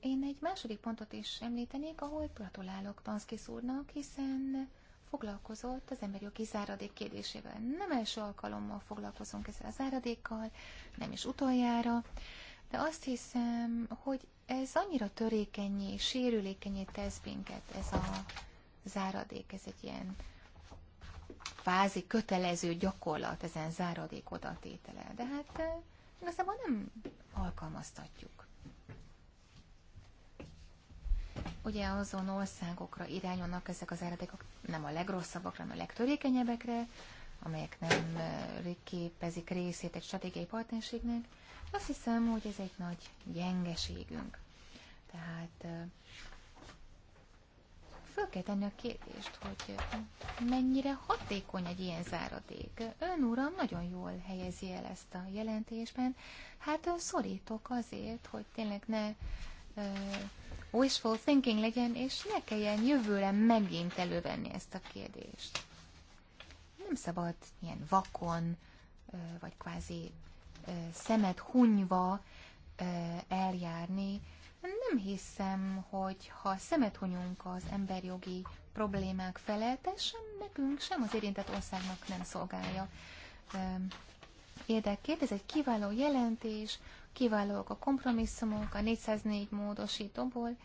Én egy második pontot is említenék, ahol gratulálok Panszkis úrnak, hiszen foglalkozott az emberi jogi záradék kérdésével. Nem első alkalommal foglalkozunk ezzel a záradékkal, nem is utoljára, de azt hiszem, hogy ez annyira törékenyé, sérülékenyé tesz minket ez a záradék, ez egy ilyen kvázi kötelező gyakorlat ezen záradék odatétele. De hát eh, igazából nem alkalmaztatjuk. Ugye azon országokra irányulnak ezek az áradékok, nem a legrosszabbakra, hanem a legtörékenyebbekre, amelyek nem eh, képezik részét egy stratégiai partnerségnek. Azt hiszem, hogy ez egy nagy gyengeségünk. Tehát eh, Föl kell tenni a kérdést, hogy mennyire hatékony egy ilyen záradék. Ön uram nagyon jól helyezi el ezt a jelentésben. Hát szorítok azért, hogy tényleg ne uh, wishful thinking legyen, és ne kelljen jövőre megint elővenni ezt a kérdést. Nem szabad ilyen vakon, uh, vagy kvázi uh, szemet hunyva uh, eljárni, nem hiszem, hogy ha szemet hunyunk az emberjogi problémák felett, ez sem nekünk, sem az érintett országnak nem szolgálja érdekét. Ez egy kiváló jelentés, kiválóak a kompromisszumok a 404 módosítóból.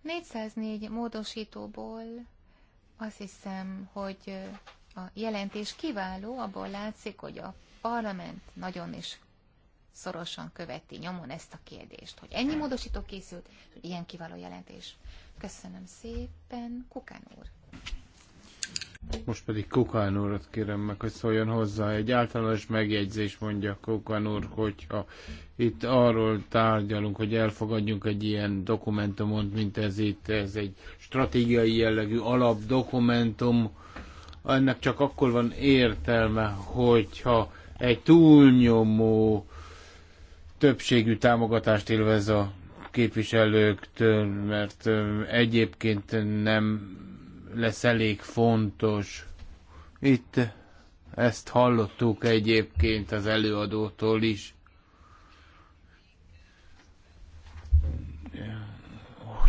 404 módosítóból azt hiszem, hogy a jelentés kiváló, abból látszik, hogy a parlament nagyon is szorosan követi nyomon ezt a kérdést, hogy ennyi hát. módosító készült, hogy ilyen kiváló jelentés. Köszönöm szépen, Kukán úr. Most pedig Kukán úrat kérem meg, hogy szóljon hozzá. Egy általános megjegyzés mondja Kukán úr, hogyha itt arról tárgyalunk, hogy elfogadjunk egy ilyen dokumentumot, mint ez itt, ez egy stratégiai jellegű alapdokumentum, ennek csak akkor van értelme, hogyha egy túlnyomó többségű támogatást élvez a képviselőktől, mert egyébként nem lesz elég fontos. Itt ezt hallottuk egyébként az előadótól is.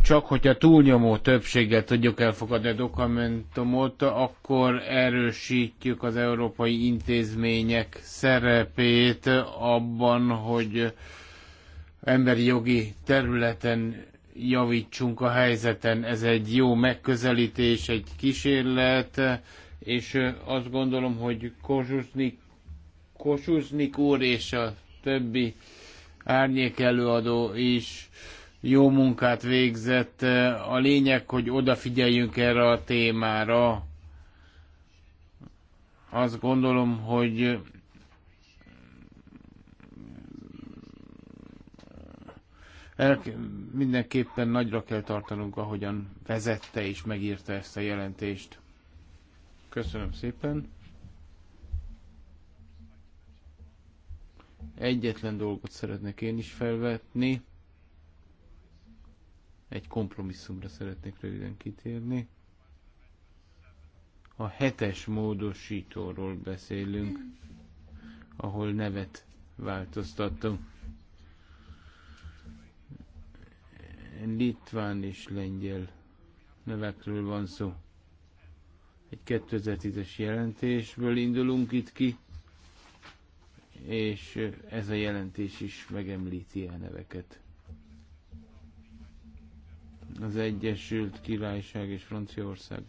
csak hogyha túlnyomó többséggel tudjuk elfogadni a dokumentumot, akkor erősítjük az európai intézmények szerepét abban, hogy emberi jogi területen javítsunk a helyzeten. Ez egy jó megközelítés, egy kísérlet, és azt gondolom, hogy Kosuznik, Kozsuznik úr és a többi árnyék előadó is jó munkát végzett. A lényeg, hogy odafigyeljünk erre a témára. Azt gondolom, hogy mindenképpen nagyra kell tartanunk, ahogyan vezette és megírta ezt a jelentést. Köszönöm szépen. Egyetlen dolgot szeretnék én is felvetni egy kompromisszumra szeretnék röviden kitérni. A hetes módosítóról beszélünk, ahol nevet változtattam. Litván és lengyel nevekről van szó. Egy 2010-es jelentésből indulunk itt ki, és ez a jelentés is megemlíti a e neveket az Egyesült Királyság és Franciaország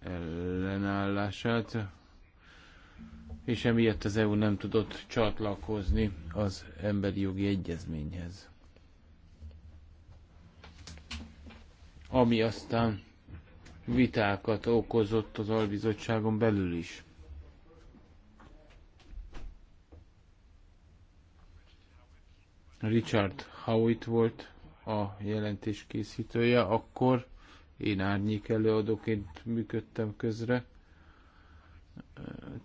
ellenállását, és emiatt az EU nem tudott csatlakozni az emberi jogi egyezményhez. Ami aztán vitákat okozott az albizottságon belül is. Richard Howitt volt a jelentés készítője, akkor én árnyék előadóként működtem közre,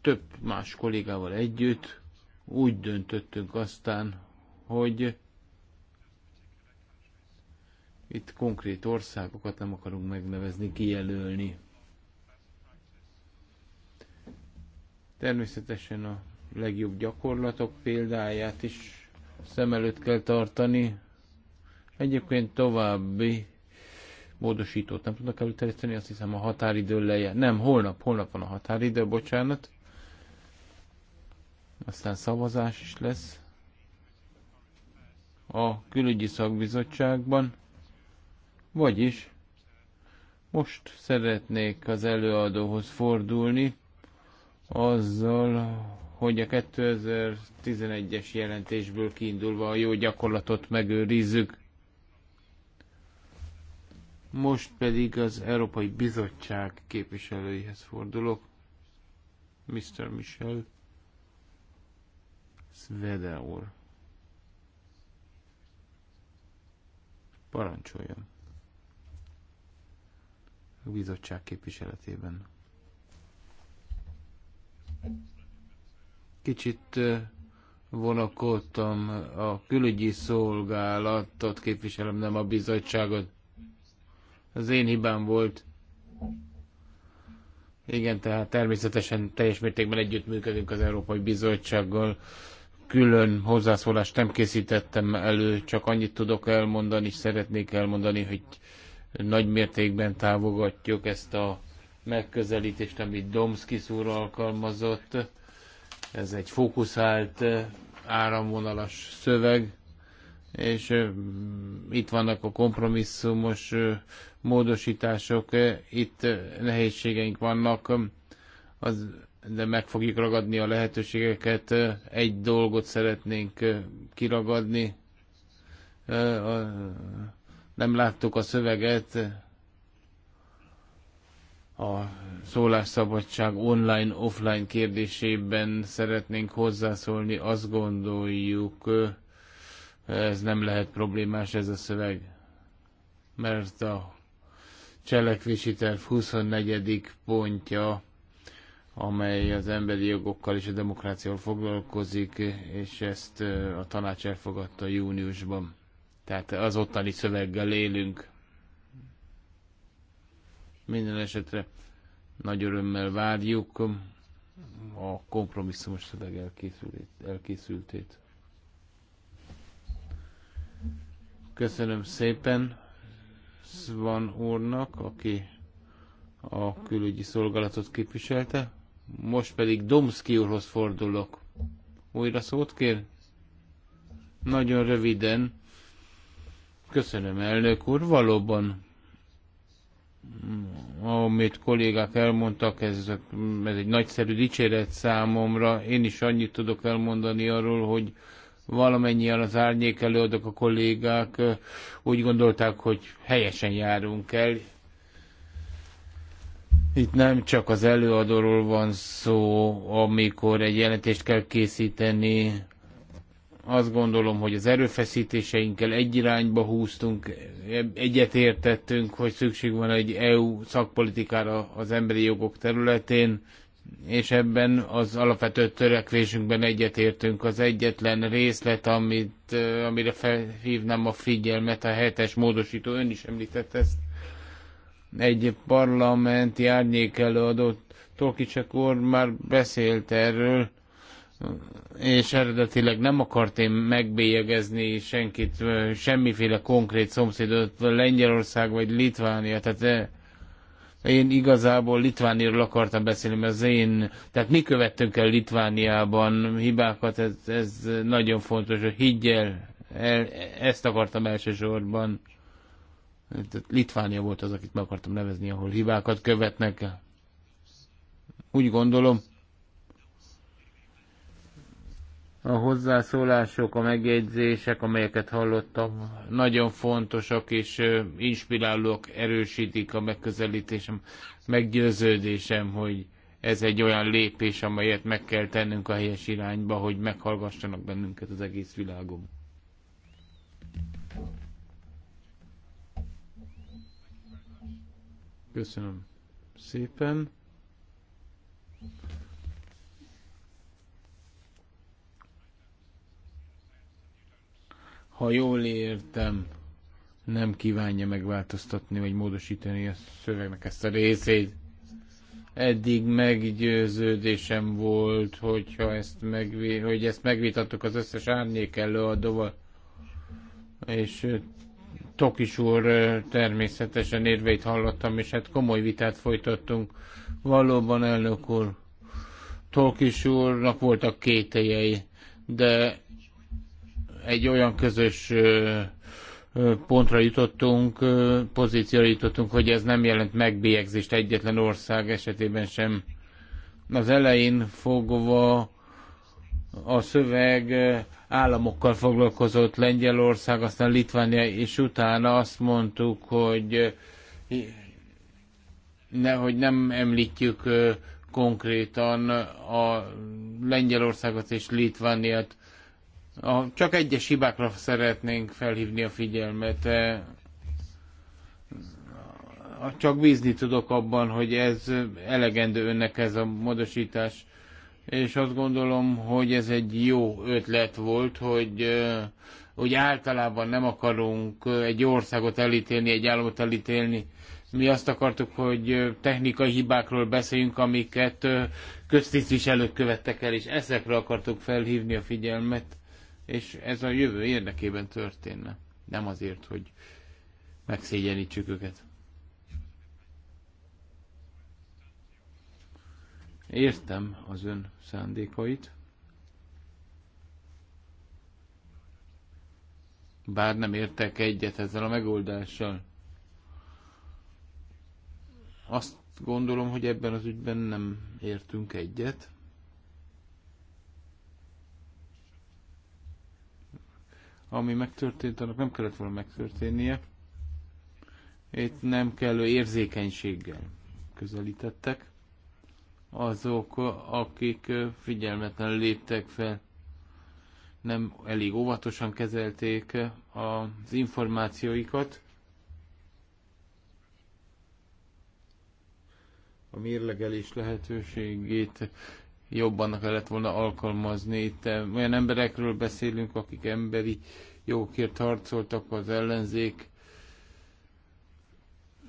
több más kollégával együtt úgy döntöttünk aztán, hogy itt konkrét országokat nem akarunk megnevezni, kijelölni. Természetesen a legjobb gyakorlatok példáját is szem előtt kell tartani, Egyébként további módosítót nem tudnak előterjeszteni, azt hiszem a határidő leje. Nem, holnap, holnap van a határidő, bocsánat. Aztán szavazás is lesz a külügyi szakbizottságban. Vagyis most szeretnék az előadóhoz fordulni azzal, hogy a 2011-es jelentésből kiindulva a jó gyakorlatot megőrizzük. Most pedig az Európai Bizottság képviselőihez fordulok. Mr. Michel Svede úr. Parancsoljon. A bizottság képviseletében. Kicsit vonakodtam, a külügyi szolgálatot képviselem, nem a bizottságot. Az én hibám volt. Igen, tehát természetesen teljes mértékben együttműködünk az Európai Bizottsággal. Külön hozzászólást nem készítettem elő, csak annyit tudok elmondani, és szeretnék elmondani, hogy nagy mértékben távogatjuk ezt a megközelítést, amit Domszki úr alkalmazott. Ez egy fókuszált, áramvonalas szöveg és itt vannak a kompromisszumos módosítások, itt nehézségeink vannak, az, de meg fogjuk ragadni a lehetőségeket. Egy dolgot szeretnénk kiragadni. Nem láttuk a szöveget, a szólásszabadság online-offline kérdésében szeretnénk hozzászólni. Azt gondoljuk, ez nem lehet problémás ez a szöveg, mert a cselekvési terv 24. pontja, amely az emberi jogokkal és a demokráciával foglalkozik, és ezt a tanács elfogadta júniusban. Tehát az ottani szöveggel élünk. Minden esetre nagy örömmel várjuk a kompromisszumos szöveg elkészültét. Köszönöm szépen Svan úrnak, aki a külügyi szolgálatot képviselte. Most pedig Domszki úrhoz fordulok. Újra szót kér? Nagyon röviden. Köszönöm, elnök úr. Valóban, amit kollégák elmondtak, ez, ez egy nagyszerű dicséret számomra. Én is annyit tudok elmondani arról, hogy valamennyien az árnyék előadók, a kollégák úgy gondolták, hogy helyesen járunk el. Itt nem csak az előadóról van szó, amikor egy jelentést kell készíteni, azt gondolom, hogy az erőfeszítéseinkkel egy irányba húztunk, egyetértettünk, hogy szükség van egy EU szakpolitikára az emberi jogok területén, és ebben az alapvető törekvésünkben egyetértünk. Az egyetlen részlet, amit, amire felhívnám a figyelmet, a hetes módosító, ön is említett ezt, egy parlamenti árnyék előadott Tolkicsek úr már beszélt erről, és eredetileg nem akart én megbélyegezni senkit, semmiféle konkrét szomszédot, Lengyelország vagy Litvánia, tehát én igazából Litvániról akartam beszélni, mert az én, tehát mi követtünk el Litvániában hibákat, ez, ez nagyon fontos, hogy higgyel, el, ezt akartam elsősorban. Tehát Litvánia volt az, akit meg akartam nevezni, ahol hibákat követnek Úgy gondolom, a hozzászólások, a megjegyzések, amelyeket hallottam, nagyon fontosak és inspirálók, erősítik a megközelítésem, meggyőződésem, hogy ez egy olyan lépés, amelyet meg kell tennünk a helyes irányba, hogy meghallgassanak bennünket az egész világon. Köszönöm szépen. ha jól értem, nem kívánja megváltoztatni vagy módosítani a szövegnek ezt a részét. Eddig meggyőződésem volt, hogyha ezt megvi- hogy ezt megvitattuk az összes árnyék előadóval, és Tokis úr természetesen érveit hallottam, és hát komoly vitát folytattunk. Valóban, elnök úr, Tokis úrnak voltak kételjei, de egy olyan közös pontra jutottunk, pozícióra jutottunk, hogy ez nem jelent megbélyegzést egyetlen ország esetében sem. Az elején fogva a szöveg államokkal foglalkozott Lengyelország, aztán Litvánia, és utána azt mondtuk, hogy ne, hogy nem említjük konkrétan a Lengyelországot és Litvániát, a, csak egyes hibákra szeretnénk felhívni a figyelmet. E, csak bízni tudok abban, hogy ez elegendő önnek ez a módosítás. És azt gondolom, hogy ez egy jó ötlet volt, hogy e, hogy általában nem akarunk egy országot elítélni, egy államot elítélni. Mi azt akartuk, hogy technikai hibákról beszéljünk, amiket e, köztisztviselők követtek el, és ezekre akartuk felhívni a figyelmet és ez a jövő érdekében történne. Nem azért, hogy megszégyenítsük őket. Értem az ön szándékait, bár nem értek egyet ezzel a megoldással. Azt gondolom, hogy ebben az ügyben nem értünk egyet. ami megtörtént, annak nem kellett volna megtörténnie. Itt nem kellő érzékenységgel közelítettek azok, akik figyelmetlen léptek fel, nem elég óvatosan kezelték az információikat. A mérlegelés lehetőségét jobban kellett volna alkalmazni. Itt eh, olyan emberekről beszélünk, akik emberi jogokért harcoltak az ellenzék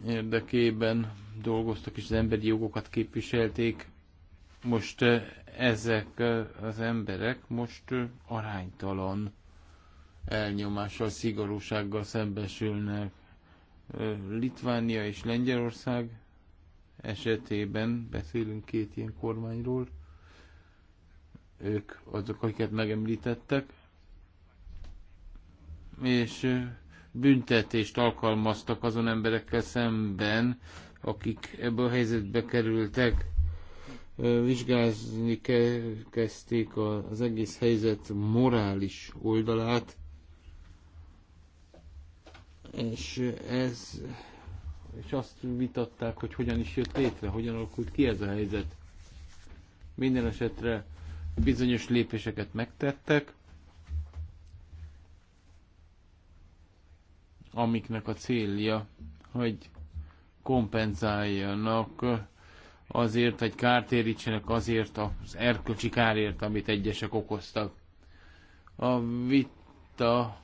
érdekében, dolgoztak és az emberi jogokat képviselték. Most eh, ezek eh, az emberek most aránytalan elnyomással, szigorúsággal szembesülnek. Litvánia és Lengyelország esetében beszélünk két ilyen kormányról ők azok, akiket megemlítettek, és büntetést alkalmaztak azon emberekkel szemben, akik ebbe a helyzetbe kerültek. Vizsgálni kezdték az egész helyzet morális oldalát, és ez és azt vitatták, hogy hogyan is jött létre, hogyan alakult ki ez a helyzet. Minden esetre Bizonyos lépéseket megtettek, amiknek a célja, hogy kompenzáljanak azért, hogy kártérítsenek azért az erkölcsi kárért, amit egyesek okoztak. A vita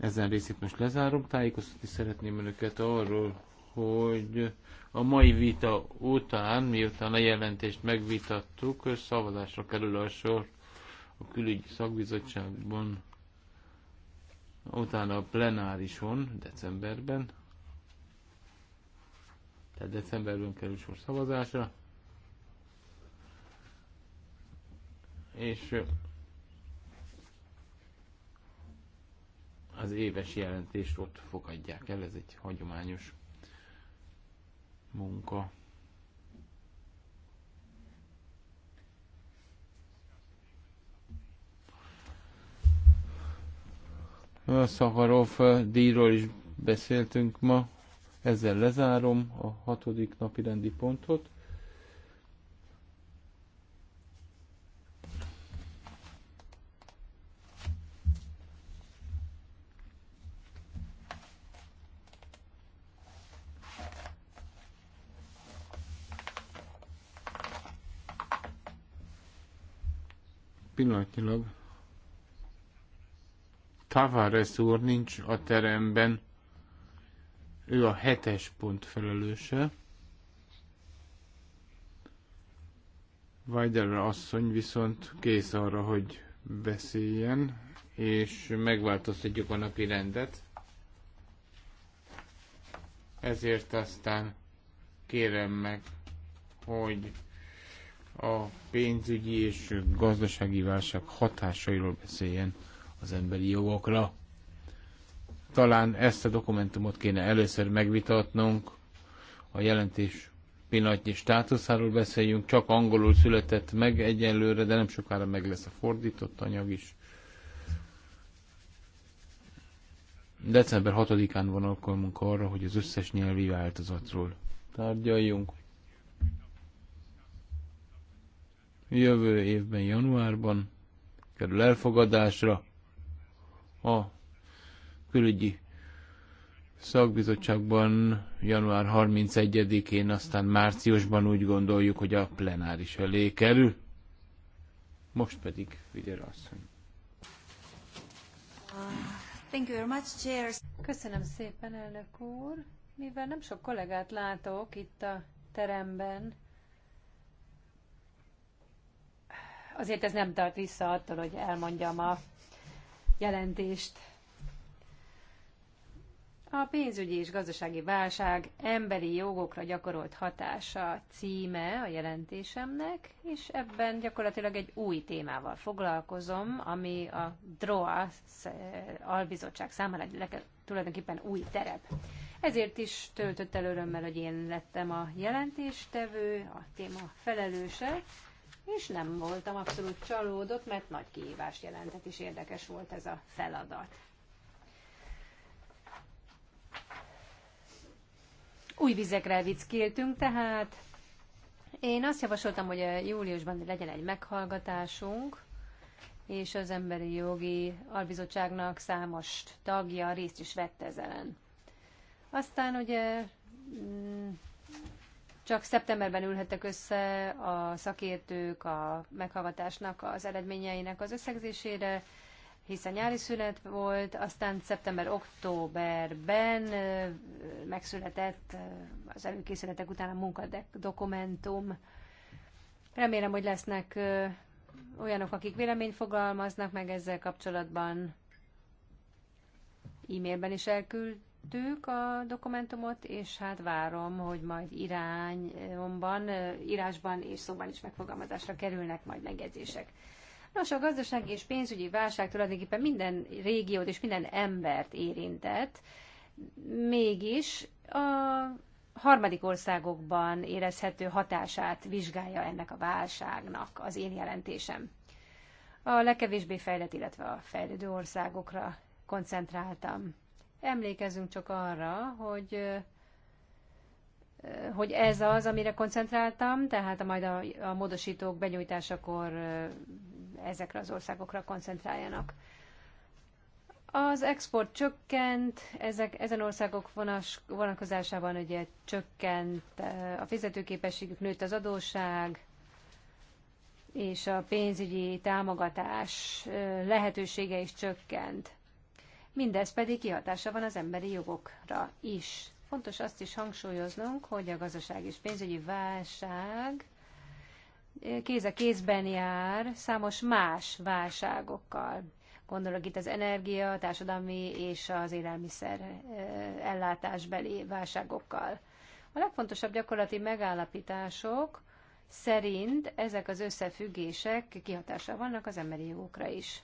ezen részét most lezárom, tájékoztatni szeretném önöket arról, hogy a mai vita után, miután a jelentést megvitattuk, szavazásra kerül a sor a külügyi szakbizottságban, utána a plenárison, decemberben, tehát decemberben kerül sor szavazásra, és az éves jelentést ott fogadják el, ez egy hagyományos munka. A Szakarov díjról is beszéltünk ma. Ezzel lezárom a hatodik napi rendi pontot. pillanatnyilag Tavares úr nincs a teremben. Ő a hetes pont felelőse. Weider asszony viszont kész arra, hogy beszéljen, és megváltoztatjuk a napi rendet. Ezért aztán kérem meg, hogy a pénzügyi és gazdasági válság hatásairól beszéljen az emberi jogokra. Talán ezt a dokumentumot kéne először megvitatnunk, a jelentés pillanatnyi státuszáról beszéljünk, csak angolul született meg egyenlőre, de nem sokára meg lesz a fordított anyag is. December 6-án van alkalmunk arra, hogy az összes nyelvi változatról tárgyaljunk. jövő évben, januárban kerül elfogadásra a külügyi szakbizottságban január 31-én, aztán márciusban úgy gondoljuk, hogy a plenáris elé kerül. Most pedig Figyel asszony. Thank you very much, Cheers. Köszönöm szépen, elnök úr. Mivel nem sok kollégát látok itt a teremben, azért ez nem tart vissza attól, hogy elmondjam a jelentést. A pénzügyi és gazdasági válság emberi jogokra gyakorolt hatása címe a jelentésemnek, és ebben gyakorlatilag egy új témával foglalkozom, ami a DROA albizottság számára tulajdonképpen új terep. Ezért is töltött el örömmel, hogy én lettem a jelentéstevő, a téma felelőse, és nem voltam abszolút csalódott, mert nagy kihívást jelentett, és érdekes volt ez a feladat. Új vizekre vickéltünk, tehát én azt javasoltam, hogy eh, júliusban legyen egy meghallgatásunk, és az Emberi Jogi Albizottságnak számos tagja részt is vett ezen. Aztán ugye mm, csak szeptemberben ülhettek össze a szakértők a meghallgatásnak az eredményeinek az összegzésére, hiszen nyári szünet volt, aztán szeptember-októberben megszületett az előkészületek után a munkadokumentum. Remélem, hogy lesznek olyanok, akik véleményt fogalmaznak meg ezzel kapcsolatban. E-mailben is elküld megkaptuk a dokumentumot, és hát várom, hogy majd irányomban, írásban és szóban is megfogalmazásra kerülnek majd megjegyzések. Nos, a gazdasági és pénzügyi válság tulajdonképpen minden régiót és minden embert érintett, mégis a harmadik országokban érezhető hatását vizsgálja ennek a válságnak az én jelentésem. A legkevésbé fejlett, illetve a fejlődő országokra koncentráltam. Emlékezzünk csak arra, hogy hogy ez az, amire koncentráltam, tehát a majd a, a módosítók benyújtásakor ezekre az országokra koncentráljanak. Az export csökkent, ezek, ezen országok vonas, vonatkozásában ugye csökkent a fizetőképességük, nőtt az adósság, és a pénzügyi támogatás lehetősége is csökkent mindez pedig kihatása van az emberi jogokra is. Fontos azt is hangsúlyoznunk, hogy a gazdaság és pénzügyi válság eh, kéz a kézben jár számos más válságokkal. Gondolok itt az energia, a társadalmi és az élelmiszer eh, ellátásbeli válságokkal. A legfontosabb gyakorlati megállapítások szerint ezek az összefüggések kihatással vannak az emberi jogokra is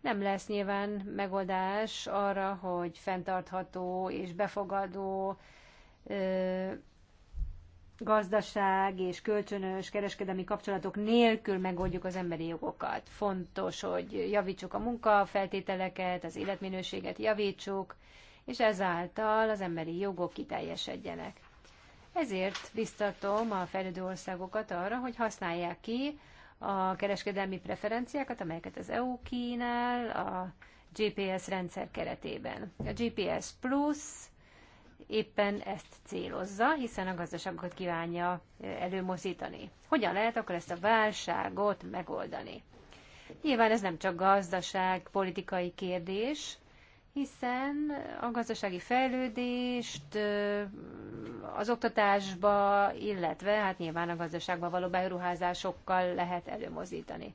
nem lesz nyilván megoldás arra, hogy fenntartható és befogadó ö, gazdaság és kölcsönös kereskedelmi kapcsolatok nélkül megoldjuk az emberi jogokat. Fontos, hogy javítsuk a munkafeltételeket, az életminőséget javítsuk, és ezáltal az emberi jogok kiteljesedjenek. Ezért biztatom a fejlődő országokat arra, hogy használják ki a kereskedelmi preferenciákat, amelyeket az EU kínál a GPS rendszer keretében. A GPS Plus éppen ezt célozza, hiszen a gazdaságokat kívánja előmozdítani. Hogyan lehet akkor ezt a válságot megoldani? Nyilván ez nem csak gazdaság, politikai kérdés, hiszen a gazdasági fejlődést az oktatásba, illetve hát nyilván a gazdaságba való beruházásokkal lehet előmozdítani.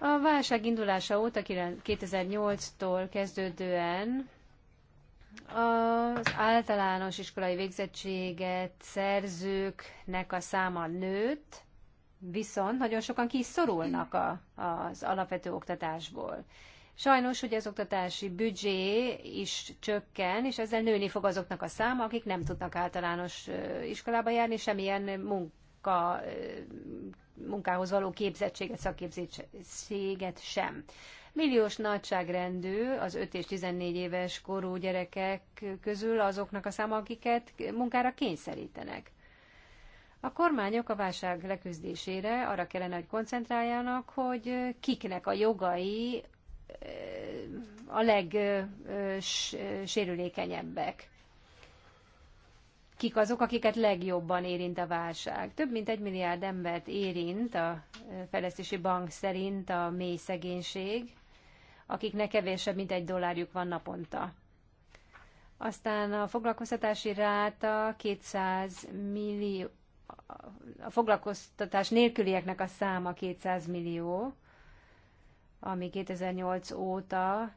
A válság indulása óta 2008-tól kezdődően az általános iskolai végzettséget szerzőknek a száma nőtt, viszont nagyon sokan kiszorulnak a, az alapvető oktatásból. Sajnos, hogy az oktatási büdzsé is csökken, és ezzel nőni fog azoknak a száma, akik nem tudnak általános iskolába járni, semmilyen munka, munkához való képzettséget, szakképzettséget sem. Milliós nagyságrendű az 5 és 14 éves korú gyerekek közül azoknak a száma, akiket munkára kényszerítenek. A kormányok a válság leküzdésére arra kellene, hogy koncentráljanak, hogy kiknek a jogai a legsérülékenyebbek. Kik azok, akiket legjobban érint a válság? Több mint egy milliárd embert érint a Fejlesztési Bank szerint a mély szegénység, akiknek kevésebb, mint egy dollárjuk van naponta. Aztán a foglalkoztatási ráta 200 millió, a foglalkoztatás nélkülieknek a száma 200 millió, ami 2008 óta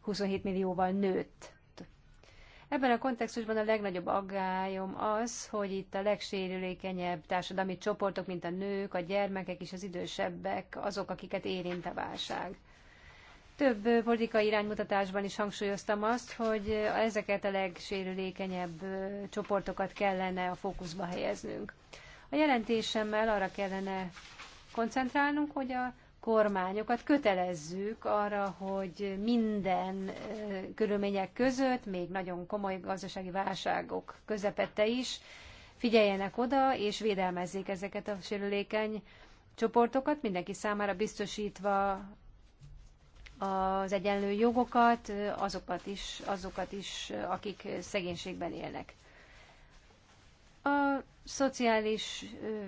27 millióval nőtt. Ebben a kontextusban a legnagyobb aggályom az, hogy itt a legsérülékenyebb társadalmi csoportok, mint a nők, a gyermekek és az idősebbek, azok, akiket érint a válság. Több politikai iránymutatásban is hangsúlyoztam azt, hogy ezeket a legsérülékenyebb csoportokat kellene a fókuszba helyeznünk. A jelentésemmel arra kellene koncentrálnunk, hogy a kormányokat kötelezzük arra, hogy minden körülmények között, még nagyon komoly gazdasági válságok közepette is, figyeljenek oda és védelmezzék ezeket a sérülékeny csoportokat, mindenki számára biztosítva az egyenlő jogokat, azokat is, azokat is akik szegénységben élnek. A szociális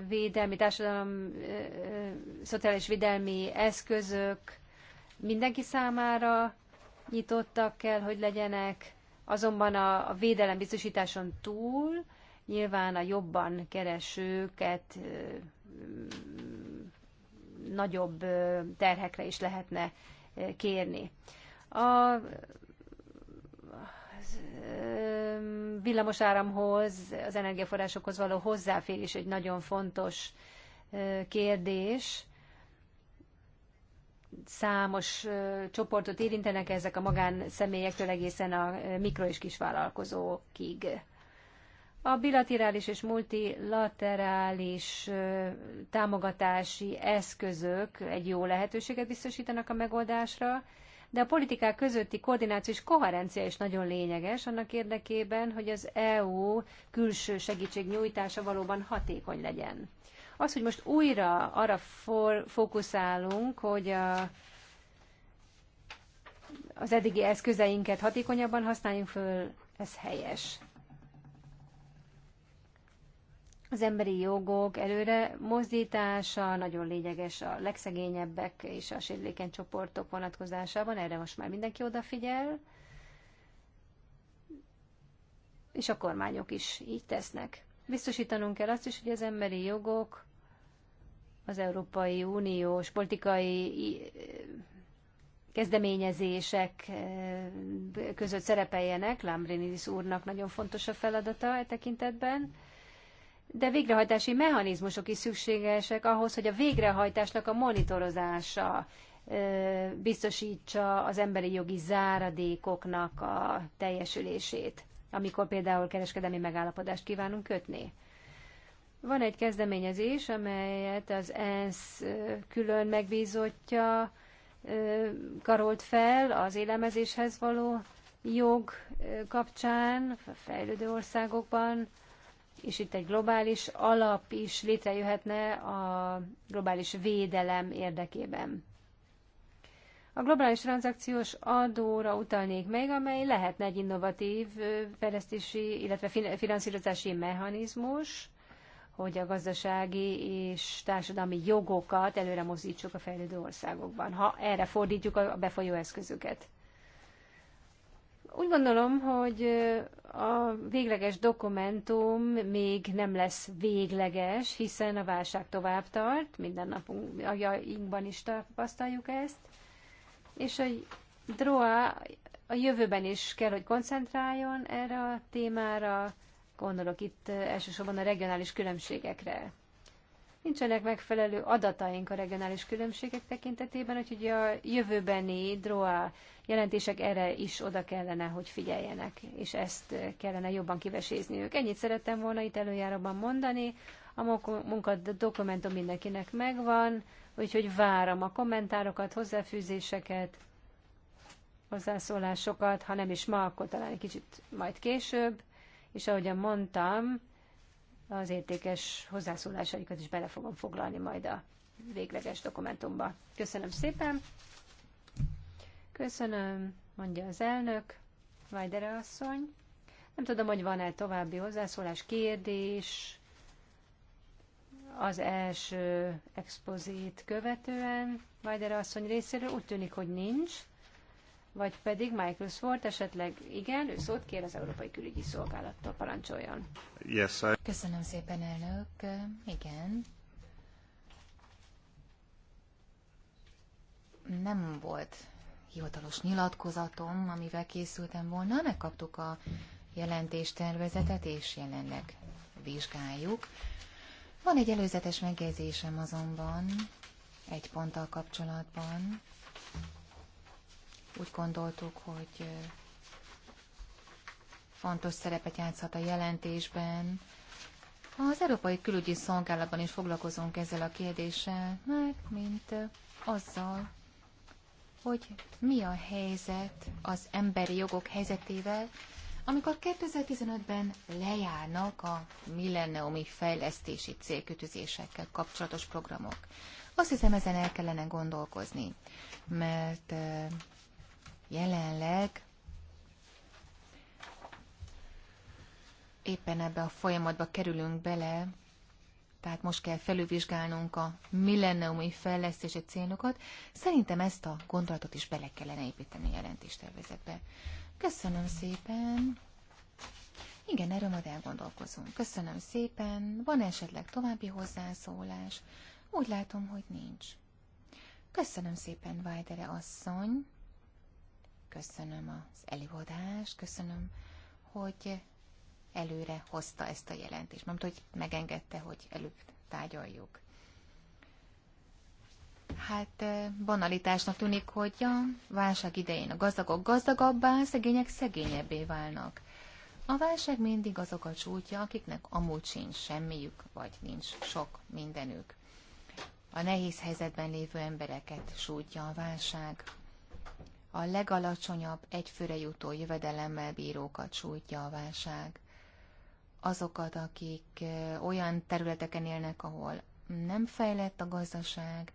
védelmi, társadalom, szociális védelmi eszközök mindenki számára nyitottak kell, hogy legyenek, azonban a, védelem biztosításon túl nyilván a jobban keresőket nagyobb terhekre is lehetne kérni. A villamosáramhoz, az energiaforrásokhoz való hozzáférés egy nagyon fontos kérdés. Számos csoportot érintenek ezek a magánszemélyektől egészen a mikro- és kisvállalkozókig. A bilaterális és multilaterális támogatási eszközök egy jó lehetőséget biztosítanak a megoldásra, de a politikák közötti koordináció és koherencia is nagyon lényeges annak érdekében, hogy az EU külső segítség nyújtása valóban hatékony legyen. Az, hogy most újra arra for, fókuszálunk, hogy a, az eddigi eszközeinket hatékonyabban használjuk föl, ez helyes az emberi jogok előre mozdítása nagyon lényeges a legszegényebbek és a sérülékeny csoportok vonatkozásában, erre most már mindenki odafigyel, és a kormányok is így tesznek. Biztosítanunk kell azt is, hogy az emberi jogok az Európai Uniós politikai kezdeményezések eh, között szerepeljenek. Lambrinidis úrnak nagyon fontos a feladata e tekintetben de végrehajtási mechanizmusok is szükségesek ahhoz, hogy a végrehajtásnak a monitorozása biztosítsa az emberi jogi záradékoknak a teljesülését, amikor például kereskedelmi megállapodást kívánunk kötni. Van egy kezdeményezés, amelyet az ENSZ külön megbízottja karolt fel az élelmezéshez való jog kapcsán, a fejlődő országokban, és itt egy globális alap is létrejöhetne a globális védelem érdekében. A globális tranzakciós adóra utalnék meg, amely lehetne egy innovatív fejlesztési, illetve finanszírozási mechanizmus, hogy a gazdasági és társadalmi jogokat előre mozdítsuk a fejlődő országokban, ha erre fordítjuk a befolyó eszközöket. Úgy gondolom, hogy a végleges dokumentum még nem lesz végleges, hiszen a válság tovább tart, minden napunk a is tapasztaljuk ezt, és a DROA a jövőben is kell, hogy koncentráljon erre a témára, gondolok itt elsősorban a regionális különbségekre. Nincsenek megfelelő adataink a regionális különbségek tekintetében, úgyhogy a jövőbeni DROA jelentések erre is oda kellene, hogy figyeljenek, és ezt kellene jobban ők. Ennyit szerettem volna itt előjáróban mondani. A munkat dokumentum mindenkinek megvan, úgyhogy várom a kommentárokat, hozzáfűzéseket, hozzászólásokat, ha nem is ma, akkor talán egy kicsit majd később. És ahogyan mondtam, az értékes hozzászólásaikat is bele fogom foglalni majd a végleges dokumentumba. Köszönöm szépen! Köszönöm, mondja az elnök, Vajdere asszony. Nem tudom, hogy van-e további hozzászólás, kérdés az első expozit követően Vajdere asszony részéről. Úgy tűnik, hogy nincs vagy pedig Michael Swart esetleg igen, ő szót kér az Európai Külügyi Szolgálattól, parancsoljon. Yes, I... Köszönöm szépen, elnök. Igen. Nem volt hivatalos nyilatkozatom, amivel készültem volna. Megkaptuk a jelentéstervezetet, és jelenleg vizsgáljuk. Van egy előzetes megjegyzésem azonban, egy ponttal kapcsolatban, úgy gondoltuk, hogy fontos szerepet játszhat a jelentésben. Az Európai Külügyi Szolgálatban is foglalkozunk ezzel a kérdéssel, mert mint azzal, hogy mi a helyzet az emberi jogok helyzetével, amikor 2015-ben lejárnak a millenniumi fejlesztési célkütőzésekkel kapcsolatos programok. Azt hiszem, ezen el kellene gondolkozni, mert jelenleg éppen ebbe a folyamatba kerülünk bele, tehát most kell felülvizsgálnunk a millenniumi fejlesztési célokat. Szerintem ezt a gondolatot is bele kellene építeni a jelentéstervezetbe. Köszönöm szépen! Igen, erről majd elgondolkozunk. Köszönöm szépen. Van esetleg további hozzászólás? Úgy látom, hogy nincs. Köszönöm szépen, Vájdere asszony köszönöm az előadást, köszönöm, hogy előre hozta ezt a jelentést. Nem hogy megengedte, hogy előbb tárgyaljuk. Hát eh, banalitásnak tűnik, hogy a válság idején a gazdagok gazdagabbá, a szegények szegényebbé válnak. A válság mindig azokat sújtja, akiknek amúgy sincs semmiük, vagy nincs sok mindenük. A nehéz helyzetben lévő embereket sújtja a válság, a legalacsonyabb egyfőre jutó jövedelemmel bírókat sújtja a válság. Azokat, akik olyan területeken élnek, ahol nem fejlett a gazdaság,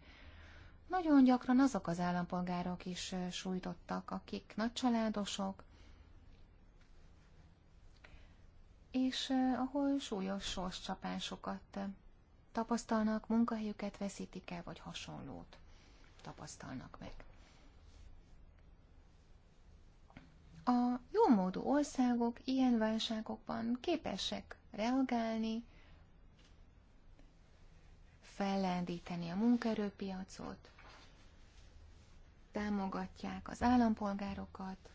nagyon gyakran azok az állampolgárok is sújtottak, akik nagy családosok, és ahol súlyos sorscsapásokat tapasztalnak, munkahelyüket veszítik el, vagy hasonlót tapasztalnak meg. A jómódú országok ilyen válságokban képesek reagálni, fellendíteni a munkaerőpiacot, támogatják az állampolgárokat,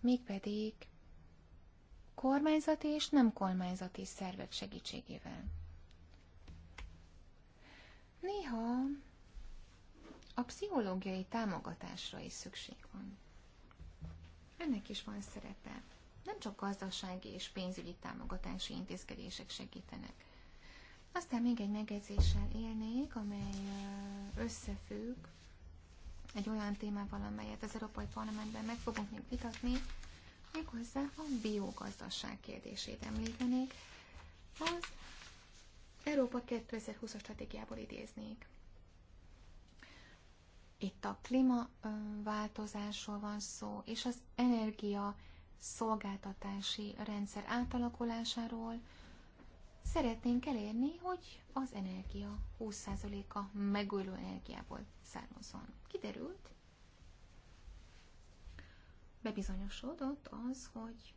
mégpedig kormányzati és nem kormányzati szervek segítségével. Néha a pszichológiai támogatásra is szükség van ennek is van szerepe. Nem csak gazdasági és pénzügyi támogatási intézkedések segítenek. Aztán még egy megjegyzéssel élnék, amely összefügg egy olyan témával, amelyet az Európai Parlamentben meg fogunk még vitatni, méghozzá a biogazdaság kérdését említenék. Az Európa 2020-as stratégiából idéznék. Itt a klímaváltozásról van szó, és az energia szolgáltatási rendszer átalakulásáról. Szeretnénk elérni, hogy az energia 20%-a megújuló energiából származzon. Kiderült, bebizonyosodott az, hogy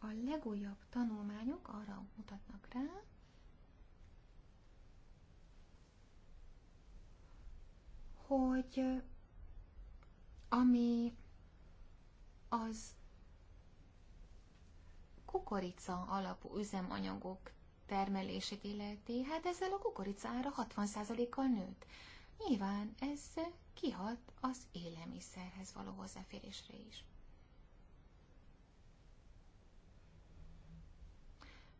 a legújabb tanulmányok arra mutatnak rá, hogy ami az kukorica alapú üzemanyagok termelését illeti, hát ezzel a kukorica ára 60%-kal nőtt. Nyilván ez kihat az élelmiszerhez való hozzáférésre is.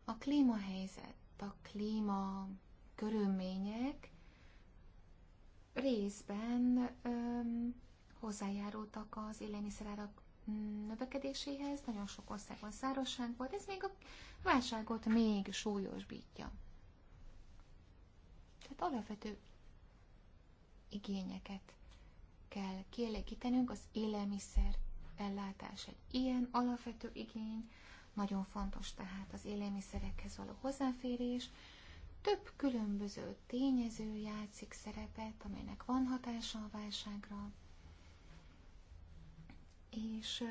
A klímahelyzet, a klíma körülmények részben öm, hozzájárultak az élelmiszerárak növekedéséhez, nagyon sok országban szárosság volt, ez még a válságot még súlyosbítja. Tehát alapvető igényeket kell kielégítenünk, az élelmiszer ellátás egy ilyen alapvető igény, nagyon fontos tehát az élelmiszerekhez való hozzáférés, több különböző tényező játszik szerepet, amelynek van hatása a válságra, és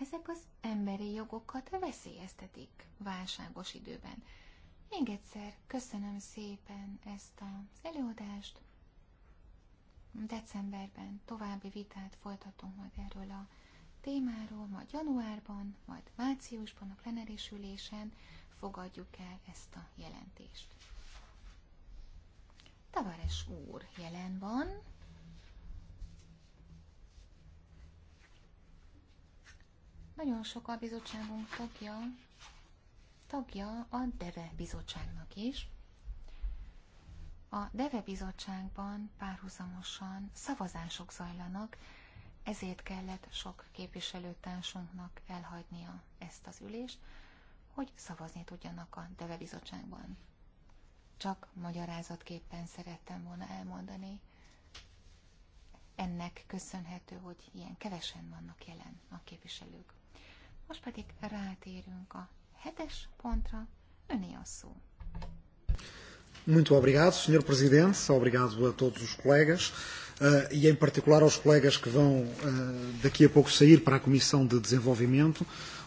ezek az emberi jogokat veszélyeztetik válságos időben. Még egyszer köszönöm szépen ezt az előadást. Decemberben további vitát folytatunk majd erről a témáról majd januárban, majd márciusban a plenáris ülésen fogadjuk el ezt a jelentést. Tavares úr jelen van. Nagyon sok a bizottságunk tagja, tagja a DEVE bizottságnak is. A DEVE bizottságban párhuzamosan szavazások zajlanak, ezért kellett sok képviselőtársunknak elhagynia ezt az ülést, hogy szavazni tudjanak a Deve Bizottságban. Csak magyarázatképpen szerettem volna elmondani, ennek köszönhető, hogy ilyen kevesen vannak jelen a képviselők. Most pedig rátérünk a hetes pontra, öné a szó. Muito obrigado, Sr. Presidente, obrigado a todos os colegas. Eh, e em particular aos colegas que vão eh, daqui a pouco sair para a Comissão de Desenvolvimento,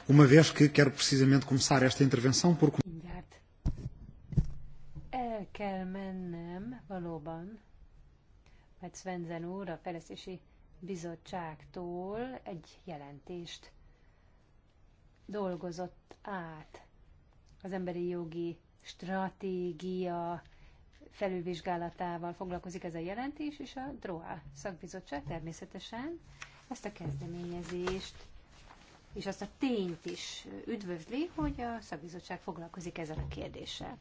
uma vez que quero precisamente começar esta intervenção por... kell mennem valóban, mert Svenzen úr a Fejlesztési Bizottságtól egy jelentést dolgozott át az emberi jogi stratégia felülvizsgálatával foglalkozik ez a jelentés, és a DROA szakbizottság természetesen ezt a kezdeményezést és azt a tényt is üdvözli, hogy a szakbizottság foglalkozik ezzel a kérdéssel.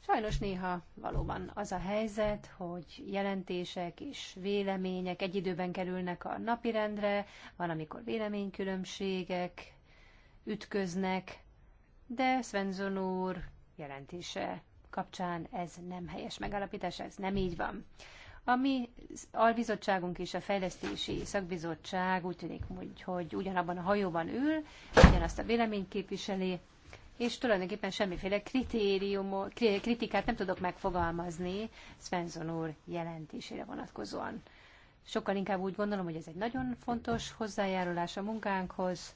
Sajnos néha valóban az a helyzet, hogy jelentések és vélemények egy időben kerülnek a napirendre, van, amikor véleménykülönbségek ütköznek, de Svenzon úr jelentése kapcsán ez nem helyes megállapítás, ez nem így van. A mi albizottságunk és a fejlesztési szakbizottság úgy tűnik, hogy ugyanabban a hajóban ül, ugyanazt a véleményt képviseli, és tulajdonképpen semmiféle kritériumot, kritikát nem tudok megfogalmazni Svensson úr jelentésére vonatkozóan. Sokkal inkább úgy gondolom, hogy ez egy nagyon fontos hozzájárulás a munkánkhoz,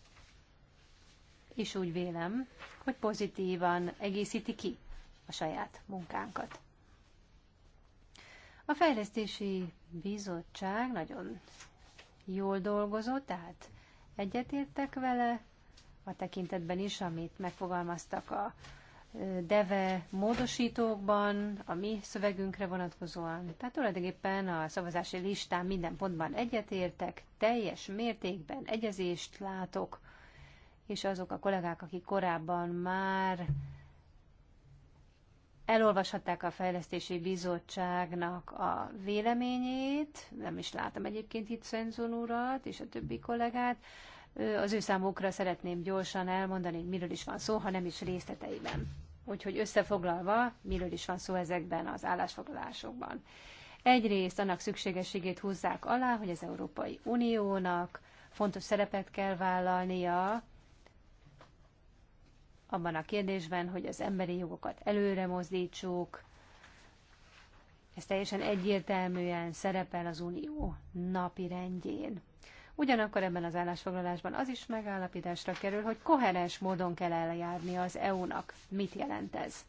és úgy vélem, hogy pozitívan egészíti ki a saját munkánkat. A fejlesztési bizottság nagyon jól dolgozott, tehát egyetértek vele a tekintetben is, amit megfogalmaztak a deve módosítókban, a mi szövegünkre vonatkozóan. Tehát tulajdonképpen a szavazási listán minden pontban egyetértek, teljes mértékben egyezést látok, és azok a kollégák, akik korábban már Elolvashatták a Fejlesztési Bizottságnak a véleményét, nem is látom egyébként itt Szenzon urat és a többi kollégát. Az ő számukra szeretném gyorsan elmondani, miről is van szó, ha nem is részleteiben. Úgyhogy összefoglalva, miről is van szó ezekben az állásfoglalásokban. Egyrészt annak szükségességét húzzák alá, hogy az Európai Uniónak fontos szerepet kell vállalnia abban a kérdésben, hogy az emberi jogokat előre mozdítsuk, ez teljesen egyértelműen szerepel az Unió napi rendjén. Ugyanakkor ebben az állásfoglalásban az is megállapításra kerül, hogy koherens módon kell eljárni az EU-nak. Mit jelent ez?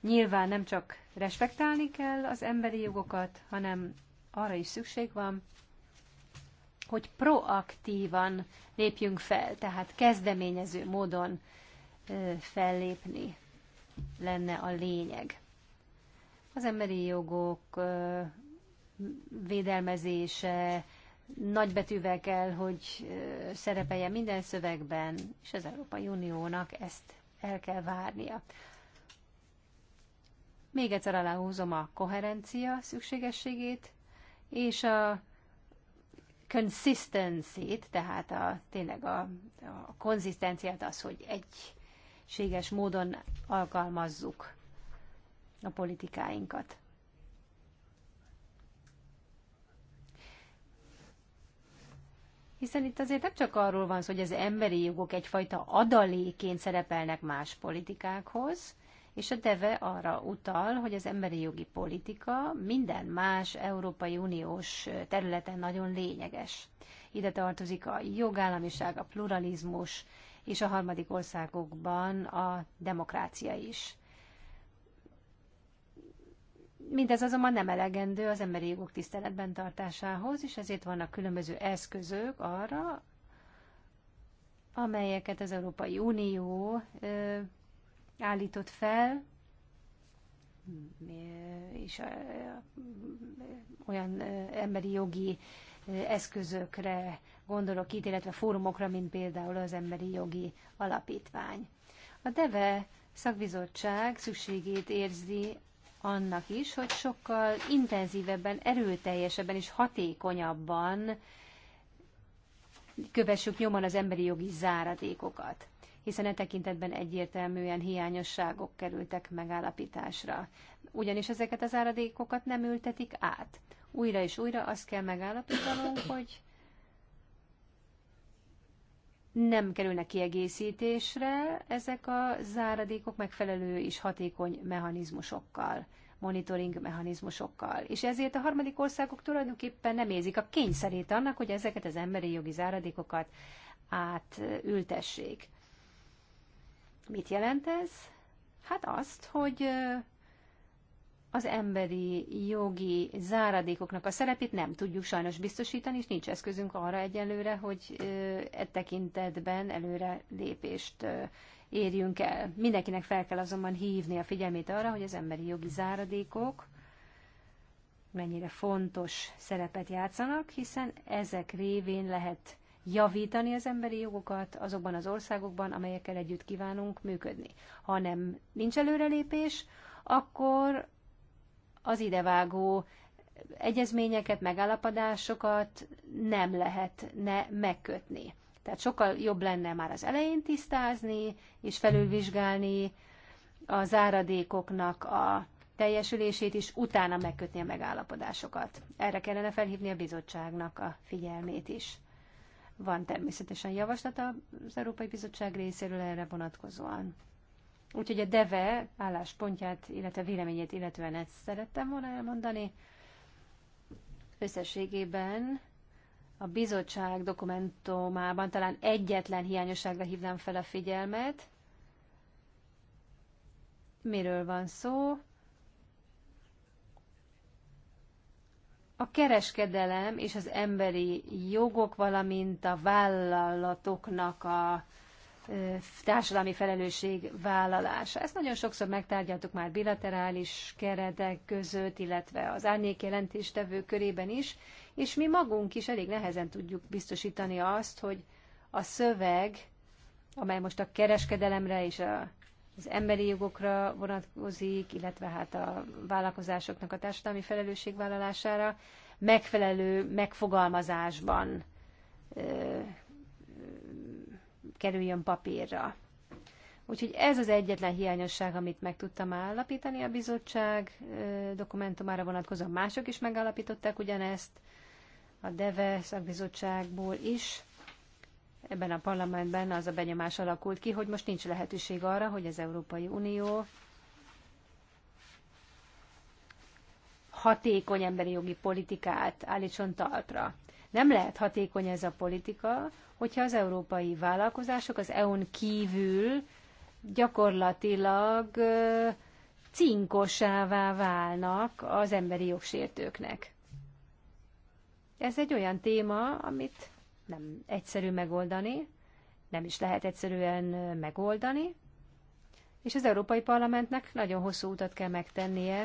Nyilván nem csak respektálni kell az emberi jogokat, hanem arra is szükség van, hogy proaktívan lépjünk fel, tehát kezdeményező módon fellépni lenne a lényeg. Az emberi jogok védelmezése nagy betűvel kell, hogy szerepeljen minden szövegben, és az Európai Uniónak ezt el kell várnia. Még egyszer aláhúzom a koherencia szükségességét, és a consistency tehát a, tényleg a, a konzisztenciát, az, hogy egy egységes módon alkalmazzuk a politikáinkat. Hiszen itt azért nem csak arról van szó, hogy az emberi jogok egyfajta adaléként szerepelnek más politikákhoz, és a DEVE arra utal, hogy az emberi jogi politika minden más Európai Uniós területen nagyon lényeges. Ide tartozik a jogállamiság, a pluralizmus és a harmadik országokban a demokrácia is. Mindez azonban nem elegendő az emberi jogok tiszteletben tartásához, és ezért vannak különböző eszközök arra, amelyeket az Európai Unió ö, állított fel, és a, olyan emberi jogi eszközökre gondolok itt, illetve fórumokra, mint például az Emberi Jogi Alapítvány. A DEVE szakbizottság szükségét érzi annak is, hogy sokkal intenzívebben, erőteljesebben és hatékonyabban kövessük nyomon az emberi jogi záradékokat hiszen e tekintetben egyértelműen hiányosságok kerültek megállapításra. Ugyanis ezeket az áradékokat nem ültetik át. Újra és újra azt kell megállapítanunk, hogy nem kerülnek kiegészítésre ezek a záradékok megfelelő és hatékony mechanizmusokkal, monitoring mechanizmusokkal. És ezért a harmadik országok tulajdonképpen nem érzik a kényszerét annak, hogy ezeket az emberi jogi záradékokat átültessék. Mit jelent ez? Hát azt, hogy az emberi jogi záradékoknak a szerepét nem tudjuk sajnos biztosítani, és nincs eszközünk arra egyelőre, hogy e tekintetben előre lépést érjünk el. Mindenkinek fel kell azonban hívni a figyelmét arra, hogy az emberi jogi záradékok mennyire fontos szerepet játszanak, hiszen ezek révén lehet javítani az emberi jogokat azokban az országokban, amelyekkel együtt kívánunk működni. Ha nem nincs előrelépés, akkor az idevágó egyezményeket, megállapodásokat nem lehetne megkötni. Tehát sokkal jobb lenne már az elején tisztázni és felülvizsgálni a záradékoknak a teljesülését, és utána megkötni a megállapodásokat. Erre kellene felhívni a bizottságnak a figyelmét is. Van természetesen javaslat az Európai Bizottság részéről erre vonatkozóan. Úgyhogy a DEVE álláspontját, illetve véleményét illetően ezt szerettem volna elmondani. Összességében a bizottság dokumentumában talán egyetlen hiányosságra hívnám fel a figyelmet. Miről van szó? A kereskedelem és az emberi jogok, valamint a vállalatoknak a társadalmi felelősség vállalása. Ezt nagyon sokszor megtárgyaltuk már bilaterális keretek között, illetve az árnyékjelentéstevő körében is, és mi magunk is elég nehezen tudjuk biztosítani azt, hogy a szöveg, amely most a kereskedelemre és a, az emberi jogokra vonatkozik, illetve hát a vállalkozásoknak a társadalmi felelősségvállalására, megfelelő megfogalmazásban kerüljön papírra. Úgyhogy ez az egyetlen hiányosság, amit meg tudtam állapítani a bizottság dokumentumára vonatkozóan. Mások is megállapították ugyanezt, a DEVE szakbizottságból is. Ebben a parlamentben az a benyomás alakult ki, hogy most nincs lehetőség arra, hogy az Európai Unió hatékony emberi jogi politikát állítson talpra. Nem lehet hatékony ez a politika, hogyha az európai vállalkozások az EU-n kívül gyakorlatilag cinkosává válnak az emberi jogsértőknek. Ez egy olyan téma, amit nem egyszerű megoldani, nem is lehet egyszerűen megoldani, és az Európai Parlamentnek nagyon hosszú utat kell megtennie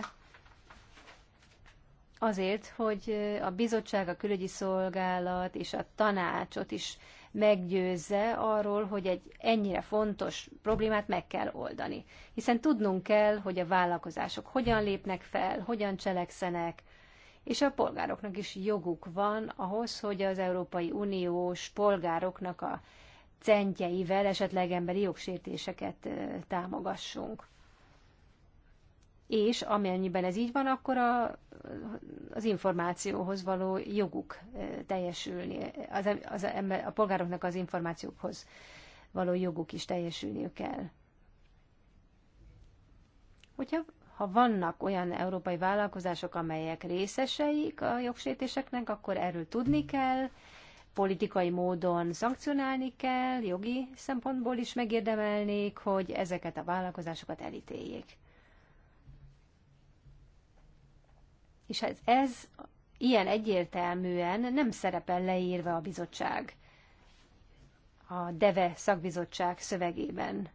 azért, hogy a bizottság, a külügyi szolgálat és a tanácsot is meggyőzze arról, hogy egy ennyire fontos problémát meg kell oldani. Hiszen tudnunk kell, hogy a vállalkozások hogyan lépnek fel, hogyan cselekszenek, és a polgároknak is joguk van ahhoz, hogy az Európai Uniós polgároknak a centjeivel esetleg emberi jogsértéseket támogassunk és amennyiben ez így van, akkor a, az információhoz való joguk teljesülni, az, az, a polgároknak az információkhoz való joguk is teljesülniük kell. Hogyha ha vannak olyan európai vállalkozások, amelyek részeseik a jogsértéseknek, akkor erről tudni kell, politikai módon szankcionálni kell, jogi szempontból is megérdemelnék, hogy ezeket a vállalkozásokat elítéljék. És ez, ez ilyen egyértelműen nem szerepel leírva a bizottság, a DEVE szakbizottság szövegében.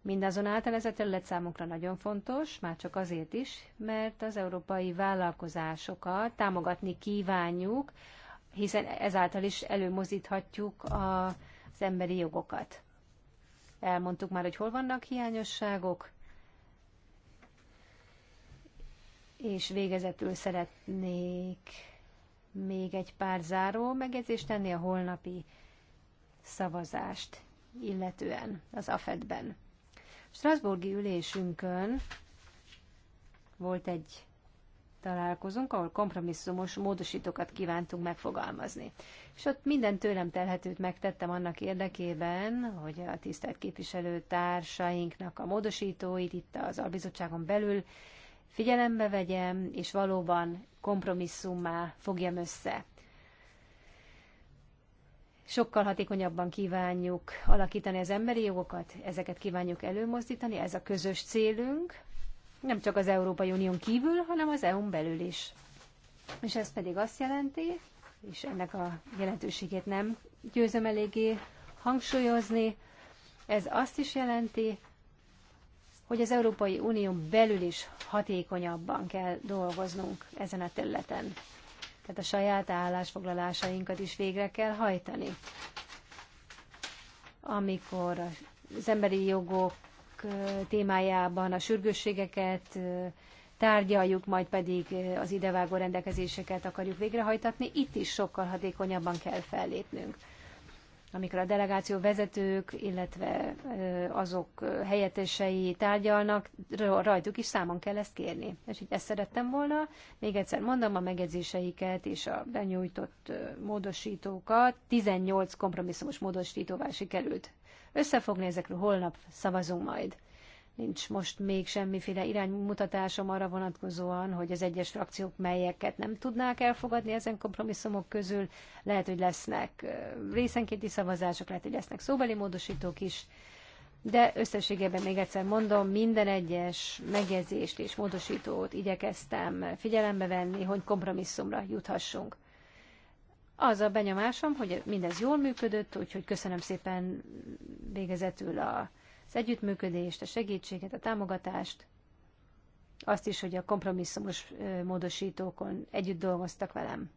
Mindazonáltal ez a terület számunkra nagyon fontos, már csak azért is, mert az európai vállalkozásokat támogatni kívánjuk, hiszen ezáltal is előmozíthatjuk a, az emberi jogokat. Elmondtuk már, hogy hol vannak hiányosságok, És végezetül szeretnék még egy pár záró megjegyzést tenni a holnapi szavazást, illetően az AFED-ben. Strasburgi ülésünkön volt egy találkozunk, ahol kompromisszumos módosítókat kívántunk megfogalmazni. És ott minden tőlem telhetőt megtettem annak érdekében, hogy a tisztelt képviselő társainknak a módosítóit itt az albizottságon belül figyelembe vegyem, és valóban kompromisszummá fogjam össze. Sokkal hatékonyabban kívánjuk alakítani az emberi jogokat, ezeket kívánjuk előmozdítani, ez a közös célunk, nem csak az Európai Unión kívül, hanem az EU-n belül is. És ez pedig azt jelenti, és ennek a jelentőségét nem győzöm eléggé hangsúlyozni, ez azt is jelenti, hogy az Európai Unió belül is hatékonyabban kell dolgoznunk ezen a területen. Tehát a saját állásfoglalásainkat is végre kell hajtani. Amikor az emberi jogok témájában a sürgősségeket tárgyaljuk, majd pedig az idevágó rendelkezéseket akarjuk végrehajtatni, itt is sokkal hatékonyabban kell fellépnünk amikor a delegáció vezetők, illetve azok helyettesei tárgyalnak, rajtuk is számon kell ezt kérni. És így ezt szerettem volna. Még egyszer mondom, a megjegyzéseiket és a benyújtott módosítókat 18 kompromisszumos módosítóval sikerült összefogni, ezekről holnap szavazunk majd. Nincs most még semmiféle iránymutatásom arra vonatkozóan, hogy az egyes frakciók melyeket nem tudnák elfogadni ezen kompromisszumok közül. Lehet, hogy lesznek részenkénti szavazások, lehet, hogy lesznek szóbeli módosítók is. De összességében még egyszer mondom, minden egyes megjegyzést és módosítót igyekeztem figyelembe venni, hogy kompromisszumra juthassunk. Az a benyomásom, hogy mindez jól működött, úgyhogy köszönöm szépen végezetül a az együttműködést, a segítséget, a támogatást, azt is, hogy a kompromisszumos módosítókon együtt dolgoztak velem.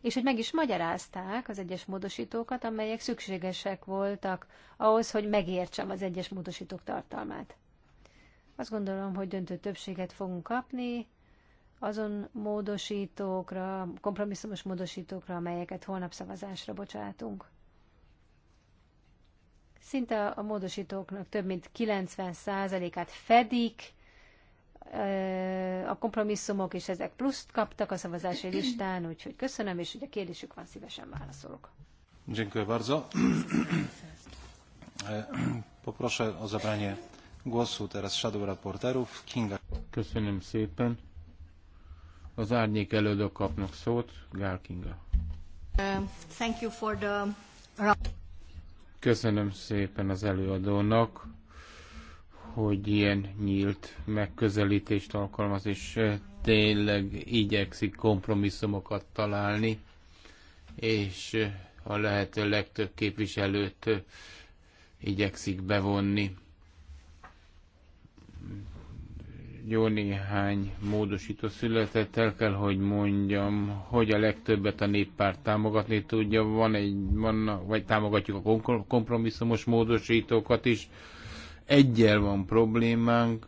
És hogy meg is magyarázták az egyes módosítókat, amelyek szükségesek voltak ahhoz, hogy megértsem az egyes módosítók tartalmát. Azt gondolom, hogy döntő többséget fogunk kapni azon módosítókra, kompromisszumos módosítókra, amelyeket holnap szavazásra bocsátunk. Szinte a módosítóknak több mint 90%-át fedik a kompromisszumok, és ezek pluszt kaptak a szavazási listán, úgyhogy köszönöm, és ugye kérdésük van, szívesen válaszolok. Dziękuję bardzo. E, poproszę o zabranie głosu teraz shadow Reporterów Kinga. Köszönöm szépen. Az árnyék elődök kapnak szót. Gál Kinga. Uh, thank you for the... Köszönöm szépen az előadónak, hogy ilyen nyílt megközelítést alkalmaz, és tényleg igyekszik kompromisszumokat találni, és a lehető legtöbb képviselőt igyekszik bevonni jó néhány módosító született, el kell, hogy mondjam, hogy a legtöbbet a néppárt támogatni tudja, van egy, van, vagy támogatjuk a kompromisszumos módosítókat is. Egyel van problémánk,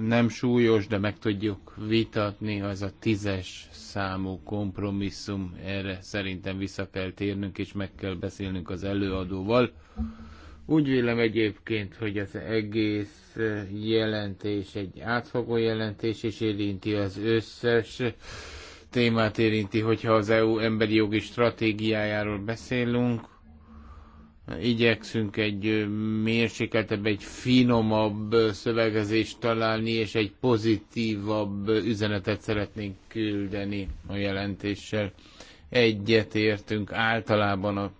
nem súlyos, de meg tudjuk vitatni, az a tízes számú kompromisszum, erre szerintem vissza kell térnünk, és meg kell beszélnünk az előadóval. Úgy vélem egyébként, hogy az egész jelentés egy átfogó jelentés, és érinti az összes témát érinti, hogyha az EU emberi jogi stratégiájáról beszélünk, igyekszünk egy mérsékeltebb, egy finomabb szövegezést találni, és egy pozitívabb üzenetet szeretnénk küldeni a jelentéssel. Egyet értünk általában a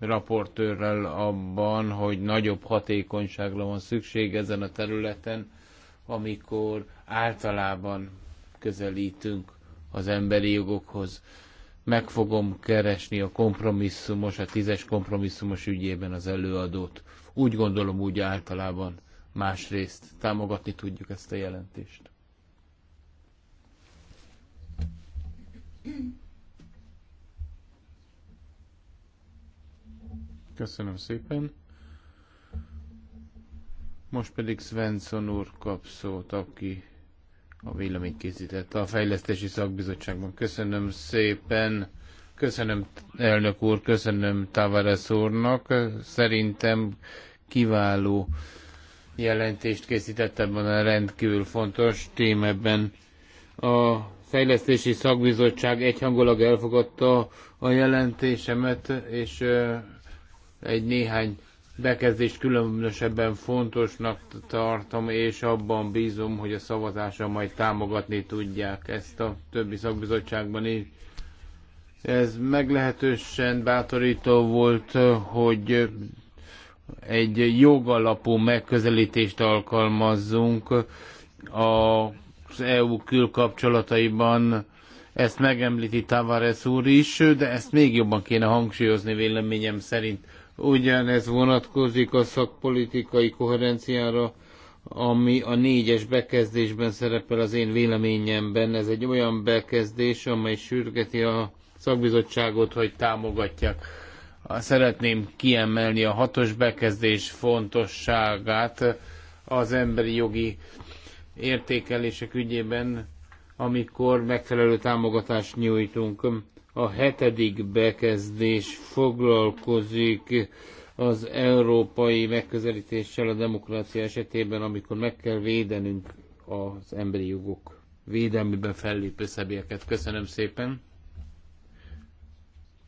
raportőrrel abban, hogy nagyobb hatékonyságra van szükség ezen a területen, amikor általában közelítünk az emberi jogokhoz. Meg fogom keresni a kompromisszumos, a tízes kompromisszumos ügyében az előadót. Úgy gondolom úgy általában másrészt támogatni tudjuk ezt a jelentést. Köszönöm szépen. Most pedig Svensson úr kap szót, aki a véleményt készítette a Fejlesztési Szakbizottságban. Köszönöm szépen. Köszönöm elnök úr, köszönöm Tavares úrnak. Szerintem kiváló jelentést készített ebben a rendkívül fontos témában. A Fejlesztési Szakbizottság egyhangolag elfogadta a jelentésemet, és egy néhány bekezdést különösebben fontosnak tartom, és abban bízom, hogy a szavazásra majd támogatni tudják ezt a többi szakbizottságban is. Ez meglehetősen bátorító volt, hogy egy jogalapú megközelítést alkalmazzunk az EU külkapcsolataiban. Ezt megemlíti Tavares úr is, de ezt még jobban kéne hangsúlyozni véleményem szerint Ugyanez vonatkozik a szakpolitikai koherenciára, ami a négyes bekezdésben szerepel az én véleményemben. Ez egy olyan bekezdés, amely sürgeti a szakbizottságot, hogy támogatják. Szeretném kiemelni a hatos bekezdés fontosságát az emberi jogi értékelések ügyében, amikor megfelelő támogatást nyújtunk. A hetedik bekezdés foglalkozik az európai megközelítéssel a demokrácia esetében, amikor meg kell védenünk az emberi jogok védelmében fellépő személyeket. Köszönöm szépen!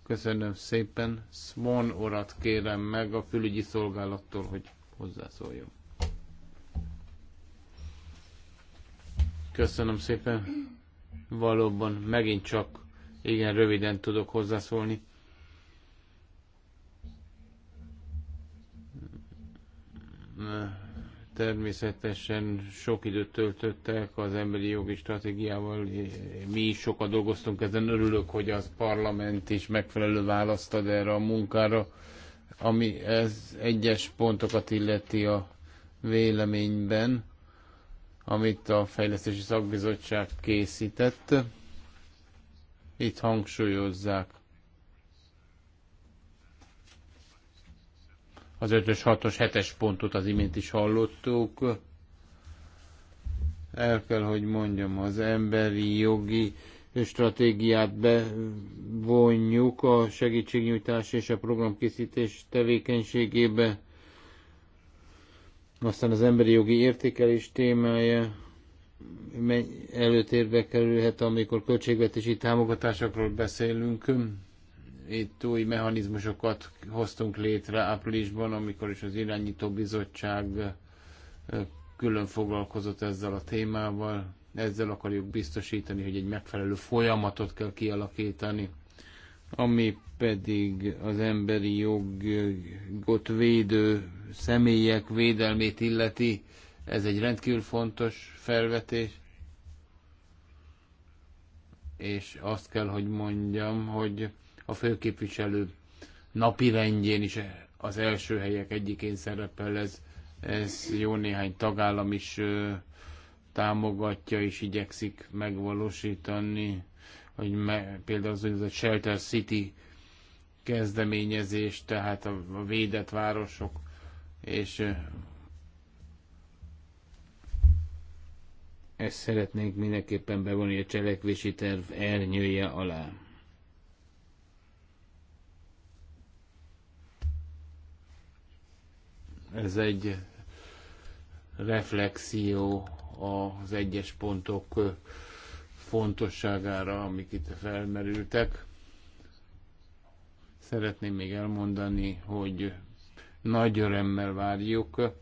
Köszönöm szépen. Swan orat kérem meg a fülügyi szolgálattól, hogy hozzászóljon. Köszönöm szépen. Valóban megint csak igen, röviden tudok hozzászólni. Természetesen sok időt töltöttek az emberi jogi stratégiával, mi is sokat dolgoztunk ezen, örülök, hogy az parlament is megfelelő választ ad erre a munkára, ami ez egyes pontokat illeti a véleményben, amit a Fejlesztési Szakbizottság készített itt hangsúlyozzák az 5-ös, 6-os, 7-es pontot az imént is hallottuk. El kell, hogy mondjam, az emberi jogi stratégiát bevonjuk a segítségnyújtás és a programkészítés tevékenységébe. Aztán az emberi jogi értékelés témája, előtérbe kerülhet, amikor költségvetési támogatásokról beszélünk. Itt új mechanizmusokat hoztunk létre áprilisban, amikor is az irányító bizottság külön foglalkozott ezzel a témával. Ezzel akarjuk biztosítani, hogy egy megfelelő folyamatot kell kialakítani, ami pedig az emberi jogot védő személyek védelmét illeti ez egy rendkívül fontos felvetés, és azt kell, hogy mondjam, hogy a főképviselő napi rendjén is az első helyek egyikén szerepel ez. Ez jó néhány tagállam is támogatja és igyekszik megvalósítani, hogy me, például az úgynevezett Shelter City kezdeményezés, tehát a, a védett városok, és Ezt szeretnénk mindenképpen bevonni a cselekvési terv ernyője alá. Ez egy reflexió az egyes pontok fontosságára, amik itt felmerültek. Szeretném még elmondani, hogy nagy örömmel várjuk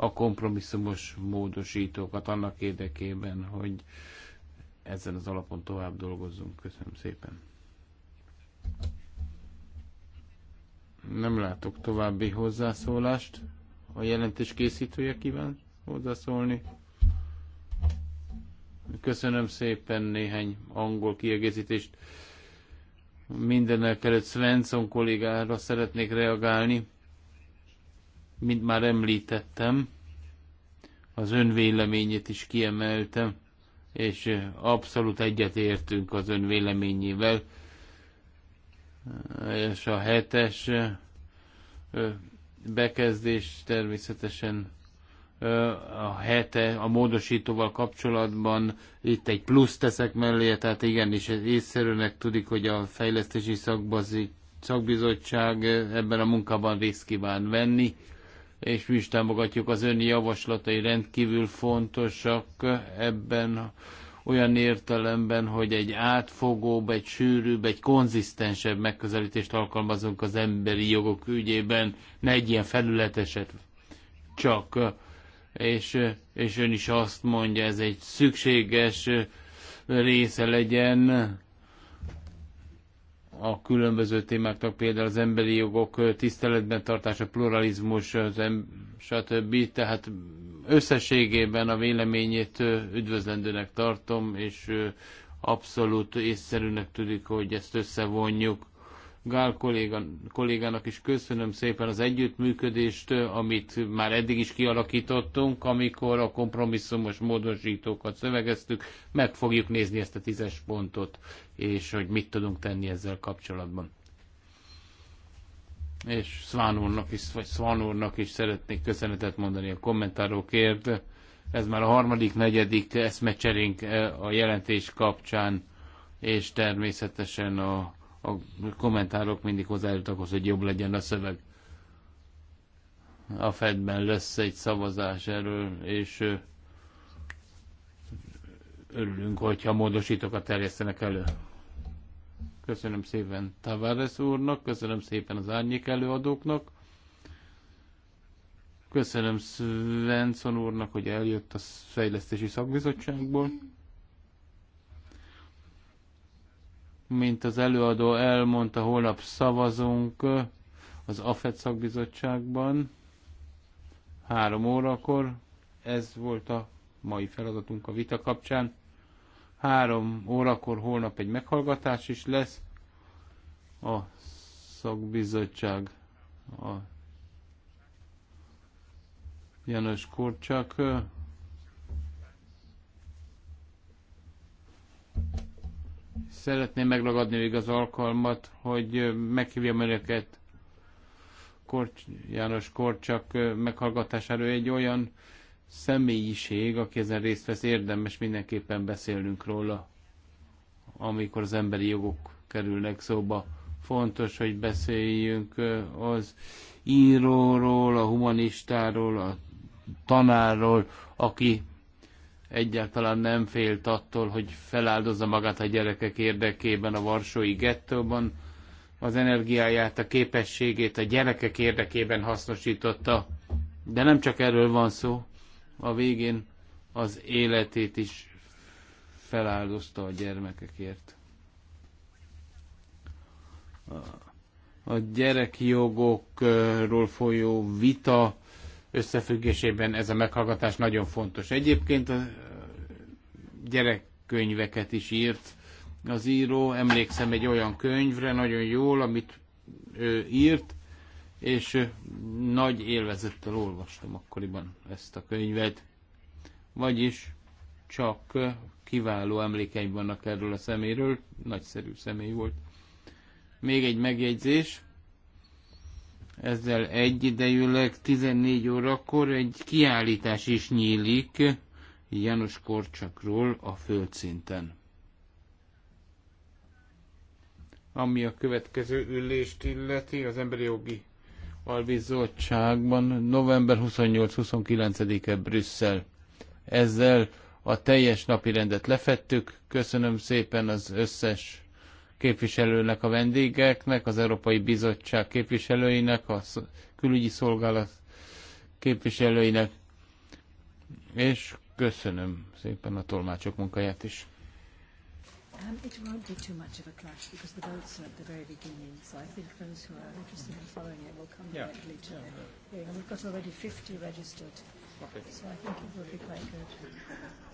a kompromisszumos módosítókat annak érdekében, hogy ezen az alapon tovább dolgozzunk. Köszönöm szépen. Nem látok további hozzászólást. A jelentés készítője kíván hozzászólni. Köszönöm szépen néhány angol kiegészítést. Mindenek előtt Svensson kollégára szeretnék reagálni mint már említettem, az ön véleményét is kiemeltem, és abszolút egyetértünk az ön véleményével, és a hetes bekezdés természetesen a hete, a módosítóval kapcsolatban itt egy plusz teszek mellé, tehát igenis észszerűnek tudik, hogy a fejlesztési szakbazi, szakbizottság ebben a munkában részt kíván venni és mi is támogatjuk az ön javaslatai rendkívül fontosak ebben olyan értelemben, hogy egy átfogóbb, egy sűrűbb, egy konzisztensebb megközelítést alkalmazunk az emberi jogok ügyében, ne egy ilyen felületeset csak. És, és ön is azt mondja, ez egy szükséges része legyen a különböző témáknak, például az emberi jogok tiszteletben tartása, pluralizmus, em- stb. Tehát összességében a véleményét üdvözlendőnek tartom, és abszolút észszerűnek tudik, hogy ezt összevonjuk Gál kollégán, kollégának is köszönöm szépen az együttműködést, amit már eddig is kialakítottunk, amikor a kompromisszumos módosítókat szövegeztük. Meg fogjuk nézni ezt a tízes pontot, és hogy mit tudunk tenni ezzel kapcsolatban. És Szván úrnak is, vagy Szván úrnak is szeretnék köszönetet mondani a kommentárokért. Ez már a harmadik, negyedik eszmecserénk a jelentés kapcsán, és természetesen a a kommentárok mindig hozzájutnak hogy jobb legyen a szöveg. A Fedben lesz egy szavazás erről, és örülünk, hogyha módosítókat terjesztenek elő. Köszönöm szépen Tavares úrnak, köszönöm szépen az árnyék előadóknak, köszönöm Svensson úrnak, hogy eljött a fejlesztési szakbizottságból. Mint az előadó elmondta, holnap szavazunk az AFET szakbizottságban három órakor. Ez volt a mai feladatunk a vita kapcsán. Három órakor holnap egy meghallgatás is lesz. A szakbizottság a János Korcsak Szeretném megragadni még az alkalmat, hogy meghívjam önöket Korcs, János Korcsak meghallgatására egy olyan személyiség, aki ezen részt vesz, érdemes mindenképpen beszélnünk róla, amikor az emberi jogok kerülnek szóba. Fontos, hogy beszéljünk az íróról, a humanistáról, a tanárról, aki egyáltalán nem félt attól, hogy feláldozza magát a gyerekek érdekében a Varsói gettóban. Az energiáját, a képességét a gyerekek érdekében hasznosította. De nem csak erről van szó, a végén az életét is feláldozta a gyermekekért. A gyerekjogokról folyó vita összefüggésében ez a meghallgatás nagyon fontos. Egyébként a gyerekkönyveket is írt az író, emlékszem egy olyan könyvre nagyon jól, amit ő írt, és nagy élvezettel olvastam akkoriban ezt a könyvet. Vagyis csak kiváló emlékeim vannak erről a szeméről, nagyszerű személy volt. Még egy megjegyzés, ezzel egyidejűleg 14 órakor egy kiállítás is nyílik János Korcsakról a földszinten. Ami a következő ülést illeti, az Emberi Jogi Albizottságban november 28-29-e Brüsszel. Ezzel a teljes napi rendet lefettük. Köszönöm szépen az összes képviselőnek, a vendégeknek, az Európai Bizottság képviselőinek, a külügyi szolgálat képviselőinek, és köszönöm szépen a tolmácsok munkáját is. Um, it won't be too much of a clash because the votes are at the very beginning, so I think those who are interested in following it will come yeah. directly to yeah. it. we've got already 50 registered, okay. so I think it will be quite good.